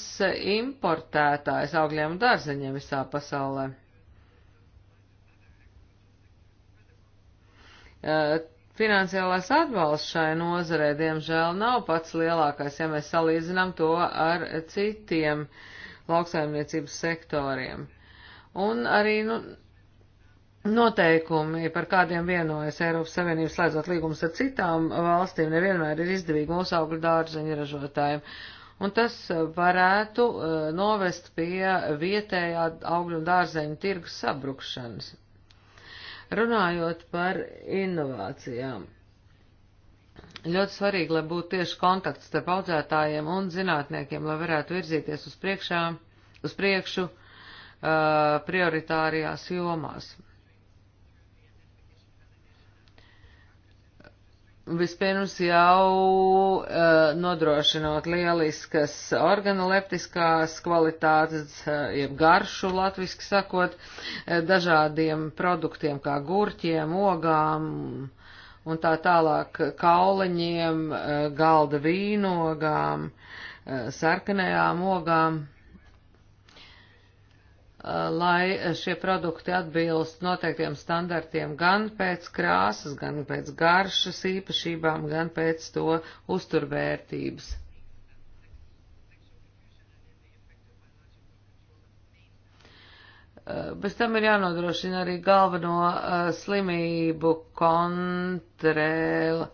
importētājs augļiem un dārzeņiem visā pasaulē. Uh, Finansiālās atbalsts šai nozarē, diemžēl, nav pats lielākais, ja mēs salīdzinām to ar citiem lauksaimniecības sektoriem. Uh, un arī nu, noteikumi, par kādiem vienojas Eiropas Savienības slēdzot līgumus ar citām valstīm, nevienmēr ir izdevīgi mūsu augļu dārzeņu ražotājiem. Un tas varētu uh, novest pie vietējā augļu un dārzeņu tirgus sabrukšanas. Runājot par inovācijām ļoti svarīgi, lai būtu tieši kontakts starp audzētājiem un zinātniekiem, lai varētu virzīties uz, priekšā, uz priekšu Uh, prioritārajās jomās. Vispirms jau uh, nodrošinot lieliskas organoleptiskās kvalitātes, uh, jeb garšu latviski sakot, uh, dažādiem produktiem kā gurķiem, ogām un tā tālāk kauliņiem, uh, galda vīnogām, uh, sarkanajām ogām lai šie produkti atbilst noteiktiem standartiem gan pēc krāsas, gan pēc garšas īpašībām, gan pēc to uzturvērtības. Bez tam ir jānodrošina arī galveno eh, slimību kontrēla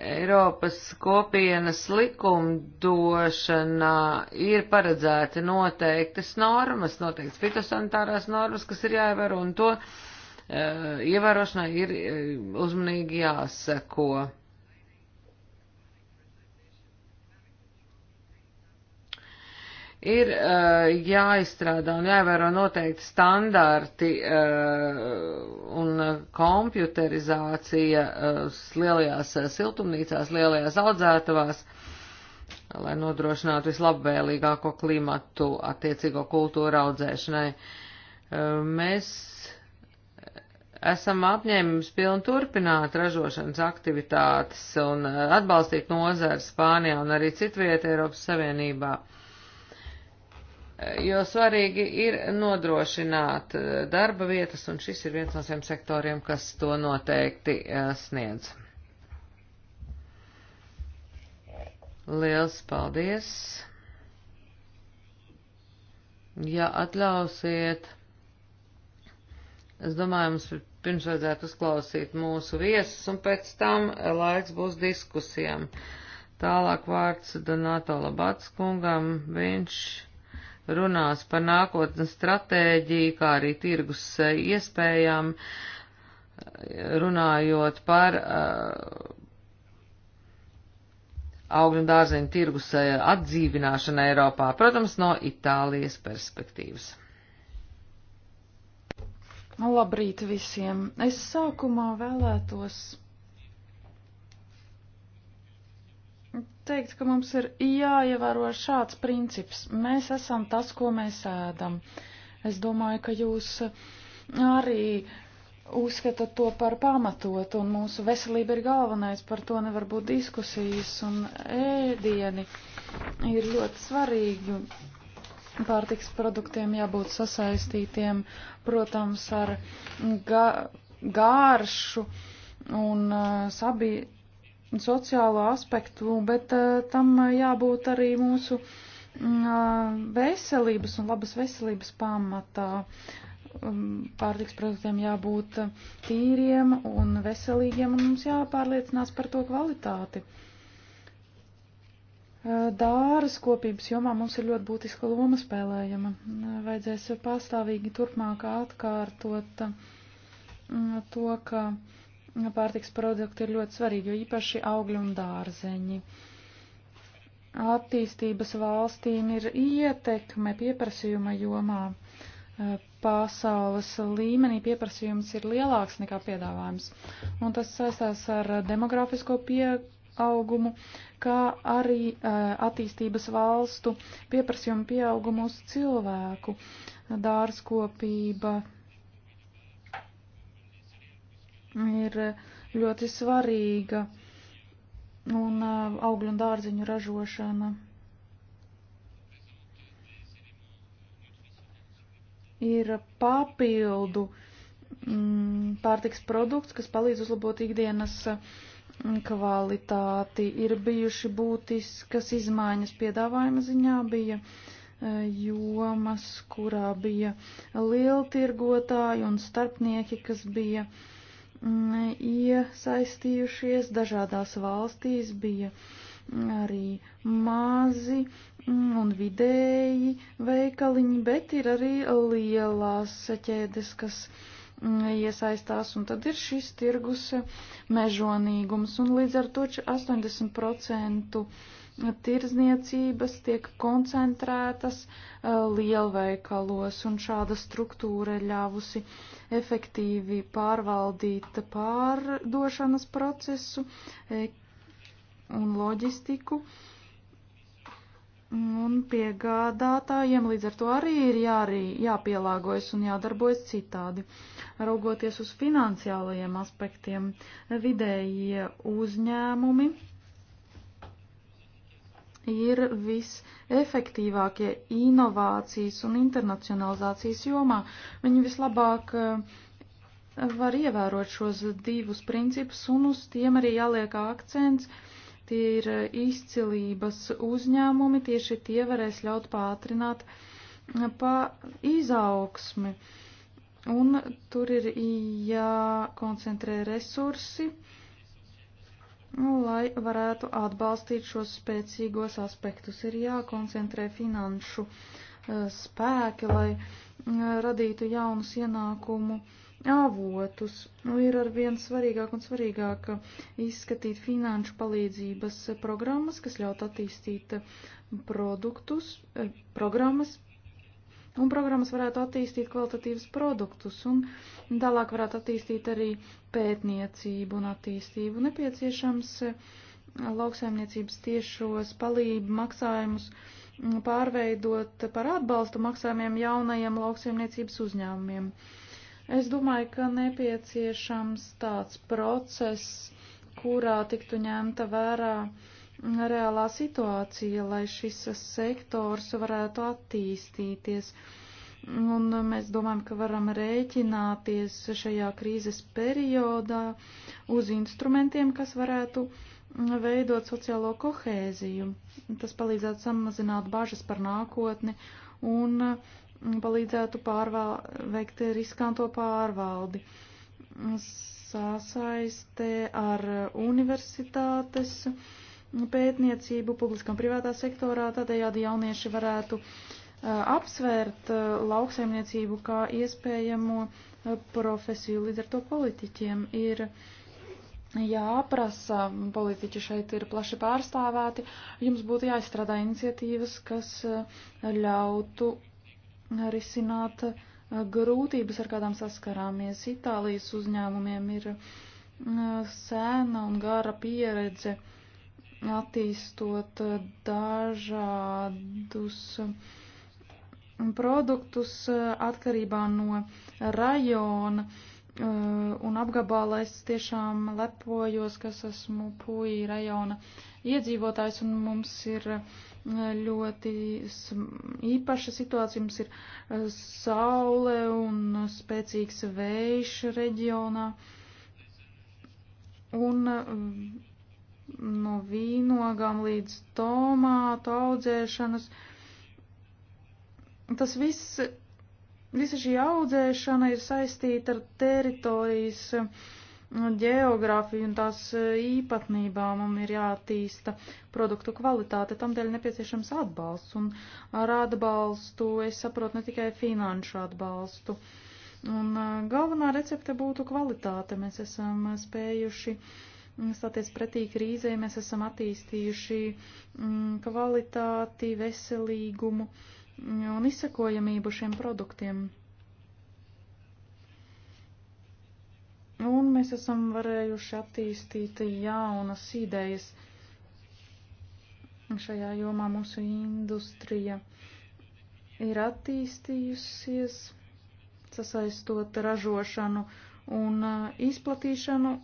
Eiropas kopienas likumdošanā ir paredzēti noteiktas normas, noteiktas fitosanitārās normas, kas ir jāievēro, un to uh, ievērošanai ir uh, uzmanīgi jāseko. ir uh, jāizstrādā un jāievēro noteikti standarti uh, un kompjuterizācija uh, lielajās siltumnīcās, lielajās audzētavās, lai nodrošinātu vislabvēlīgāko klimatu attiecīgo kultūra audzēšanai. Uh, mēs esam apņēmības pilni turpināt ražošanas aktivitātes un atbalstīt nozari Spānijā un arī citvieta Eiropas Savienībā. Uh, jo svarīgi ir nodrošināt eh, darba vietas, un šis ir viens no tiem sektoriem, kas to noteikti eh, sniedz. Liels paldies! Ja atļausiet, es domāju, mums pirms vajadzētu uzklausīt mūsu viesus, un pēc tam eh, laiks būs diskusijām. Tālāk vārds Donato Labats kungam, viņš runās par nākotnes stratēģiju, kā arī tirgus eh, iespējām, runājot par uh, augļu un dārzeņu tirgus eh, atdzīvināšanu Eiropā, protams, no Itālijas perspektīvas. Labrīt visiem! Es sākumā vēlētos teikts, ka mums ir jāievēro šāds princips. Mēs esam tas, ko mēs ēdam. Es domāju, ka jūs arī uzskata to par pamatotu, un mūsu veselība ir galvenais, par to nevar būt diskusijas, un ēdieni ir ļoti svarīgi. Pārtiks produktiem jābūt sasaistītiem, protams, ar ga gāršu un uh, sabiedrību sociālo aspektu, bet eh, tam jābūt arī mūsu mm, veselības un labas veselības pamatā. Mm, pārtiks produktiem jābūt tīriem un veselīgiem, un mums jāpārliecinās par to kvalitāti. Dāras kopības jomā mums ir ļoti būtiska loma spēlējama. Vajadzēs pastāvīgi turpmāk atkārtot to, ka pārtiks produkti ir ļoti svarīgi, jo īpaši augļi un dārzeņi. Attīstības valstīm ir ietekme pieprasījuma jomā. Eh, pasaules līmenī pieprasījums ir lielāks nekā piedāvājums, un tas saistās ar demografisko pieaugumu, kā arī eh, attīstības valstu pieprasījumu pieaugumu uz cilvēku, dārzkopība, ir ļoti svarīga un uh, augļu un dārziņu ražošana ir papildu mm, pārtiks produkts, kas palīdz uzlabot ikdienas mm, kvalitāti. Ir bijuši būtiskas izmaiņas piedāvājuma ziņā, bija eh, jomas, kurā bija lieltirgotāji un starpnieki, kas bija uh, iesaistījušies dažādās valstīs, bija arī mazi un vidēji veikaliņi, bet ir arī lielās ķēdes, kas iesaistās, un tad ir šis tirgus mežonīgums, un līdz ar to 80% tirzniecības tiek koncentrētas uh, lielveikalos, un šāda struktūra ir ļāvusi efektīvi pārvaldīt pārdošanas procesu e, un loģistiku. Un piegādātājiem līdz ar to arī ir jārī, jāpielāgojas un jādarbojas citādi. Raugoties uz finansiālajiem aspektiem, vidējie uzņēmumi ir visefektīvākie inovācijas un internacionalizācijas jomā. Viņi vislabāk eh, var ievērot šos divus principus un uz tiem arī jāliek akcents. Tie ir eh, izcilības uzņēmumi, tieši tie varēs ļaut pātrināt eh, pa izaugsmi. Un tur ir jākoncentrē resursi. Ja Nu, lai varētu atbalstīt šos spēcīgos aspektus. Ir jākoncentrē finanšu eh, spēki, lai eh, radītu jaunus ienākumu avotus. Nu, ir arvien svarīgāk un svarīgāk izskatīt finanšu palīdzības programmas, kas ļaut attīstīt produktus, eh, programmas, un programmas varētu attīstīt kvalitatīvus produktus, un tālāk varētu attīstīt arī pētniecību un attīstību nepieciešams eh, lauksaimniecības tiešos palību maksājumus mm, pārveidot par atbalstu maksājumiem jaunajiem lauksaimniecības uzņēmumiem. Es domāju, ka nepieciešams tāds process, kurā tiktu ņemta vērā uh, reālā situācija, lai šis sektors varētu attīstīties. Un mēs domājam, ka varam rēķināties šajā krīzes periodā uz instrumentiem, kas varētu veidot sociālo kohēziju. Tas palīdzētu samazināt bažas par nākotni un palīdzētu veikt riskanto pārvaldi. Sāsaistē ar universitātes uh, pētniecību publiskā un privātā sektorā, tādējādi jaunieši varētu apsvērt lauksaimniecību kā iespējamo profesiju. Līdz ar to politiķiem ir jāprasa, politiķi šeit ir plaši pārstāvēti, jums būtu jāizstrādā iniciatīvas, kas ļautu risināt grūtības, ar kādām saskarāmies. Itālijas uzņēmumiem ir sēna un gara pieredze uh, attīstot eh, dažādus mm, produktus eh, atkarībā no rajona eh, un apgabala. Es tiešām lepojos, kas esmu puī rajona iedzīvotājs un mums ir ļoti īpaša situācija. Mums ir saule un spēcīgs vējš reģionā. Un no vīnogām līdz tomātu audzēšanas. Tas viss, visa šī audzēšana ir saistīta ar teritorijas ģeogrāfiju un tās īpatnībām un ir jātīsta produktu kvalitāte. Tamdēļ nepieciešams atbalsts, un ar atbalstu es saprotu ne tikai finanšu atbalstu. Un uh, galvenā recepte būtu kvalitāte. Mēs esam spējuši uh, stāties pretī krīzē, mēs esam attīstījuši mm, kvalitāti, veselīgumu un izsekojamību šiem produktiem. Un mēs esam varējuši attīstīt jaunas idejas. Šajā jomā mūsu industrija ir attīstījusies, sasaistot ražošanu un izplatīšanu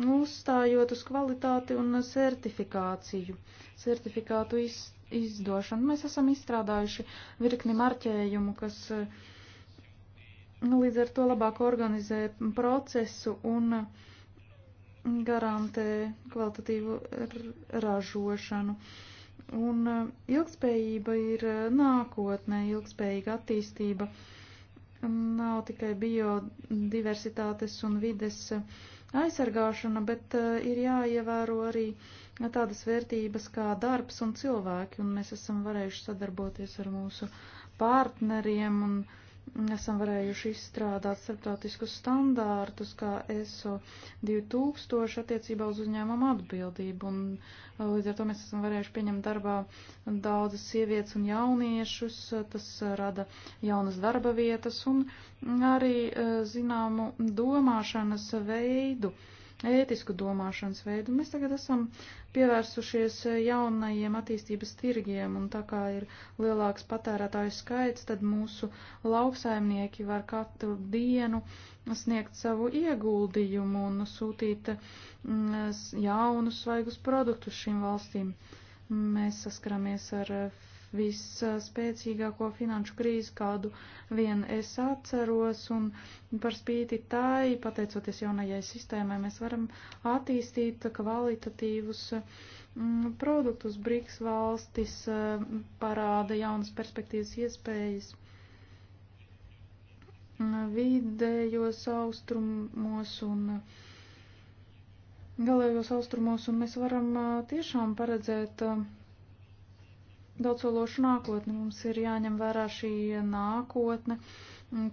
uzstājot uz kvalitāti un certifikāciju, certifikātu iz, izdošanu. Mēs esam izstrādājuši virkni marķējumu, kas eh, nu, līdz ar to labāk organizē procesu un mm, garantē kvalitatīvu ražošanu. Un eh, ilgspējība ir eh, nākotnē, ilgspējīga attīstība nav tikai biodiversitātes un vides aizsargāšana, bet eh, ir jāievēro arī tādas vērtības kā darbs un cilvēki, un mēs esam varējuši sadarboties ar mūsu partneriem un partneriem esam varējuši izstrādāt starptautiskus standārtus, kā ESO 2000 attiecībā uz uzņēmumu atbildību, un uh, līdz ar to mēs esam varējuši pieņemt darbā daudzas sievietes un jauniešus, tas uh, rada jaunas darba vietas un arī uh, zināmu domāšanas veidu. Uh, ētisku domāšanas veidu. Mēs tagad esam pievērsušies eh, jaunajiem attīstības tirgiem, un tā kā ir lielāks patērētāju skaits, tad mūsu lauksaimnieki var katru dienu sniegt savu ieguldījumu un sūtīt mm, jaunus svaigus produktus šīm valstīm. Mēs saskaramies ar eh, visspēcīgāko finanšu krīzi, kādu vien es atceros, un par spīti tai, pateicoties jaunajai sistēmai, mēs varam attīstīt kvalitatīvus mm, produktus. Briks valstis mm, parāda jaunas perspektīvas iespējas. Mm, vidējos austrumos un galējos austrumos, un mēs varam tiešām paredzēt uh, daudzsološu nākotni. Mums ir jāņem vērā šī nākotne,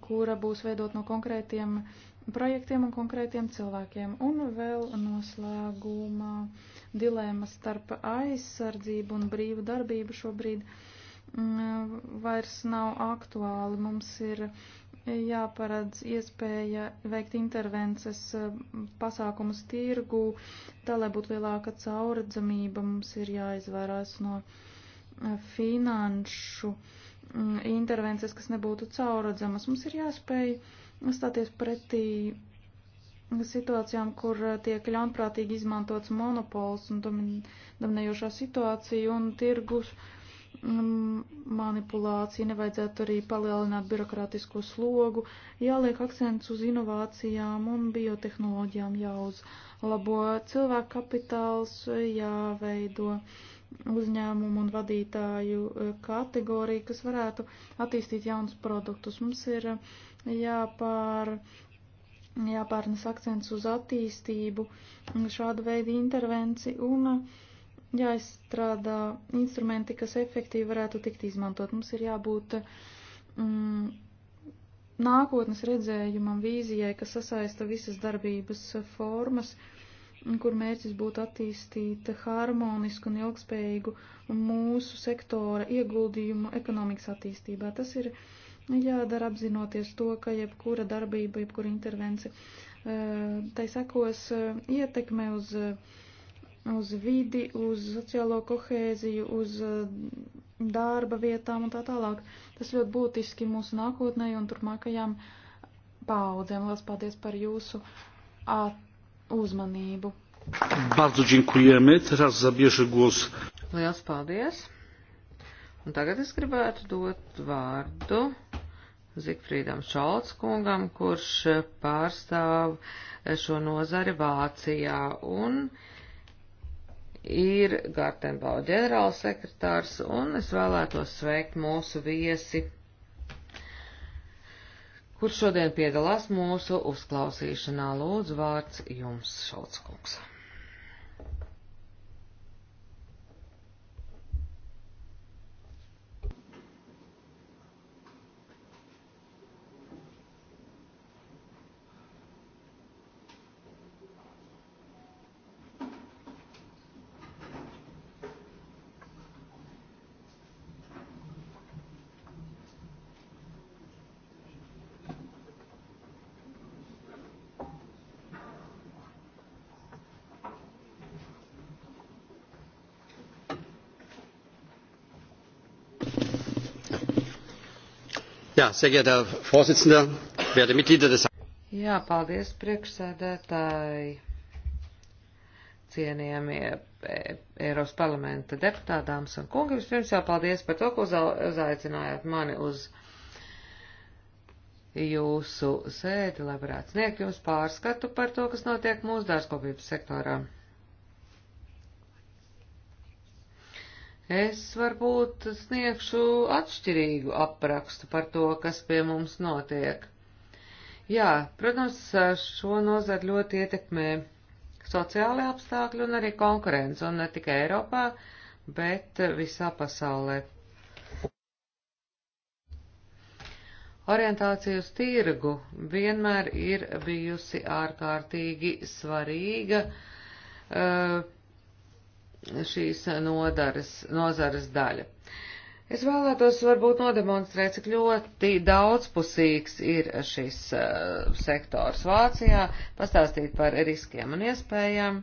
kura būs veidot no konkrētiem projektiem un konkrētiem cilvēkiem. Un vēl noslēgumā dilēma starp aizsardzību un brīvu darbību šobrīd vairs nav aktuāli. Mums ir jāparedz iespēja veikt intervences pasākumus tirgu, tā lai būtu lielāka cauradzamība, mums ir jāizvairās no uh, finanšu mm, intervences, kas nebūtu cauradzamas. Mums ir jāspēj stāties pretī situācijām, kur tiek ļaunprātīgi izmantots monopols un dominējošā situācija un tirgus mm, manipulācija, nevajadzētu arī palielināt birokrātisko slogu, jāliek akcents uz inovācijām un biotehnoloģijām, jāuzlabo cilvēku kapitāls, jāveido uzņēmumu un vadītāju e, kategoriju, kas varētu attīstīt jaunus produktus. Mums ir e, jāpār, jāpārnes akcents uz attīstību, šādu veidu intervenci un e, jāizstrādā instrumenti, kas efektīvi varētu tikt izmantot. Mums ir jābūt mm, nākotnes redzējumam, vīzijai, kas sasaista visas darbības formas. Uh, kur mērķis būtu attīstīt harmonisku un ilgspējīgu mūsu sektora ieguldījumu ekonomikas attīstībā. Tas ir jādara apzinoties to, ka jebkura darbība, jebkura intervence, eh, tai sekos eh, ietekme uz, eh, uz vidi, uz sociālo kohēziju, uz darba vietām un tā tālāk. Tas ļoti būtiski mūsu nākotnē un turpmākajām paudzēm. Lielas paldies par jūsu atbildību uzmanību. Bardzo dziękujemy. Teraz zabierze głos. Liels paldies. Un tagad es gribētu dot vārdu Zigfrīdam Šalckungam, kurš pārstāv šo nozari Vācijā un ir Gartenbau ģenerālsekretārs, un es vēlētos sveikt mūsu viesi kurš šodien piedalās mūsu uzklausīšanā. Lūdzu, vārds jums, Šalckungs. Ja, sehr geehrter Vorsitzender, werte Mitglieder des Jā, paldies priekšsēdētāji, cienījamie e, Eiropas parlamenta deputātāms un kungi. Vispirms jau paldies par to, ka uzaicinājāt mani uz jūsu sēdi, lai varētu sniegt jums pārskatu par to, kas notiek mūsu dārzkopības sektorā. Es varbūt sniegšu atšķirīgu aprakstu par to, kas pie mums notiek. Jā, protams, šo nozari ļoti ietekmē sociālai apstākļi un arī konkurence, un ne tikai Eiropā, bet visā pasaulē. Orientācija uz tirgu vienmēr ir bijusi ārkārtīgi svarīga. Uh, šīs nodaras, nozares daļa. Es vēlētos varbūt nodemonstrēt, cik ļoti daudzpusīgs ir šis uh, sektors Vācijā, pastāstīt par riskiem un iespējām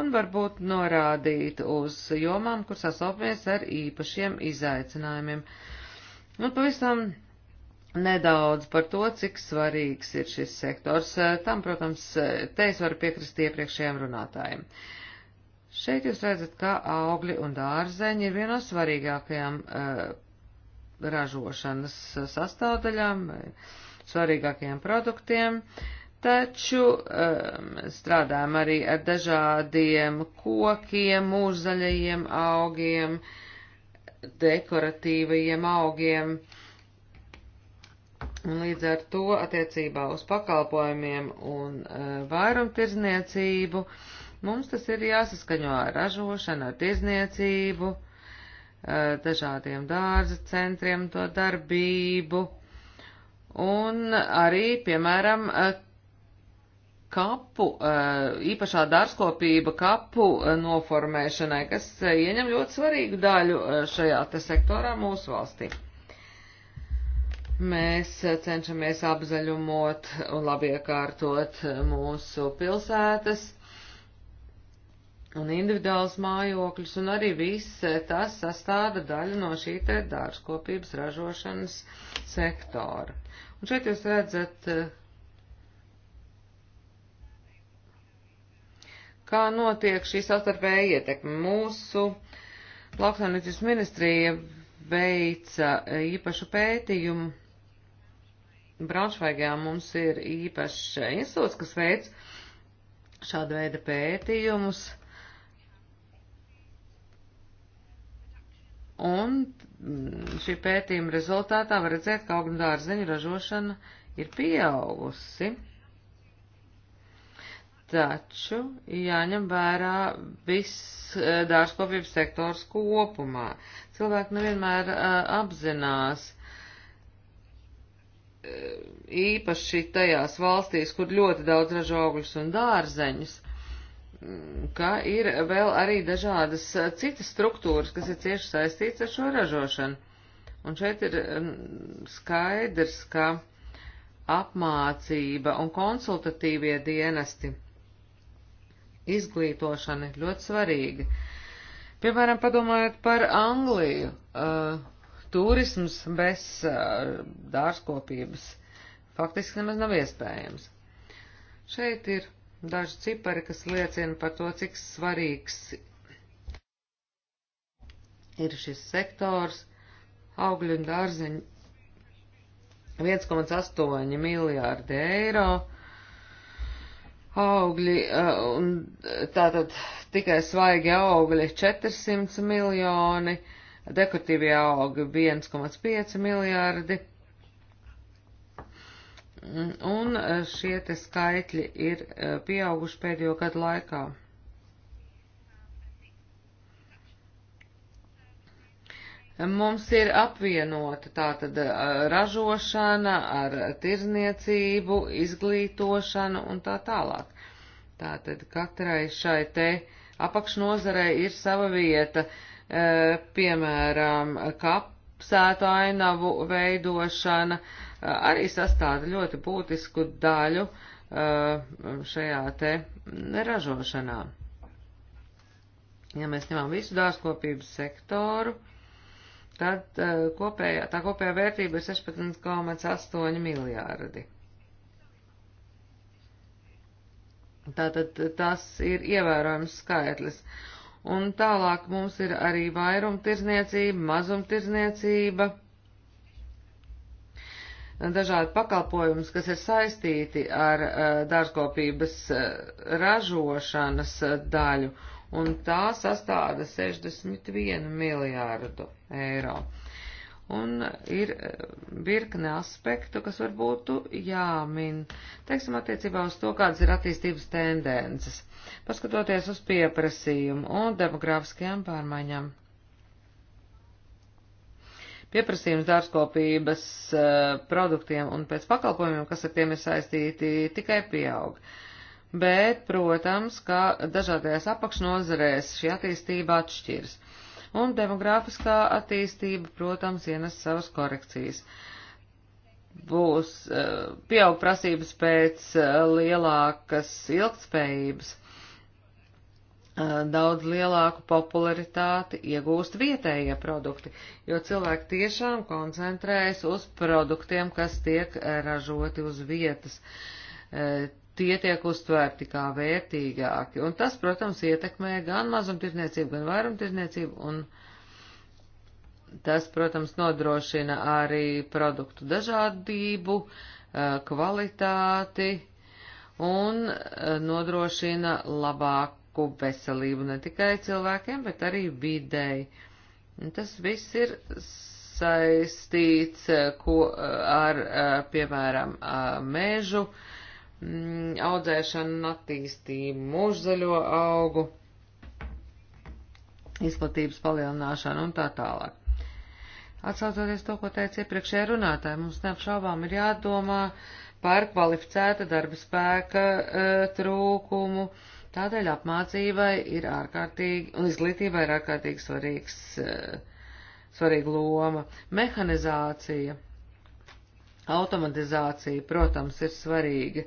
un varbūt norādīt uz jomām, kur sastopamies ar īpašiem izaicinājumiem. Nu, pavisam nedaudz par to, cik svarīgs ir šis sektors. Tam, protams, te es varu piekrist iepriekšējiem runātājiem. Uh, Šeit jūs redzat, kā augļi un dārzeņi ir viena no svarīgākajām uh, ražošanas sastāvdaļām, eh, svarīgākajiem produktiem, taču um, strādājam arī ar dažādiem kokiem, mūžzaļajiem augiem, dekoratīvajiem augiem. Un līdz ar to attiecībā uz pakalpojumiem un uh, vairumtirzniecību uh, Mums tas ir jāsaskaņo ar ražošanu, ar tirzniecību, dažādiem dārza centriem to darbību un arī, piemēram, kapu, īpašā dārzkopība kapu noformēšanai, kas ieņem ļoti svarīgu daļu šajā te sektorā mūsu valstī. Mēs cenšamies apzaļumot un labiekārtot mūsu pilsētas, un individuāls mājokļus, un arī viss tas sastāda daļu no šī te dārzkopības ražošanas sektora. Un šeit jūs redzat, kā notiek šī sastarpēja ietekme. Mūsu lauksaimniecības ministrija veica īpašu pētījumu. Braunšvaigā mums ir īpašs institūts, kas veids šāda veida pētījumus Un mm, šī pētījuma rezultātā var redzēt, ka augļu dārzeņu ražošana ir pieaugusi. Taču jāņem vērā viss eh, dārzkopības sektors kopumā. Cilvēki nevienmēr uh, apzinās, uh, īpaši tajās valstīs, kur ļoti daudz ražo augļus un dārzeņus, ka ir vēl arī dažādas citas struktūras, kas ir cieši saistīts ar šo ražošanu. Un šeit ir um, skaidrs, ka apmācība un konsultatīvie dienesti izglītošana ir ļoti svarīga. Piemēram, padomājot par Angliju, uh, turisms bez uh, dārzkopības faktiski nemaz nav iespējams. Šeit ir daži cipari, kas liecina par to, cik svarīgs ir šis sektors augļu un dārzeņu 1,8 miljārdi eiro. Augļi, eh, un tātad tikai svaigi augļi 400 miljoni, dekoratīvie augi 1,5 miljārdi Un e, šie te skaitļi ir e, pieauguši pēdējo gadu laikā. Mums ir apvienota tātad e, ražošana ar tirzniecību, izglītošanu un tā tālāk. Tātad katrai šai te apakšnozarei ir sava vieta, piemēram, kapsētu ainavu veidošana, arī sastāda ļoti būtisku daļu uh, šajā te ražošanā. Ja mēs ņemam visu dārzkopības sektoru, tad uh, kopējā, tā kopējā vērtība ir 16,8 miljārdi. Tātad tas ir ievērojams skaitlis. Un tālāk mums ir arī vairumtirzniecība, mazumtirzniecība dažādi pakalpojumi, kas ir saistīti ar eh, dārzkopības eh, ražošanas eh, daļu, un tā sastāda 61 miljārdu eiro. Un ir virkne aspektu, kas varbūt jāmin, teiksim, attiecībā uz to, kādas ir attīstības tendences, paskatoties uz pieprasījumu un demografiskajām pārmaiņām pieprasījums dārzkopības eh, produktiem un pēc pakalpojumiem, kas ar tiem ir saistīti, tikai pieaug. Bet, protams, ka dažādajās apakšnozarēs šī attīstība atšķirs. Un demografiskā attīstība, protams, ienes savas korekcijas būs eh, pieaug prasības pēc eh, lielākas ilgtspējības daudz lielāku popularitāti iegūst vietējie produkti, jo cilvēki tiešām koncentrējas uz produktiem, kas tiek ražoti uz vietas. Tie tiek uztvērti kā vērtīgāki, un tas, protams, ietekmē gan mazumtirdzniecību, gan vairumtirdzniecību, un tas, protams, nodrošina arī produktu dažādību, kvalitāti un nodrošina labāku cilvēku veselību ne tikai cilvēkiem, bet arī videi. Un tas viss ir saistīts eh, ko, eh, ar, eh, piemēram, mežu mm, audzēšanu un attīstību, mūžzaļo augu, izplatības palielināšanu un tā tālāk. Atsaucoties to, ko teica iepriekšējā runātāja, mums neapšaubām ir jādomā par kvalificēta darba spēka e, trūkumu, Tādēļ apmācībai ir ārkārtīgi, un izglītībai ir ārkārtīgi svarīgs, eh, svarīga loma. Mehanizācija, automatizācija, protams, ir svarīga.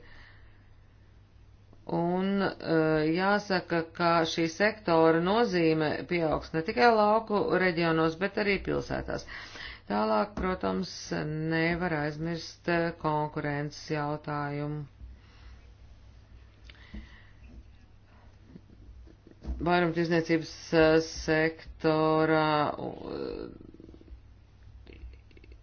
Un eh, jāsaka, ka šī sektora nozīme pieaugs ne tikai lauku reģionos, bet arī pilsētās. Tālāk, protams, nevar aizmirst eh, konkurences jautājumu. vairumtirdzniecības eh, sektorā eh,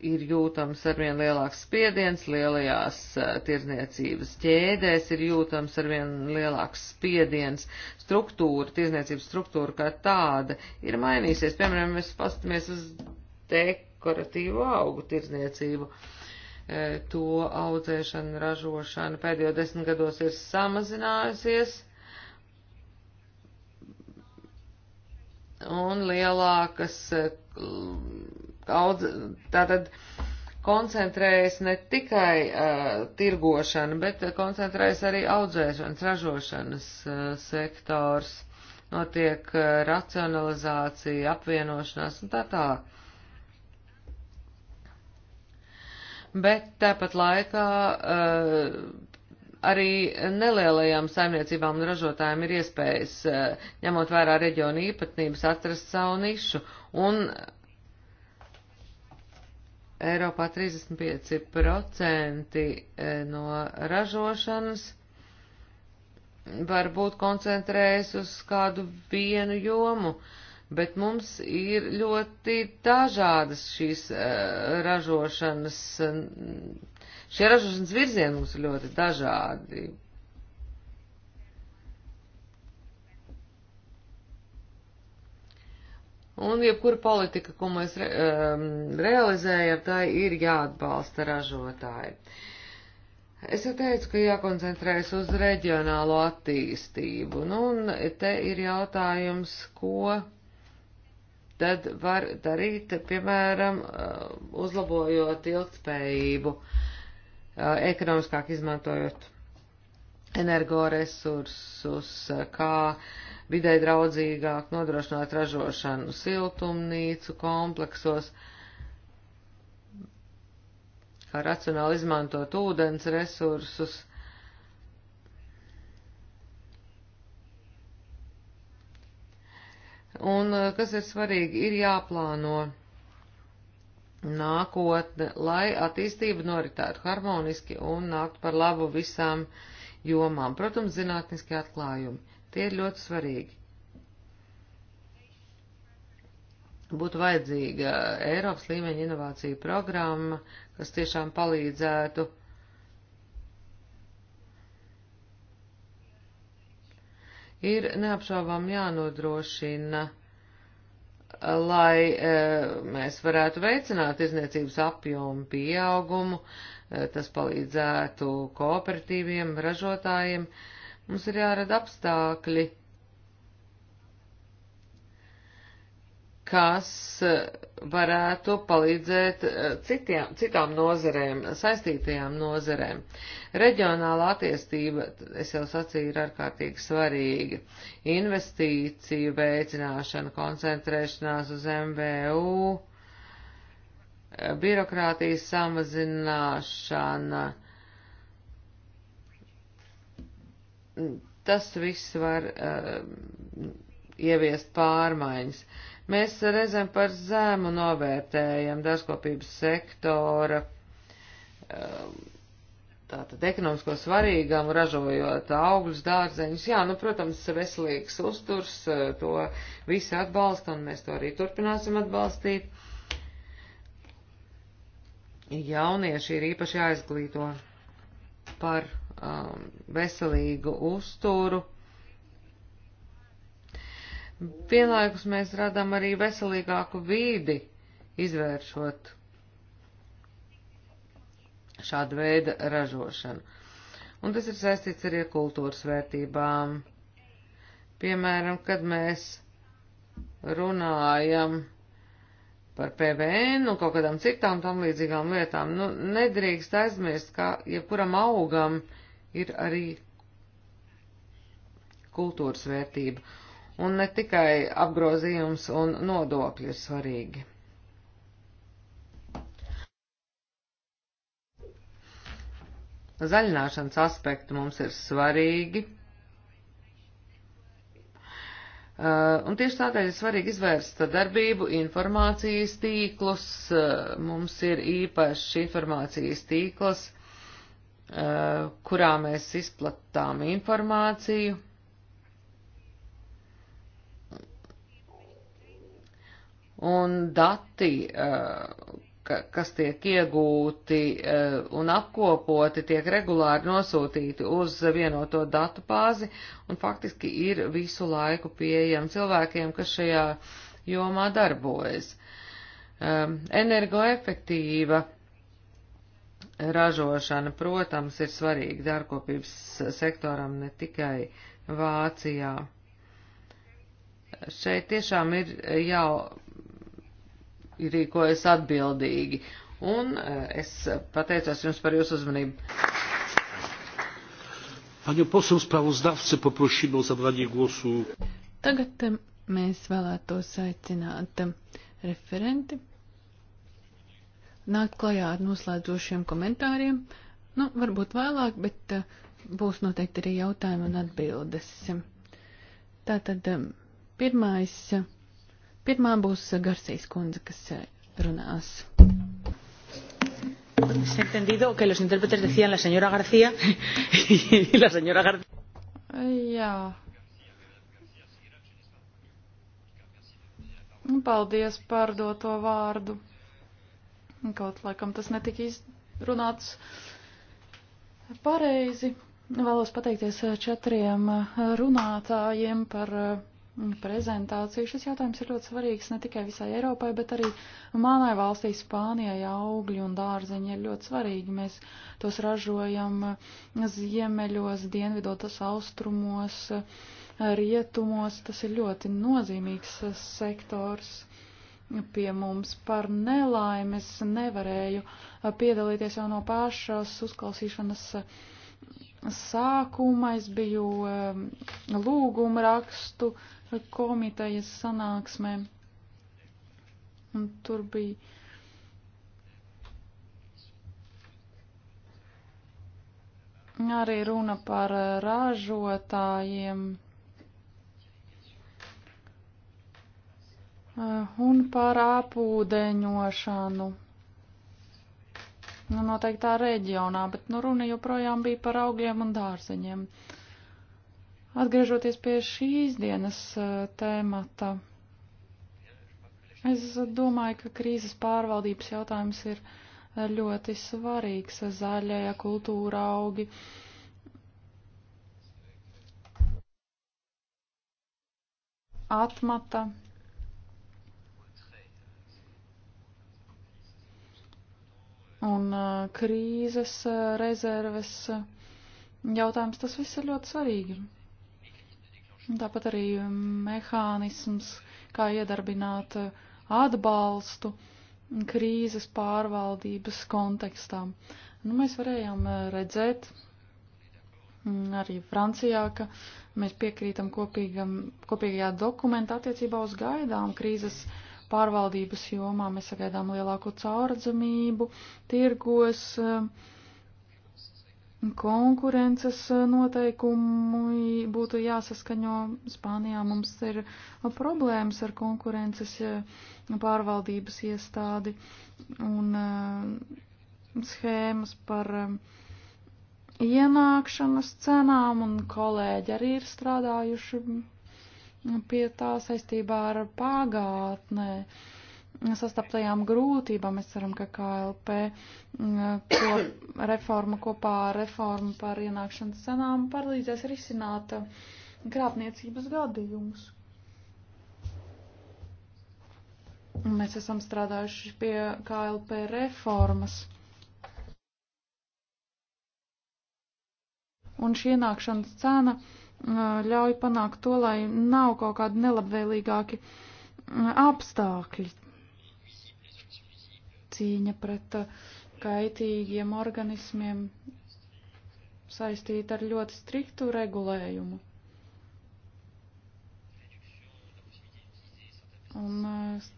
ir jūtams arvien lielāks spiediens, lielajās eh, tirzniecības ķēdēs ir jūtams arvien lielāks spiediens, struktūra, tirzniecības struktūra kā tāda ir mainīsies. Piemēram, mēs pastamies uz dekoratīvu augu tirzniecību. To audzēšana, ražošana pēdējo desmit gados ir samazinājusies un lielākas eh, daudz, tātad koncentrējas ne tikai uh, tirgošana, bet eh, koncentrējas arī audzēšanas, ražošanas uh, sektors, notiek uh, racionalizācija, apvienošanās un tā tā. Bet tāpat laikā uh, arī nelielajām saimniecībām un ražotājiem ir iespējas, eh, ņemot vērā reģionu īpatnības, atrast savu nišu. Un Eiropā 35% eh, no ražošanas varbūt koncentrējas uz kādu vienu jomu, bet mums ir ļoti dažādas šīs eh, ražošanas Šie ražošanas virzieni mums ir ļoti dažādi. Un jebkura politika, ko mēs re, um, realizējam, tai ir jāatbalsta ražotāji. Es jau teicu, ka jākoncentrējas uz reģionālo attīstību. Nu, un te ir jautājums, ko tad var darīt, piemēram, uh, uzlabojot ilgtspējību. Uh, ekonomiskāk izmantojot energoresursus, kā vidē draudzīgāk nodrošināt ražošanu siltumnīcu kompleksos, kā racionāli izmantot ūdens resursus. Un kas ir svarīgi, ir jāplāno nākotne, lai attīstība noritētu harmoniski un nākt par labu visām jomām. Protams, zinātniski atklājumi. Tie ir ļoti svarīgi. Būtu vajadzīga Eiropas līmeņa inovācija programma, kas tiešām palīdzētu ir neapšaubām jānodrošina lai e, mēs varētu veicināt izniecības apjomu pieaugumu, e, tas palīdzētu kooperatīviem ražotājiem. Mums ir jārada apstākļi kas eh, varētu palīdzēt eh, citiem, citām nozerēm, saistītajām nozerēm. Reģionāla attīstība, es jau sacīju, ir ārkārtīgi svarīga. Investīciju veicināšana, koncentrēšanās uz MVU, eh, birokrātijas samazināšana. Tas viss var uh, ieviest pārmaiņas. Uh, Mēs reizēm par zēmu novērtējam dārzkopības sektora, um, tātad ekonomisko svarīgam, ražojot augļus, dārzeņus. Jā, nu, protams, veselīgs uzturs, uh, to visi atbalsta, un mēs to arī turpināsim atbalstīt. Jaunieši ir īpaši jāizglīto par um, veselīgu uzturu Vienlaikus mēs radām arī veselīgāku vīdi, izvēršot šādu veidu ražošanu. Un tas ir saistīts arī ar kultūras vērtībām. Piemēram, kad mēs runājam par PVN un kaut kādām citām tam līdzīgām lietām, nu, nedrīkst aizmirst, ka jebkuram augam ir arī kultūras vērtība un ne tikai apgrozījums un nodokļi ir svarīgi. Zaļināšanas aspekti mums ir svarīgi, uh, un tieši tādēļ ir svarīgi izvērst darbību informācijas tīklus. Uh, mums ir īpašs informācijas tīkls, uh, kurā mēs izplatām informāciju un dati, eh, kas tiek iegūti eh, un apkopoti, tiek regulāri nosūtīti uz vienoto datu bāzi un faktiski ir visu laiku pieejami cilvēkiem, kas šajā jomā darbojas. Ehm, energoefektīva ražošana, protams, ir svarīga dārkopības sektoram ne tikai Vācijā. Šeit tiešām ir jau rīkojas atbildīgi. Un eh, es pateicos jums par jūsu uzmanību. Panią poseł sprawozdawcę poprosimy o zabranie głosu. Tagad mēs vēlētos aicināt referenti nākt klajā ar noslēdzošiem komentāriem. Nu, varbūt vēlāk, bet eh, būs noteikti arī jautājumi un atbildes. Tātad pirmais Pirmā būs eh, Garcijas kundze, kas eh, runās. Es entendido que los intérpretes decían la señora García y la señora García. Jā. Paldies par doto vārdu. Kaut laikam tas netika izrunāts pareizi. Vēlos pateikties eh, četriem runātājiem par prezentāciju. Šis jautājums ir ļoti svarīgs ne tikai visai Eiropai, bet arī manai valstī Spānijai augļi un dārzeņi ir ļoti svarīgi. Mēs tos ražojam ziemeļos, dienvidotas austrumos, rietumos. Tas ir ļoti nozīmīgs sektors pie mums par nelaimes nevarēju piedalīties jau no pašas uzklausīšanas sākuma. Es biju um, lūguma rakstu komitejas sanāksmē. Un tur bija. Arī runa par eh, ražotājiem eh, un par apūdeņošanu nu, noteiktā reģionā, bet nu, runa joprojām bija par augļiem un dārzeņiem. Uh, Atgriežoties pie šīs dienas uh, tēmata, es domāju, ka krīzes pārvaldības jautājums ir uh, ļoti svarīgs. Zaļajā kultūra augi. Atmata. Un uh, krīzes rezerves jautājums, tas viss ir ļoti svarīgi. Tāpat arī mehānisms, kā iedarbināt atbalstu krīzes pārvaldības kontekstā. Nu, mēs varējām redzēt mm, arī Francijā, ka mēs piekrītam kopīgam, kopīgajā dokumentā attiecībā uz gaidām krīzes pārvaldības jomā. Mēs sagaidām lielāku caurdzamību, tirgos. Uh, konkurences eh, noteikumi būtu jāsaskaņo. Spānijā mums ir eh, problēmas ar konkurences eh, pārvaldības iestādi un schēmas par ienākšanas cenām, un kolēģi arī ir strādājuši mm, pie tā saistībā ar pagātnē. Uh, sastaptajām grūtībām. Mēs ceram, ka KLP mm, ko, reforma kopā ar reformu par ienākšanas cenām palīdzēs risināt krāpniecības gadījumus. Mēs esam strādājuši pie KLP reformas. Un šī ienākšanas cena mm, ļauj panākt to, lai nav kaut kādi nelabvēlīgāki mm, apstākļi cīņa pret uh, kaitīgiem organismiem saistīta ar ļoti striktu regulējumu. Un uh,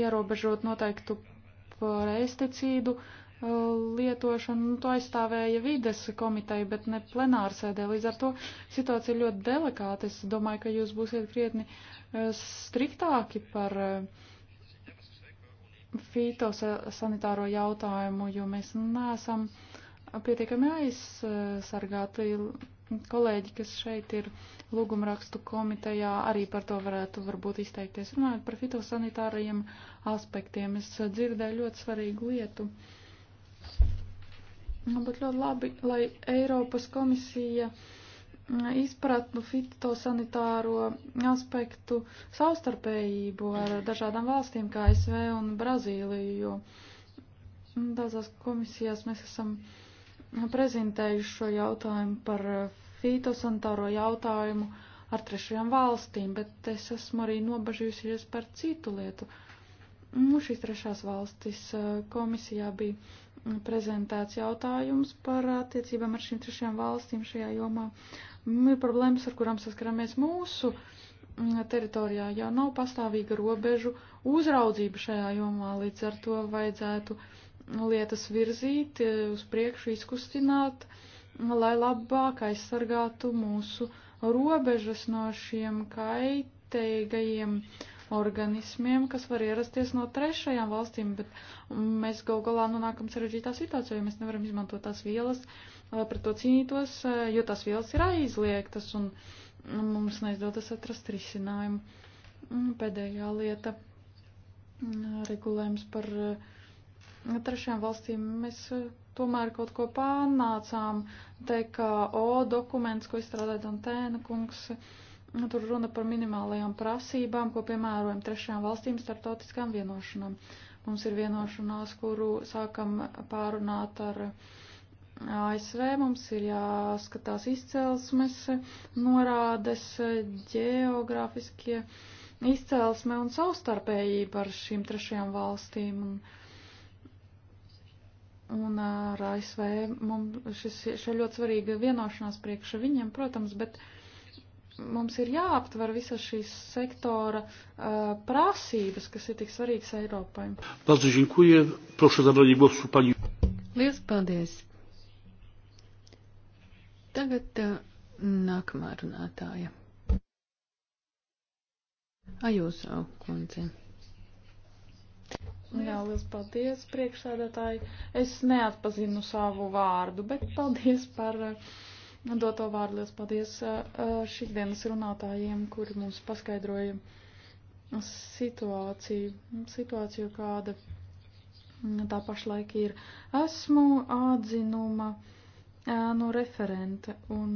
ierobežot noteiktu pesticīdu uh, lietošanu, nu, to aizstāvēja vides komiteja, bet ne plenārsēdē. Līdz ar to situācija ir ļoti delikāta. Es domāju, ka jūs būsiet krietni striktāki par uh, fitosanitāro jautājumu, jo mēs neesam pietiekami aizsargāti. Kolēģi, kas šeit ir lūgumrakstu komitejā, arī par to varētu varbūt izteikties. Runājot par fitosanitārajiem aspektiem, es dzirdēju ļoti svarīgu lietu. Būtu ļoti labi, lai Eiropas komisija uh, izpratnu fitosanitāro aspektu savstarpējību ar dažādām valstīm, kā SV un Brazīliju, jo daudzās komisijās mēs esam prezentējuši šo jautājumu par fitosanitāro jautājumu ar trešajām valstīm, bet es esmu arī nobažījusies par citu lietu. Nu, šīs trešās valstis komisijā bija prezentēts jautājums par attiecībām ar šīm trešajām valstīm šajā jomā. Nu, ir problēmas, ar kurām saskaramies mūsu mm, teritorijā, jau nav pastāvīga robežu uzraudzība šajā jomā, līdz ar to vajadzētu lietas virzīt, eh, uz priekšu izkustināt, lai labāk aizsargātu mūsu robežas no šiem kaitīgajiem uh, organismiem, kas var ierasties no trešajām valstīm, bet mēs gal galā nonākam sarežģītā situācijā, jo mēs nevaram izmantot tās vielas, lai pret to cīnītos, jo tās vielas ir aizliegtas un mums neizdodas atrast risinājumu. Pēdējā lieta - regulējums par eh, trešajām valstīm. Mēs eh, tomēr kaut ko pārnācām, te kā O dokuments, ko izstrādāja Dantēna kungs, uh, Nu, tur runa par minimālajām prasībām, ko piemērojam trešajām valstīm startautiskām vienošanām. Mums ir vienošanās, kuru sākam pārunāt ar ASV. Mums ir jāskatās izcelsmes, norādes, geogrāfiskie izcelsme un savstarpējība ar šīm trešajām valstīm. Un, un ar ASV mums šis, šī ļoti svarīga vienošanās priekš viņiem, protams, bet. Uh, mums ir jāaptver visas šīs sektora uh, prasības, kas ir tik svarīgas Eiropai. Lielas paldies! Tagad uh, nākamā runātāja. Ajūso kundze. Nu jā, liels paldies, priekšsēdētāji. Es neatpazinu savu vārdu, bet paldies par uh, doto vārdu. Lielas paldies šīs dienas runātājiem, kuri mums paskaidroja situāciju, situāciju kāda tā pašlaik ir. Esmu atzinuma no nu, referente un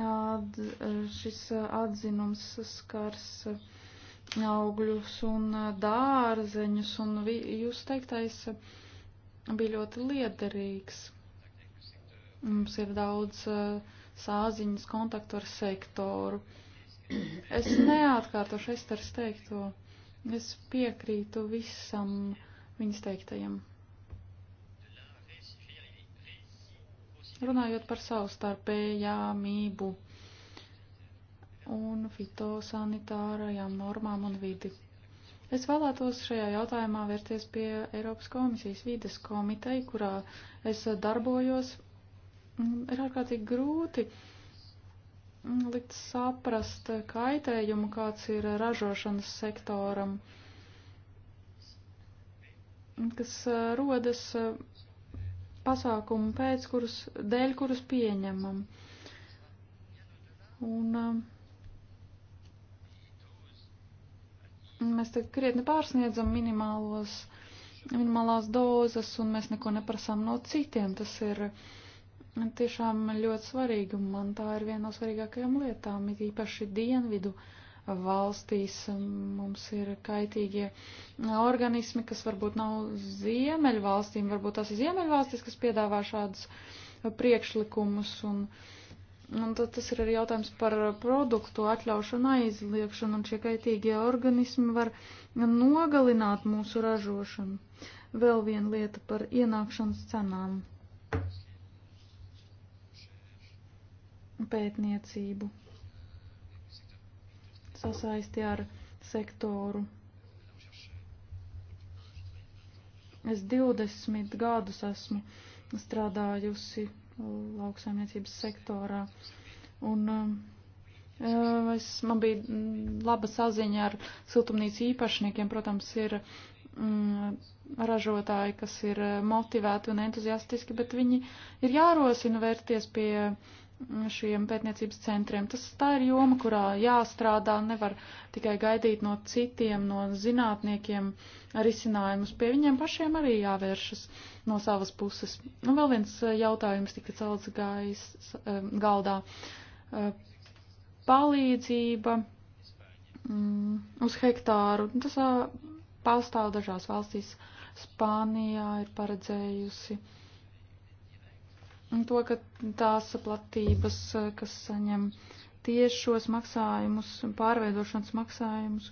ad, šis atzinums skars augļus un dārzeņus un vi, jūs teiktais bija ļoti liederīgs. Mums ir daudz eh, sāziņas kontaktu ar sektoru. Es neatkārtošu Esteras teikto. Es piekrītu visam viņas teiktajam. Runājot par savstarpējāmību un fitosanitārajām normām un vidi. Es vēlētos šajā jautājumā vērties pie Eiropas komisijas vides komiteja, kurā es darbojos Mm, ir ārkārtīgi grūti likt saprast kaitējumu, kāds ir ražošanas sektoram, kas uh, rodas uh, pasākumu pēc, kurus, dēļ, kurus pieņemam. Un uh, mēs te krietni pārsniedzam minimālos, minimālās dozas, un mēs neko neprasām no citiem. Tas ir uh, tiešām ļoti svarīga, un man tā ir viena no svarīgākajām lietām, it īpaši dienvidu valstīs mums ir kaitīgie organismi, kas varbūt nav ziemeļu valstīm, varbūt tās ir ziemeļu valstis, kas piedāvā šādus priekšlikumus, un, un tad tas ir arī jautājums par produktu atļaušanu, aizliekšanu, un šie kaitīgie organismi var nogalināt mūsu ražošanu. Vēl viena lieta par ienākšanas cenām. pētniecību sasaisti ar sektoru. Es 20 gadus esmu strādājusi lauksaimniecības sektorā, un eh, es, man bija mm, laba saziņa ar siltumnīcu īpašniekiem. Protams, ir mm, ražotāji, kas ir motivēti un entuziastiski, bet viņi ir jārosina vērties pie uh, šiem pētniecības centriem. Tas tā ir joma, kurā jāstrādā, nevar tikai gaidīt no citiem, no zinātniekiem risinājumus. Pie viņiem pašiem arī jāvēršas no savas puses. Nu, vēl viens eh, jautājums tika celts gais, eh, galdā. Eh, palīdzība mm, uz hektāru. Tas pastāv dažās valstīs. Spānijā ir paredzējusi to, ka tās platības, eh, kas saņem tiešos maksājumus, pārveidošanas maksājumus,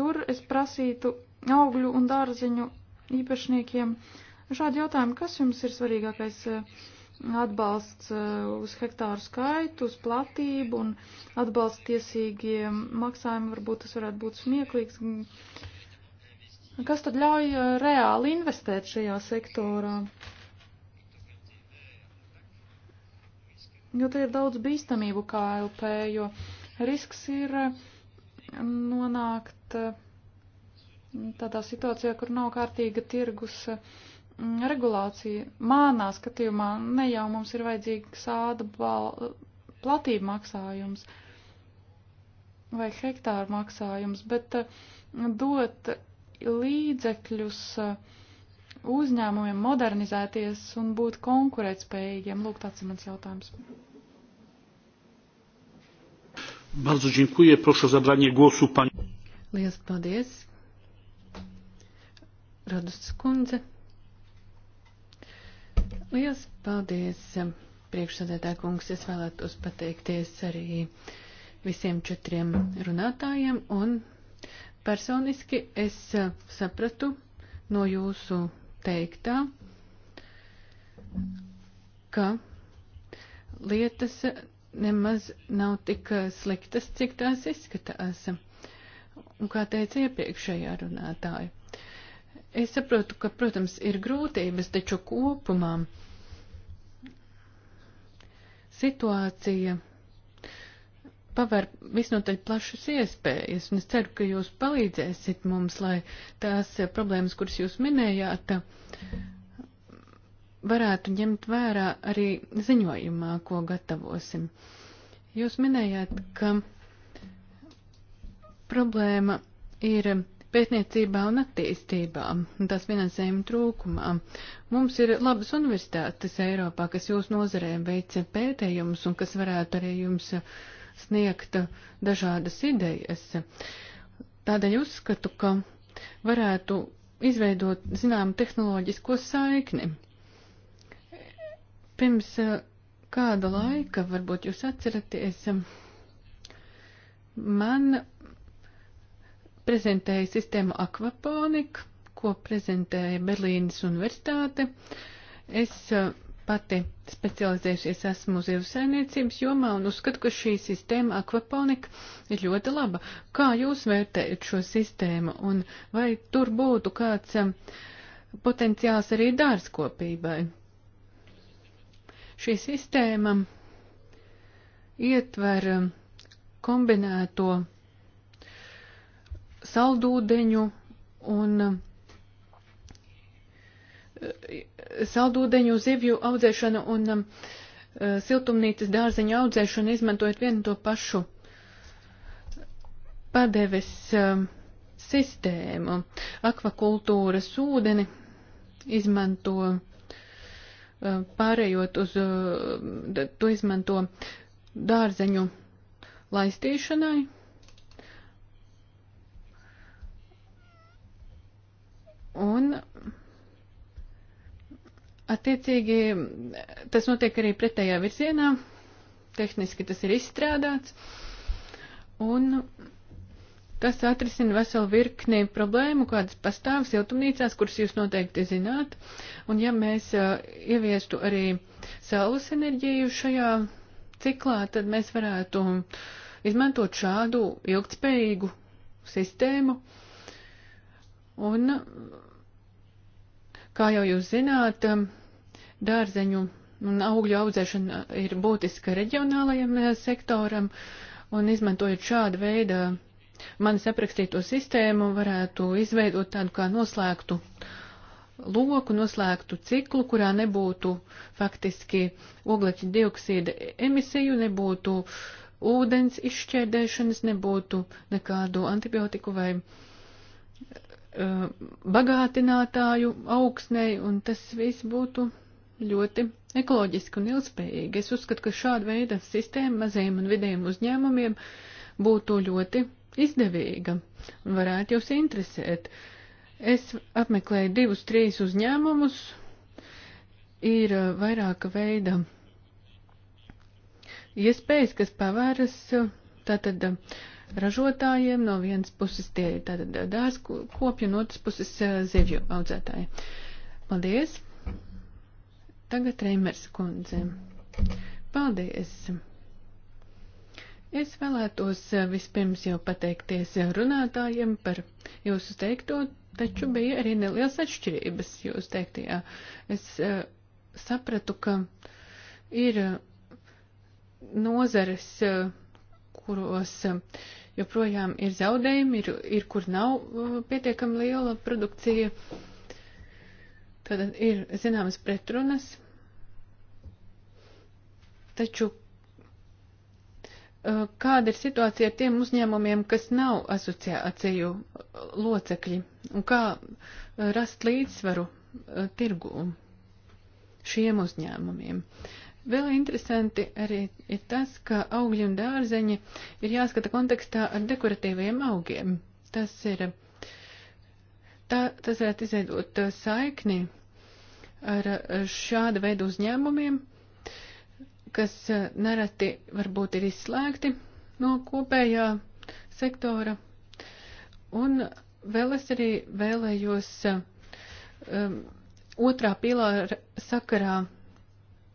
tur es prasītu augļu un dārziņu īpašniekiem šādu jautājumu, kas jums ir svarīgākais eh, atbalsts eh, uz hektāru skaitu, uz platību un atbalsts tiesīgiem maksājumi, varbūt tas varētu būt smieklīgs. Kas tad ļauj reāli investēt šajā sektorā? jo te ir daudz bīstamību KLP, jo risks ir eh, nonākt eh, tādā situācijā, kur nav kārtīga tirgus eh, regulācija. Mānā skatījumā ne jau mums ir vajadzīgs āda platība maksājums vai hektāru maksājums, bet dot līdzekļus uh, uzņēmumiem modernizēties un būt konkurētspējīgiem? Lūk, tāds ir mans jautājums. Bardzo dziękuję. Proszę o zabranie głosu pani. Liels paldies. Radus kundze. Liels paldies, priekšsēdētāj kungs. Es vēlētos pateikties arī visiem četriem runātājiem un personiski es sapratu no jūsu teiktā, ka lietas nemaz nav tik sliktas, cik tās izskatās. Un kā teica iepriekšējā runātāja, es saprotu, ka, protams, ir grūtības, taču kopumā situācija paver visnotaļ plašas iespējas, un es ceru, ka jūs palīdzēsit mums, lai tās eh, problēmas, kuras jūs minējāt, varētu ņemt vērā arī ziņojumā, ko gatavosim. Jūs minējāt, ka problēma ir pētniecībā un attīstībā, un tās finansējuma trūkumā. Mums ir labas universitātes Eiropā, kas jūs nozarēm veica pētējumus un kas varētu arī jums uh, sniegt dažādas idejas. Tādēļ uzskatu, ka varētu izveidot zināmu tehnoloģisko saikni. Pirms eh, kāda laika, varbūt jūs atceraties, eh, man prezentēja sistēmu Aquaponik, ko prezentēja Berlīnas universitāte. Es uh, pati specializējušies esmu uz zivsainiecības jomā un uzskatu, ka šī sistēma akvaponika ir ļoti laba. Kā jūs vērtējat šo sistēmu un vai tur būtu kāds um, potenciāls arī dārzkopībai? Šī sistēma ietver um, kombinēto saldūdeņu un um, saldūdeņu zivju audzēšanu un um, uh, siltumnīcas dārzeņu audzēšanu izmantojot vienu to pašu padeves um, sistēmu. Akvakultūras ūdeni izmanto um, pārējot uz, uh, to izmanto dārzeņu laistīšanai. Un Attiecīgi tas notiek arī pretējā virzienā, tehniski tas ir izstrādāts, un tas atrisina veselu virkni problēmu, kādas pastāv siltumnīcās, kuras jūs noteikti zināt, un ja mēs uh, ieviestu arī saules enerģiju šajā ciklā, tad mēs varētu izmantot šādu ilgtspējīgu sistēmu. Un, kā jau jūs zināt, um, dārzeņu un augļu audzēšana ir būtiska reģionālajam eh, sektoram, un izmantojot šādu veidu manis aprakstīto sistēmu, varētu izveidot tādu kā noslēgtu loku, noslēgtu ciklu, kurā nebūtu faktiski oglekļa dioksīda emisiju, nebūtu ūdens izšķērdēšanas, nebūtu nekādu antibiotiku vai eh, bagātinātāju augsnei, un tas viss būtu ļoti ekoloģiski un ilgspējīgi. Es uzskatu, ka šāda veida sistēma mazajiem un vidējiem uzņēmumiem būtu ļoti izdevīga un varētu jūs interesēt. Es apmeklēju divus, trīs uzņēmumus, ir uh, vairāka veida iespējas, kas pavēras uh, tātad uh, ražotājiem, no vienas puses tie ir tātad dārzkopju, no otras puses zivju audzētāji. Paldies! Tagad Reimers kundze. Paldies! Es vēlētos eh, vispirms jau pateikties runātājiem par jūsu teikto, taču bija arī nelielas atšķirības jūsu teiktajā. Es eh, sapratu, ka ir eh, nozares, kuros joprojām ir zaudējumi, ir, ir kur nav pietiekami liela produkcija. Tad ir zināmas pretrunas Taču eh, kāda ir situācija ar tiem uzņēmumiem, kas nav asociāciju locekļi, un kā eh, rast līdzsvaru eh, tirgū šiem uzņēmumiem? Vēl interesanti arī ir tas, ka augļi un dārzeņi ir jāskata kontekstā ar dekoratīviem augiem. Tas ir, tā, tas varētu izveidot saikni ar šāda veida uzņēmumiem, kas eh, nereti varbūt ir izslēgti no kopējā sektora. Un vēl es arī vēlējos um, otrā pilāra sakarā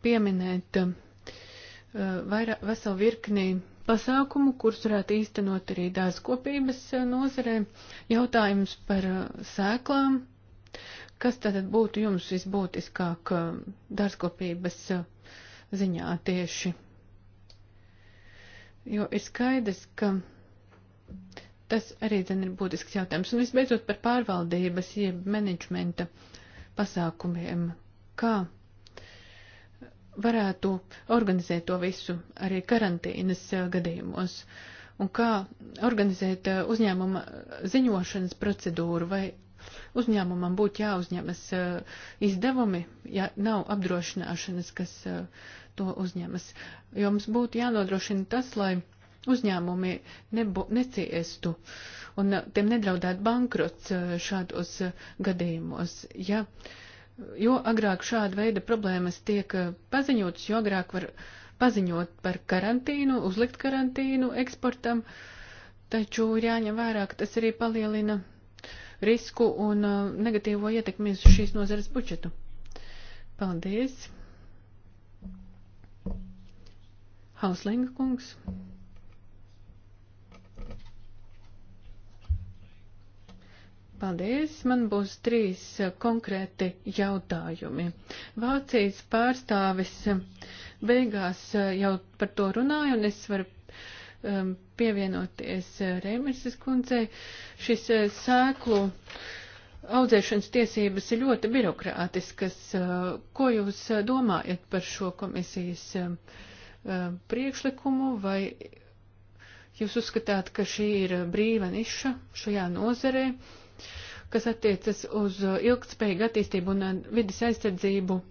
pieminēt uh, eh, vairā, veselu virknī pasākumu, kurus varētu īstenot arī dārzkopības nozarē. Jautājums par uh, sēklām. Kas tad būtu jums visbūtiskāk uh, dārzkopības uh, ziņā tieši. Jo ir skaidrs, ka tas arī zin, ir būtisks jautājums. Un visbeidzot par pārvaldības, jeb menedžmenta pasākumiem. Kā varētu organizēt to visu arī karantīnas uh, gadījumos? Un kā organizēt uh, uzņēmuma ziņošanas procedūru vai uzņēmumam būtu jāuzņemas eh, izdevumi, ja nav apdrošināšanas, kas eh, to uzņemas. Jo mums būtu jānodrošina tas, lai uzņēmumi nebū, neciestu un eh, tiem nedraudētu bankrots šādos gadījumos. Ja, jo agrāk šāda veida problēmas tiek paziņotas, jo agrāk var paziņot par karantīnu, uzlikt karantīnu eksportam, taču ir jāņem vērā, ka tas arī palielina risku un uh, negatīvo ietekmi uz šīs nozares budžetu. Paldies. Hauslinga kungs. Paldies, man būs trīs uh, konkrēti jautājumi. Vācijas pārstāvis uh, beigās jau par to runāju, un es varu um, pievienoties uh, Rēmerses kundzei. Šis uh, sēklu audzēšanas tiesības ir ļoti birokrātiskas. Uh, ko jūs domājat par šo komisijas um, priekšlikumu vai jūs uzskatāt, ka šī ir brīva niša šajā nozarē, kas attiecas uz ilgtspējīgu attīstību un vidas aizsardzību?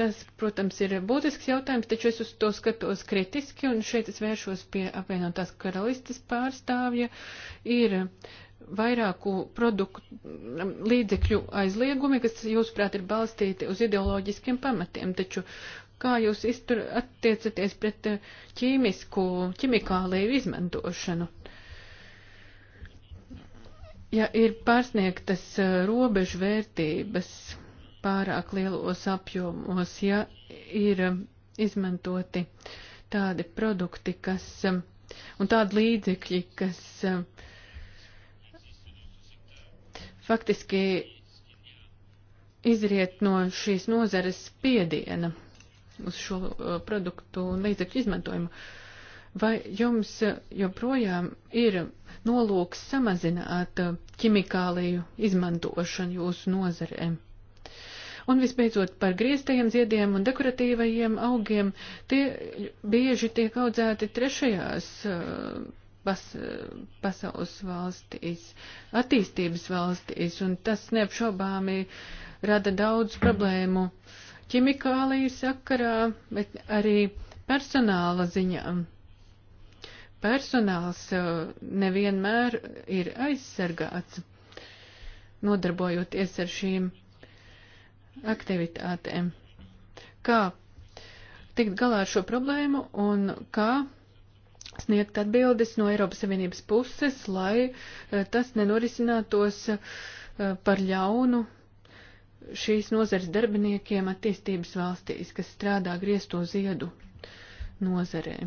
Tas, protams, ir būtisks jautājums, taču es uz to skatos kritiski, un šeit es vēršos pie apvienotās karalistes pārstāvja. Ir vairāku produktu mm, līdzekļu aizliegumi, kas, jūsuprāt, ir balstīti uz ideoloģiskiem pamatiem, taču kā jūs iztur attiecaties pret eh, ķīmisku, ķimikāliju izmantošanu? Ja ir pārsniegtas eh, robežvērtības, pārāk lielos apjomos, ja ir um, izmantoti tādi produkti, kas um, un tādi līdzekļi, kas um, faktiski izriet no šīs nozares spiediena uz šo uh, produktu un līdzekļu izmantojumu. Vai jums uh, joprojām ir nolūks samazināt uh, ķimikāliju izmantošanu jūsu nozarēm? Un visbeidzot par grieztajiem ziediem un dekoratīvajiem augiem, tie bieži tiek audzēti trešajās pas, eh, eh, pasaules valstīs, attīstības valstīs, un tas neapšaubāmi rada daudz problēmu ķimikāliju sakarā, bet arī personāla ziņā. Personāls eh, nevienmēr ir aizsargāts, nodarbojoties ar šīm aktivitātēm. Kā tikt galā ar šo problēmu un kā sniegt atbildes no Eiropas Savienības puses, lai eh, tas nenorisinātos eh, par ļaunu šīs nozares darbiniekiem attīstības valstīs, kas strādā griesto ziedu nozarē.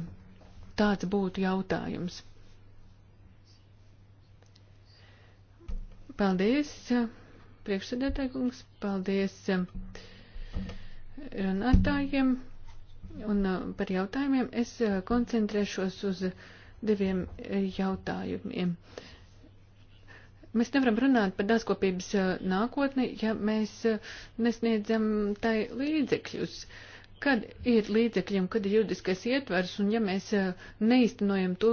Tāds būtu jautājums. Paldies! Priekšsēdētāji kungs, paldies um, runātājiem un uh, par jautājumiem. Es uh, koncentrēšos uz diviem uh, jautājumiem. Mēs nevaram runāt par dāskopības nākotni, ja mēs nesniedzam tai līdzekļus. Kad ir līdzekļi un kad ir juridiskais ietvers, un ja mēs neiztenojam to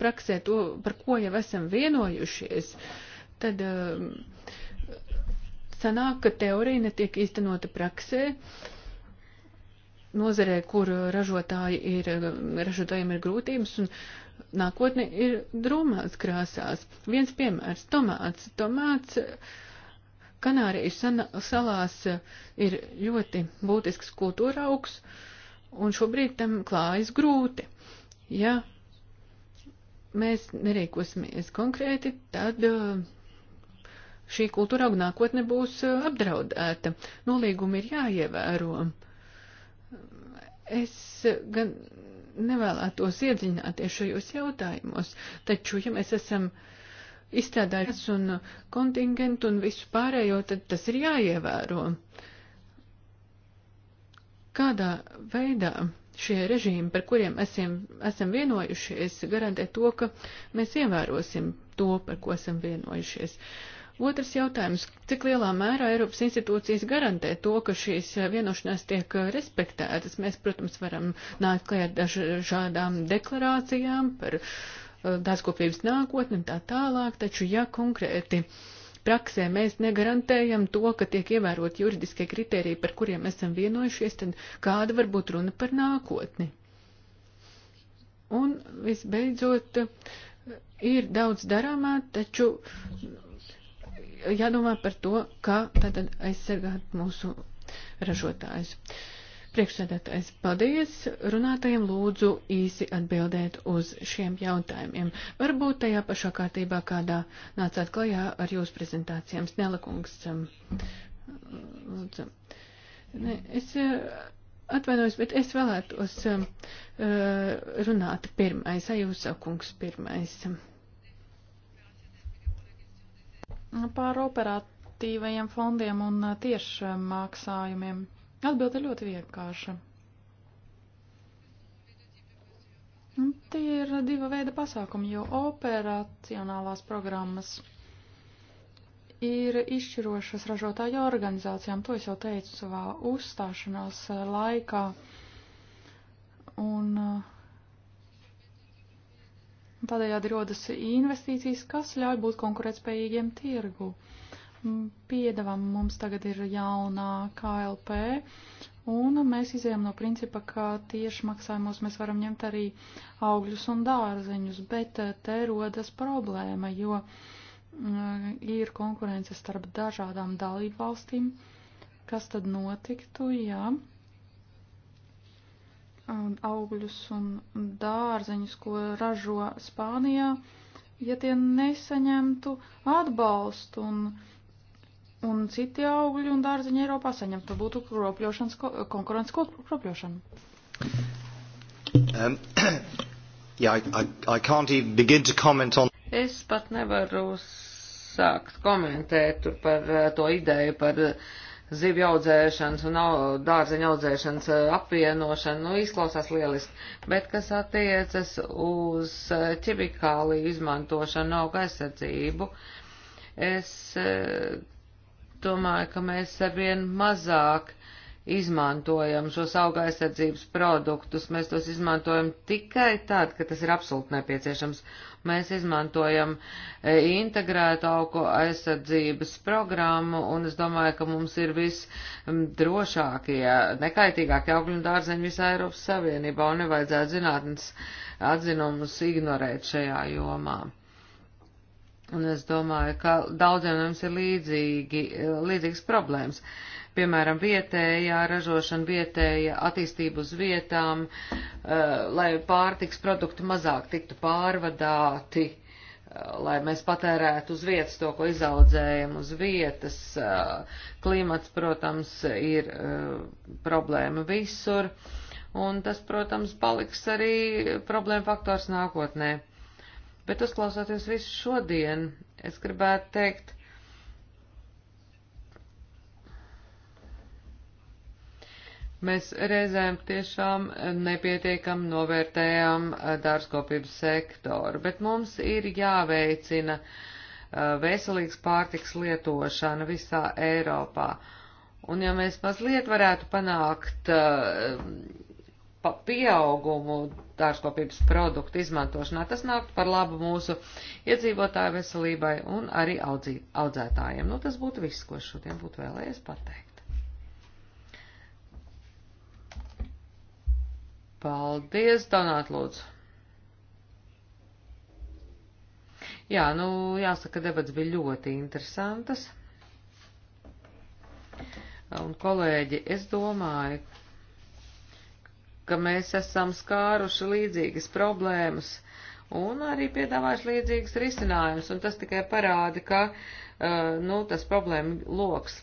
praksē, to, par ko jau esam vienojušies, tad uh, sanāk, ka teorija netiek īstenota praksē. Nozerē, kur ražotāji ir, ražotājiem ir grūtības un nākotne ir drūmās krāsās. Viens piemērs - tomāts. Tomāts Kanāriju salās ir ļoti būtisks kultūra augs, un šobrīd tam klājas grūti. Ja mēs nerīkosimies konkrēti, tad uh, šī kultūra auga nākotne būs eh, apdraudēta. Nolīgumi ir jāievēro. Es gan nevēlētos iedziļināties šajos jautājumos, taču, ja mēs esam izstrādājis un kontingentu un visu pārējo, tad tas ir jāievēro. Kādā veidā šie režīmi, par kuriem esam, esam vienojušies, garantē to, ka mēs ievērosim to, par ko esam vienojušies. Uh, Otrs jautājums. Cik lielā mērā Eiropas institūcijas garantē to, ka šīs vienošanās tiek respektētas? Mēs, protams, varam nākt klajā ar dažādām deklarācijām par tādskopības uh, nākotni un tā tālāk, taču ja konkrēti praksē mēs negarantējam to, ka tiek ievērot juridiskie kriteriji, par kuriem esam vienojušies, tad kāda var būt runa par nākotni? Un visbeidzot, ir daudz darāmā, taču jādomā par to, kā tātad aizsargāt mūsu ražotājus. Priekšsēdētājs, paldies runātajiem lūdzu īsi atbildēt uz šiem jautājumiem. Varbūt tajā pašā kārtībā, kādā nācāt klajā ar jūsu prezentācijām. Snelekungs, um, lūdzu. Ne, es uh, atvainojos, bet es vēlētos um, uh, runāt pirmais, ajūsakungs pirmais. Par operatīvajiem fondiem un eh, tiešiem maksājumiem. Atbilde ļoti vienkārša. Tie ir divi veidi pasākumi, jo operacionālās programmas ir izšķirošas ražotāju organizācijām. To es jau teicu savā uzstāšanās laikā. Un uh, Tādējādi rodas investīcijas, kas ļauj būt konkurētspējīgiem tirgu. Mm, Piedevam mums tagad ir jaunā KLP, un mēs izējām no principa, ka tieši maksājumos mēs varam ņemt arī augļus un dārzeņus, bet eh, te rodas problēma, jo mm, ir konkurence starp dažādām dalību valstīm. Kas tad notiktu, ja Um, augļus un dārzeņus, ko ražo Spānijā, ja tie nesaņemtu atbalstu un, un citi augļi un dārzeņi Eiropā saņemtu, būtu kropļošanas, konkurences kropļošana. Um, yeah, I, I, I can't even begin to comment on. Es pat nevaru sākt komentēt par uh, to ideju par uh, zivju audzēšanas un dārzeņu audzēšanas eh, apvienošana, nu, izklausās lieliski, bet kas attiecas uz eh, ķimikāliju izmantošanu auga aizsardzību, es eh, domāju, ka mēs arvien mazāk izmantojam šos auga aizsardzības produktus, mēs tos izmantojam tikai tad, kad tas ir absolūti nepieciešams. Mēs izmantojam e, integrētu auga aizsardzības programmu, un es domāju, ka mums ir visdrošākie, nekaitīgākie augļu un dārzeņi visā Eiropas Savienībā, un nevajadzētu zinātnes atzinumus ignorēt šajā jomā. Un es domāju, ka daudziem mums ir līdzīgi, e, līdzīgas problēmas. Uh, piemēram, vietējā ražošana, vietēja attīstība uz vietām, eh, lai pārtiks produkti mazāk tiktu pārvadāti, eh, lai mēs patērētu uz vietas to, ko izaudzējam uz vietas. Eh, klimats, protams, ir problēma visur, un tas, protams, paliks arī problēma faktors nākotnē. Bet uzklausoties visu šodien, es gribētu teikt, Mēs reizēm tiešām nepietiekam novērtējam eh, dārzkopības sektoru, bet mums ir jāveicina eh, veselīgs pārtiks lietošana visā Eiropā. Un ja mēs mazliet varētu panākt eh, pa pieaugumu dārzkopības produktu izmantošanā, tas nāktu par labu mūsu iedzīvotāju veselībai un arī audzī, audzētājiem. Nu, tas būtu viss, ko šodien būtu vēlējies pateikt. Paldies, Donāt, lūdzu. Jā, nu, jāsaka, debats bija ļoti interesantas. Un, kolēģi, es domāju, ka mēs esam skāruši līdzīgas problēmas un arī piedāvājuši līdzīgas risinājumus, un tas tikai parāda, ka, uh, nu, tas problēma loks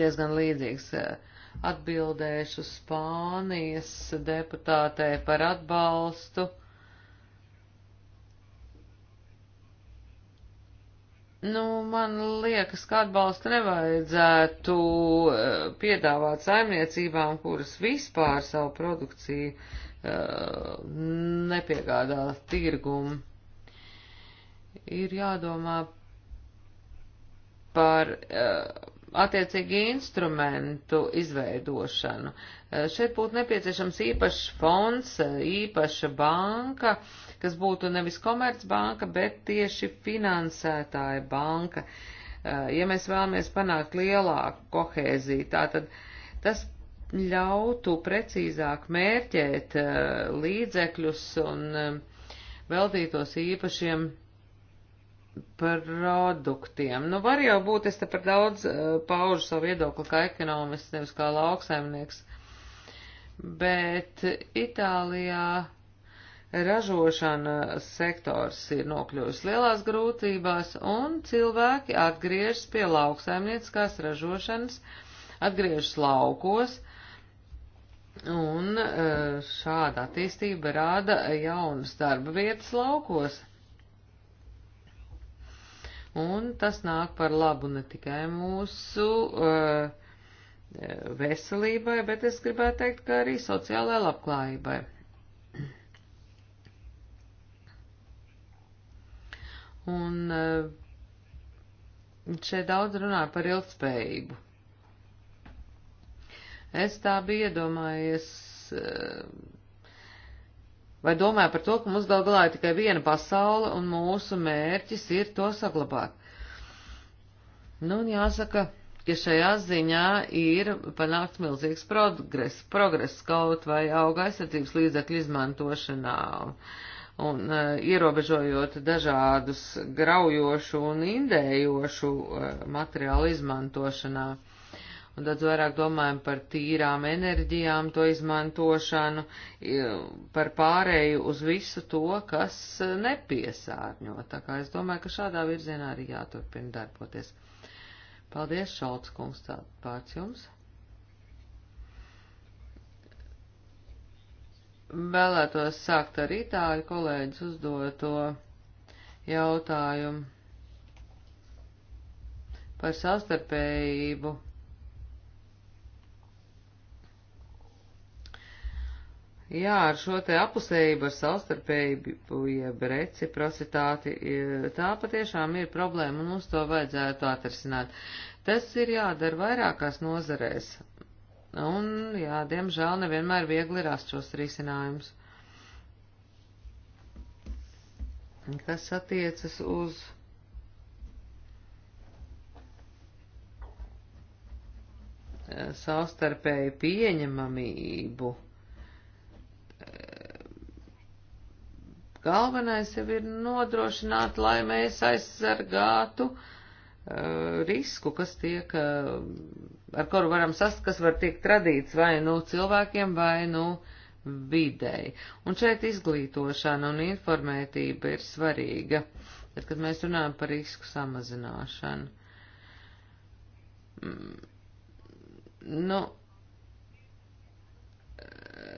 diezgan līdzīgs. Uh, Atbildēšu Spānijas deputātē par atbalstu. Nu, man liekas, ka atbalstu nevajadzētu eh, piedāvāt saimniecībām, kuras vispār savu produkciju uh, nepiegādā tirgumu. Ir jādomā par uh, attiecīgi instrumentu izveidošanu. Eh, šeit būtu nepieciešams īpašs fonds, eh, īpaša banka, kas būtu nevis komercbanka, bet tieši finansētāja banka. Eh, ja mēs vēlamies panākt lielāku kohēziju, tātad tas ļautu precīzāk mērķēt līdzekļus un veltītos īpašiem produktiem. Nu, var jau būt, es te par daudz uh, paužu savu viedokli kā ekonomists, nevis kā lauksaimnieks, bet Itālijā ražošana sektors ir nokļuvis lielās grūtībās, un cilvēki atgriežas pie lauksaimnieciskās ražošanas, atgriežas laukos, un uh, šāda attīstība rāda jaunas darba vietas laukos un tas nāk par labu ne tikai mūsu uh, veselībai, bet es gribētu teikt, ka arī sociālajai labklājībai. Un uh, šeit daudz runāja par ilgspējību. Es tā biju iedomājies uh, vai domāja par to, ka mums gal galā ir tikai viena pasaule un mūsu mērķis ir to saglabāt. Nu, un jāsaka, ka šajā ziņā ir panākts milzīgs progress, progress kaut vai auga aizsardzības līdzekļu izmantošanā un, un e, uh, ierobežojot dažādus graujošu un indējošu uh, materiālu izmantošanā. Uh, un daudz vairāk domājam par tīrām enerģijām, to izmantošanu, par pārēju uz visu to, kas e, nepiesārņo. Tā kā es domāju, ka šādā virzienā arī jāturpina darboties. Paldies, Šalts kungs, tāds pārts jums. Vēlētos sākt ar itāļu kolēģis uzdoto jautājumu par savstarpējību Jā, ar šo te apusējību, ar savstarpējību, jeb reciprocitāti, e, tā patiešām ir problēma, un mums to vajadzētu atrisināt. Tas ir jādara vairākās nozarēs, un, jā, diemžēl nevienmēr viegli rast šos risinājumus. Kas attiecas uz. savstarpēju pieņemamību Galvenais jau ir nodrošināt, lai mēs aizsargātu uh, risku, kas tiek, uh, ar kuru varam sast, kas var tikt radīts vai nu cilvēkiem, vai nu videi. Un šeit izglītošana un informētība ir svarīga, tad, kad mēs runājam par risku samazināšanu. Mm, nu,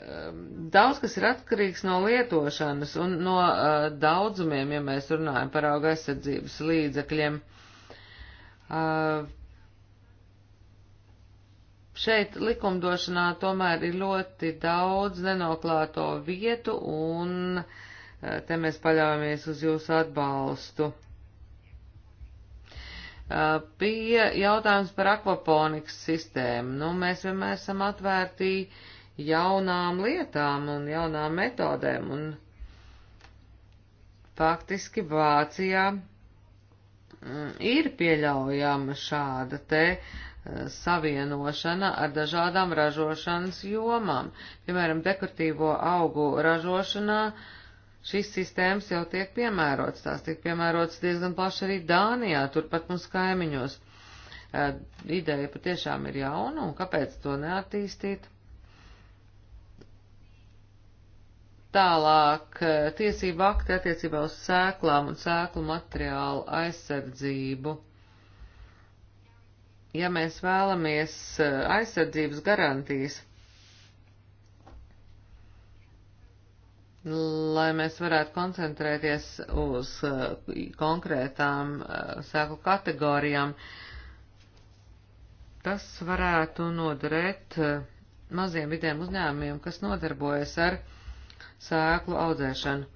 Um, daudz kas ir atkarīgs no lietošanas un no uh, daudzumiem, ja mēs runājam par auga aizsardzības līdzekļiem. Uh, šeit likumdošanā tomēr ir ļoti daudz nenoklāto vietu un uh, te mēs paļaujamies uz jūsu atbalstu. Uh, bija jautājums par akvaponikas sistēmu. Nu, mēs vienmēr esam atvērtīgi jaunām lietām un jaunām metodēm, un faktiski Vācijā mm, ir pieļaujama šāda te eh, savienošana ar dažādām ražošanas jomām. Piemēram, dekoratīvo augu ražošanā šīs sistēmas jau tiek piemērotas. Tās tiek piemērotas diezgan plaši arī Dānijā, turpat mums kaimiņos. Eh, ideja patiešām ir jauna, un kāpēc to neattīstīt? Tālāk eh, tiesība akti attiecībā uz sēklām un sēklu materiālu aizsardzību. Ja mēs vēlamies eh, aizsardzības garantijas, lai mēs varētu koncentrēties uz eh, konkrētām sēklu kategorijām, tas varētu noderēt maziem vidiem uzņēmumiem, kas nodarbojas ar sēklu audzēšanu.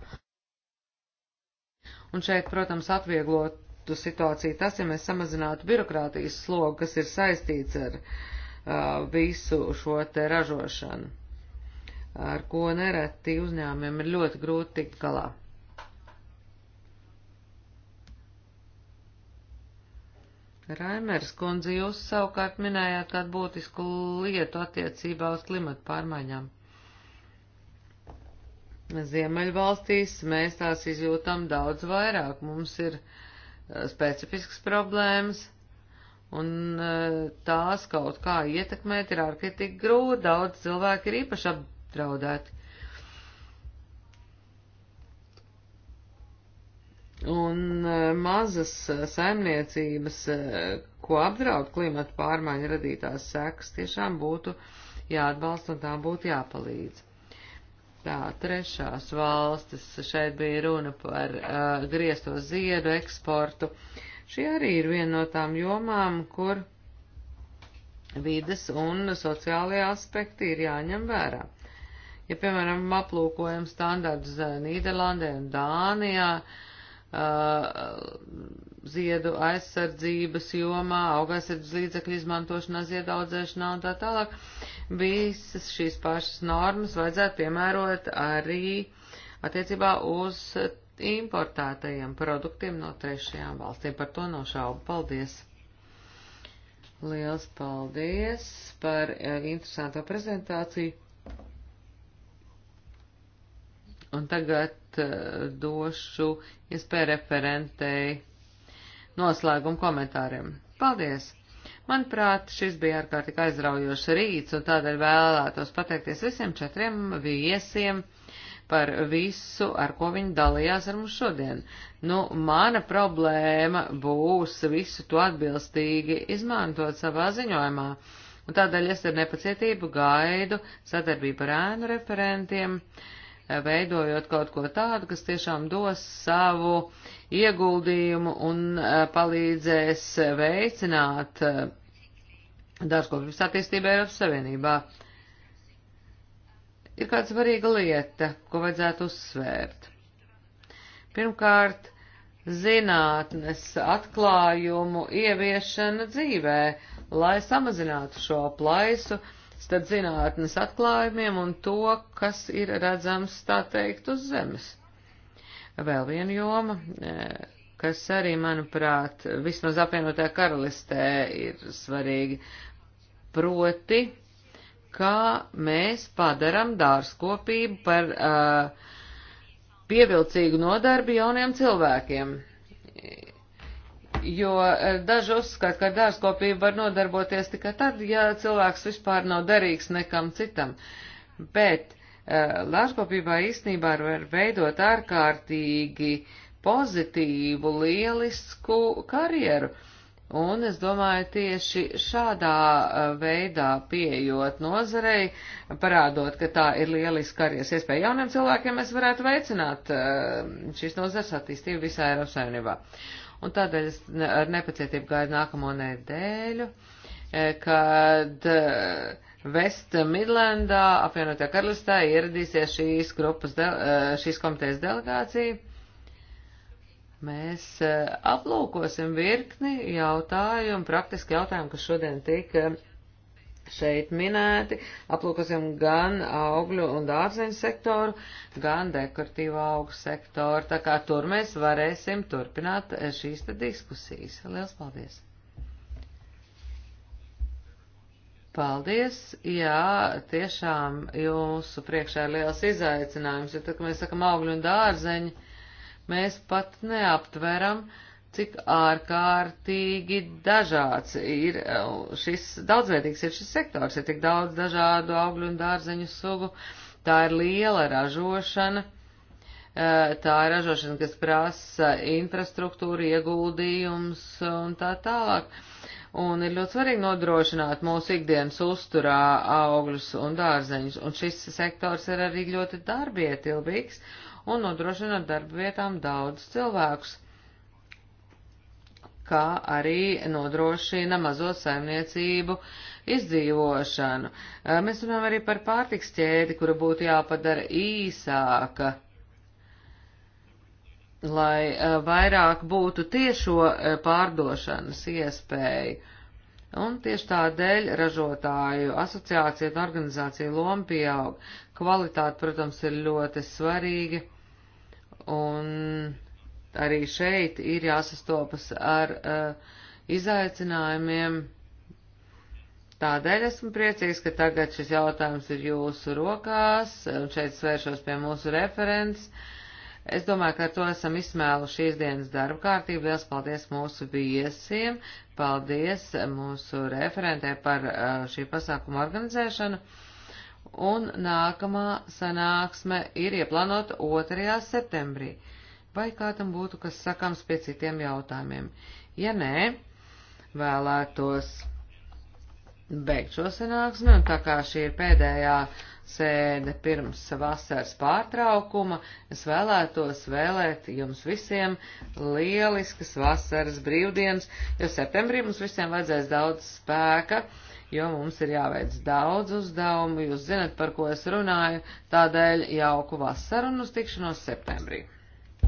Un šeit, protams, atvieglotu situāciju tas, ja mēs samazinātu birokrātijas slogu, kas ir saistīts ar uh, visu šo te ražošanu, ar ko nereti uzņēmumiem ir ļoti grūti tikt galā. Raimers kundze, jūs savukārt minējāt kādu būtisku lietu attiecībā uz klimatu pārmaiņām. Ziemeļvalstīs mēs tās izjūtam daudz vairāk. Mums ir eh, specifisks problēmas, un eh, tās kaut kā ietekmēt ir ārkārtīgi grūti. Daudz cilvēki ir īpaši apdraudēti. Un eh, mazas saimniecības, ko apdraud klimata pārmaiņu radītās sekas, tiešām būtu jāatbalsta un tām būtu jāpalīdz. Tā, trešās valstis, šeit bija runa par uh, griesto ziedu eksportu. Šī arī ir viena no tām jomām, kur vides un sociālajie aspekti ir jāņem vērā. Ja, piemēram, aplūkojam standartus uh, Nīderlandē un Dānijā, uh, ziedu aizsardzības jomā, augaisardzības līdzekļu izmantošanā, ziedaudzēšanā un tā tālāk. Visas šīs pašas normas vajadzētu piemērot arī attiecībā uz importētajiem produktiem no trešajām valstīm. Par to nošaubu. Paldies! Liels paldies par eh, interesanto prezentāciju. Un tagad uh, došu iespēju referentei noslēguma komentāriem. Paldies! Manuprāt, šis bija ārkārtīgi aizraujošs rīts, un tādēļ vēlētos pateikties visiem četriem viesiem par visu, ar ko viņi dalījās ar mums šodien. Nu, mana problēma būs visu to atbilstīgi izmantot savā ziņojumā, un tādēļ es ar nepacietību gaidu sadarbību ar ēnu referentiem. Uh, veidojot kaut ko tādu, kas tiešām dos savu ieguldījumu un eh, palīdzēs veicināt eh, dārzkopības attīstību Eiropas Savienībā. Ir kāda svarīga lieta, ko vajadzētu uzsvērt. Pirmkārt, zinātnes atklājumu ieviešana dzīvē, lai samazinātu šo plaisu, uh, starp zinātnes atklājumiem un to, kas ir redzams, tā teikt, uz zemes. Vēl viena joma, e, kas arī, manuprāt, vismaz apvienotā karalistē ir svarīgi, proti, kā mēs padaram dārzkopību par uh, pievilcīgu nodarbi jauniem cilvēkiem jo e, daži uzskata, ka dārzkopība var nodarboties tikai tad, ja cilvēks vispār nav derīgs nekam citam. Bet e, dārzkopībā īstenībā var veidot ārkārtīgi pozitīvu, lielisku karjeru. Un es domāju, tieši šādā e, veidā pieejot nozarei, parādot, ka tā ir lieliska karjeras iespēja jauniem cilvēkiem, mēs varētu veicināt šīs nozars attīstību visā Eiropas saimnībā. Uh, un tādēļ es ar nepacietību gaidu nākamo nedēļu, e, kad e, West Midlandā, apvienotajā karalistā, ieradīsies šīs, grupas, de, e, šīs komitejas delegācija. Mēs aplūkosim virkni jautājumu, praktiski jautājumu, kas šodien tika šeit minēti, aplūkosim gan augļu un dārzeņu sektoru, gan dekoratīvu augu sektoru, tā kā tur mēs varēsim turpināt šīs te diskusijas. Liels paldies! Paldies! Jā, tiešām jūsu priekšā ir liels izaicinājums, jo tad, kad mēs sakam augļu un dārzeņu, mēs pat neaptveram, uh, cik ārkārtīgi dažāds ir eh, šis, daudzveidīgs ir šis sektors, ir tik daudz dažādu augļu un dārzeņu sugu, tā ir liela ražošana, eh, tā ir ražošana, kas prasa infrastruktūru, ieguldījums un tā tālāk. Un ir ļoti svarīgi nodrošināt mūsu ikdienas uzturā augļus un dārzeņus, un šis sektors ir arī ļoti darbietilbīgs un nodrošina darba vietām daudz cilvēkus kā arī nodrošina mazo saimniecību izdzīvošanu. Mēs runājam arī par pārtiks ķēdi, kura būtu jāpadara īsāka, lai vairāk būtu tiešo pārdošanas iespēju. Un tieši tādēļ ražotāju asociācija un organizācija loma pieaug. Kvalitāte, protams, ir ļoti svarīga. Un arī šeit ir jāsastopas ar uh, izaicinājumiem. Tādēļ esmu priecīgs, ka tagad šis jautājums ir jūsu rokās, un šeit svēršos pie mūsu referents. Es domāju, ka ar to esam izsmēluši šīs dienas darba kārtību. Liels paldies mūsu viesiem, paldies mūsu referentē par uh, šī pasākuma organizēšanu. Un nākamā sanāksme ir ieplānota 2. septembrī. Vai kādam būtu kas sakams pie citiem jautājumiem? Ja nē, vēlētos beigt šo sanāksmi, un tā kā šī ir pēdējā sēde pirms vasaras pārtraukuma, es vēlētos vēlēt jums visiem lieliskas vasaras brīvdienas, jo septembrī mums visiem vajadzēs daudz spēka, jo mums ir jāveic daudz uzdevumu, jūs zinat, par ko es runāju, tādēļ jauku vasaru un uz tikšanos septembrī.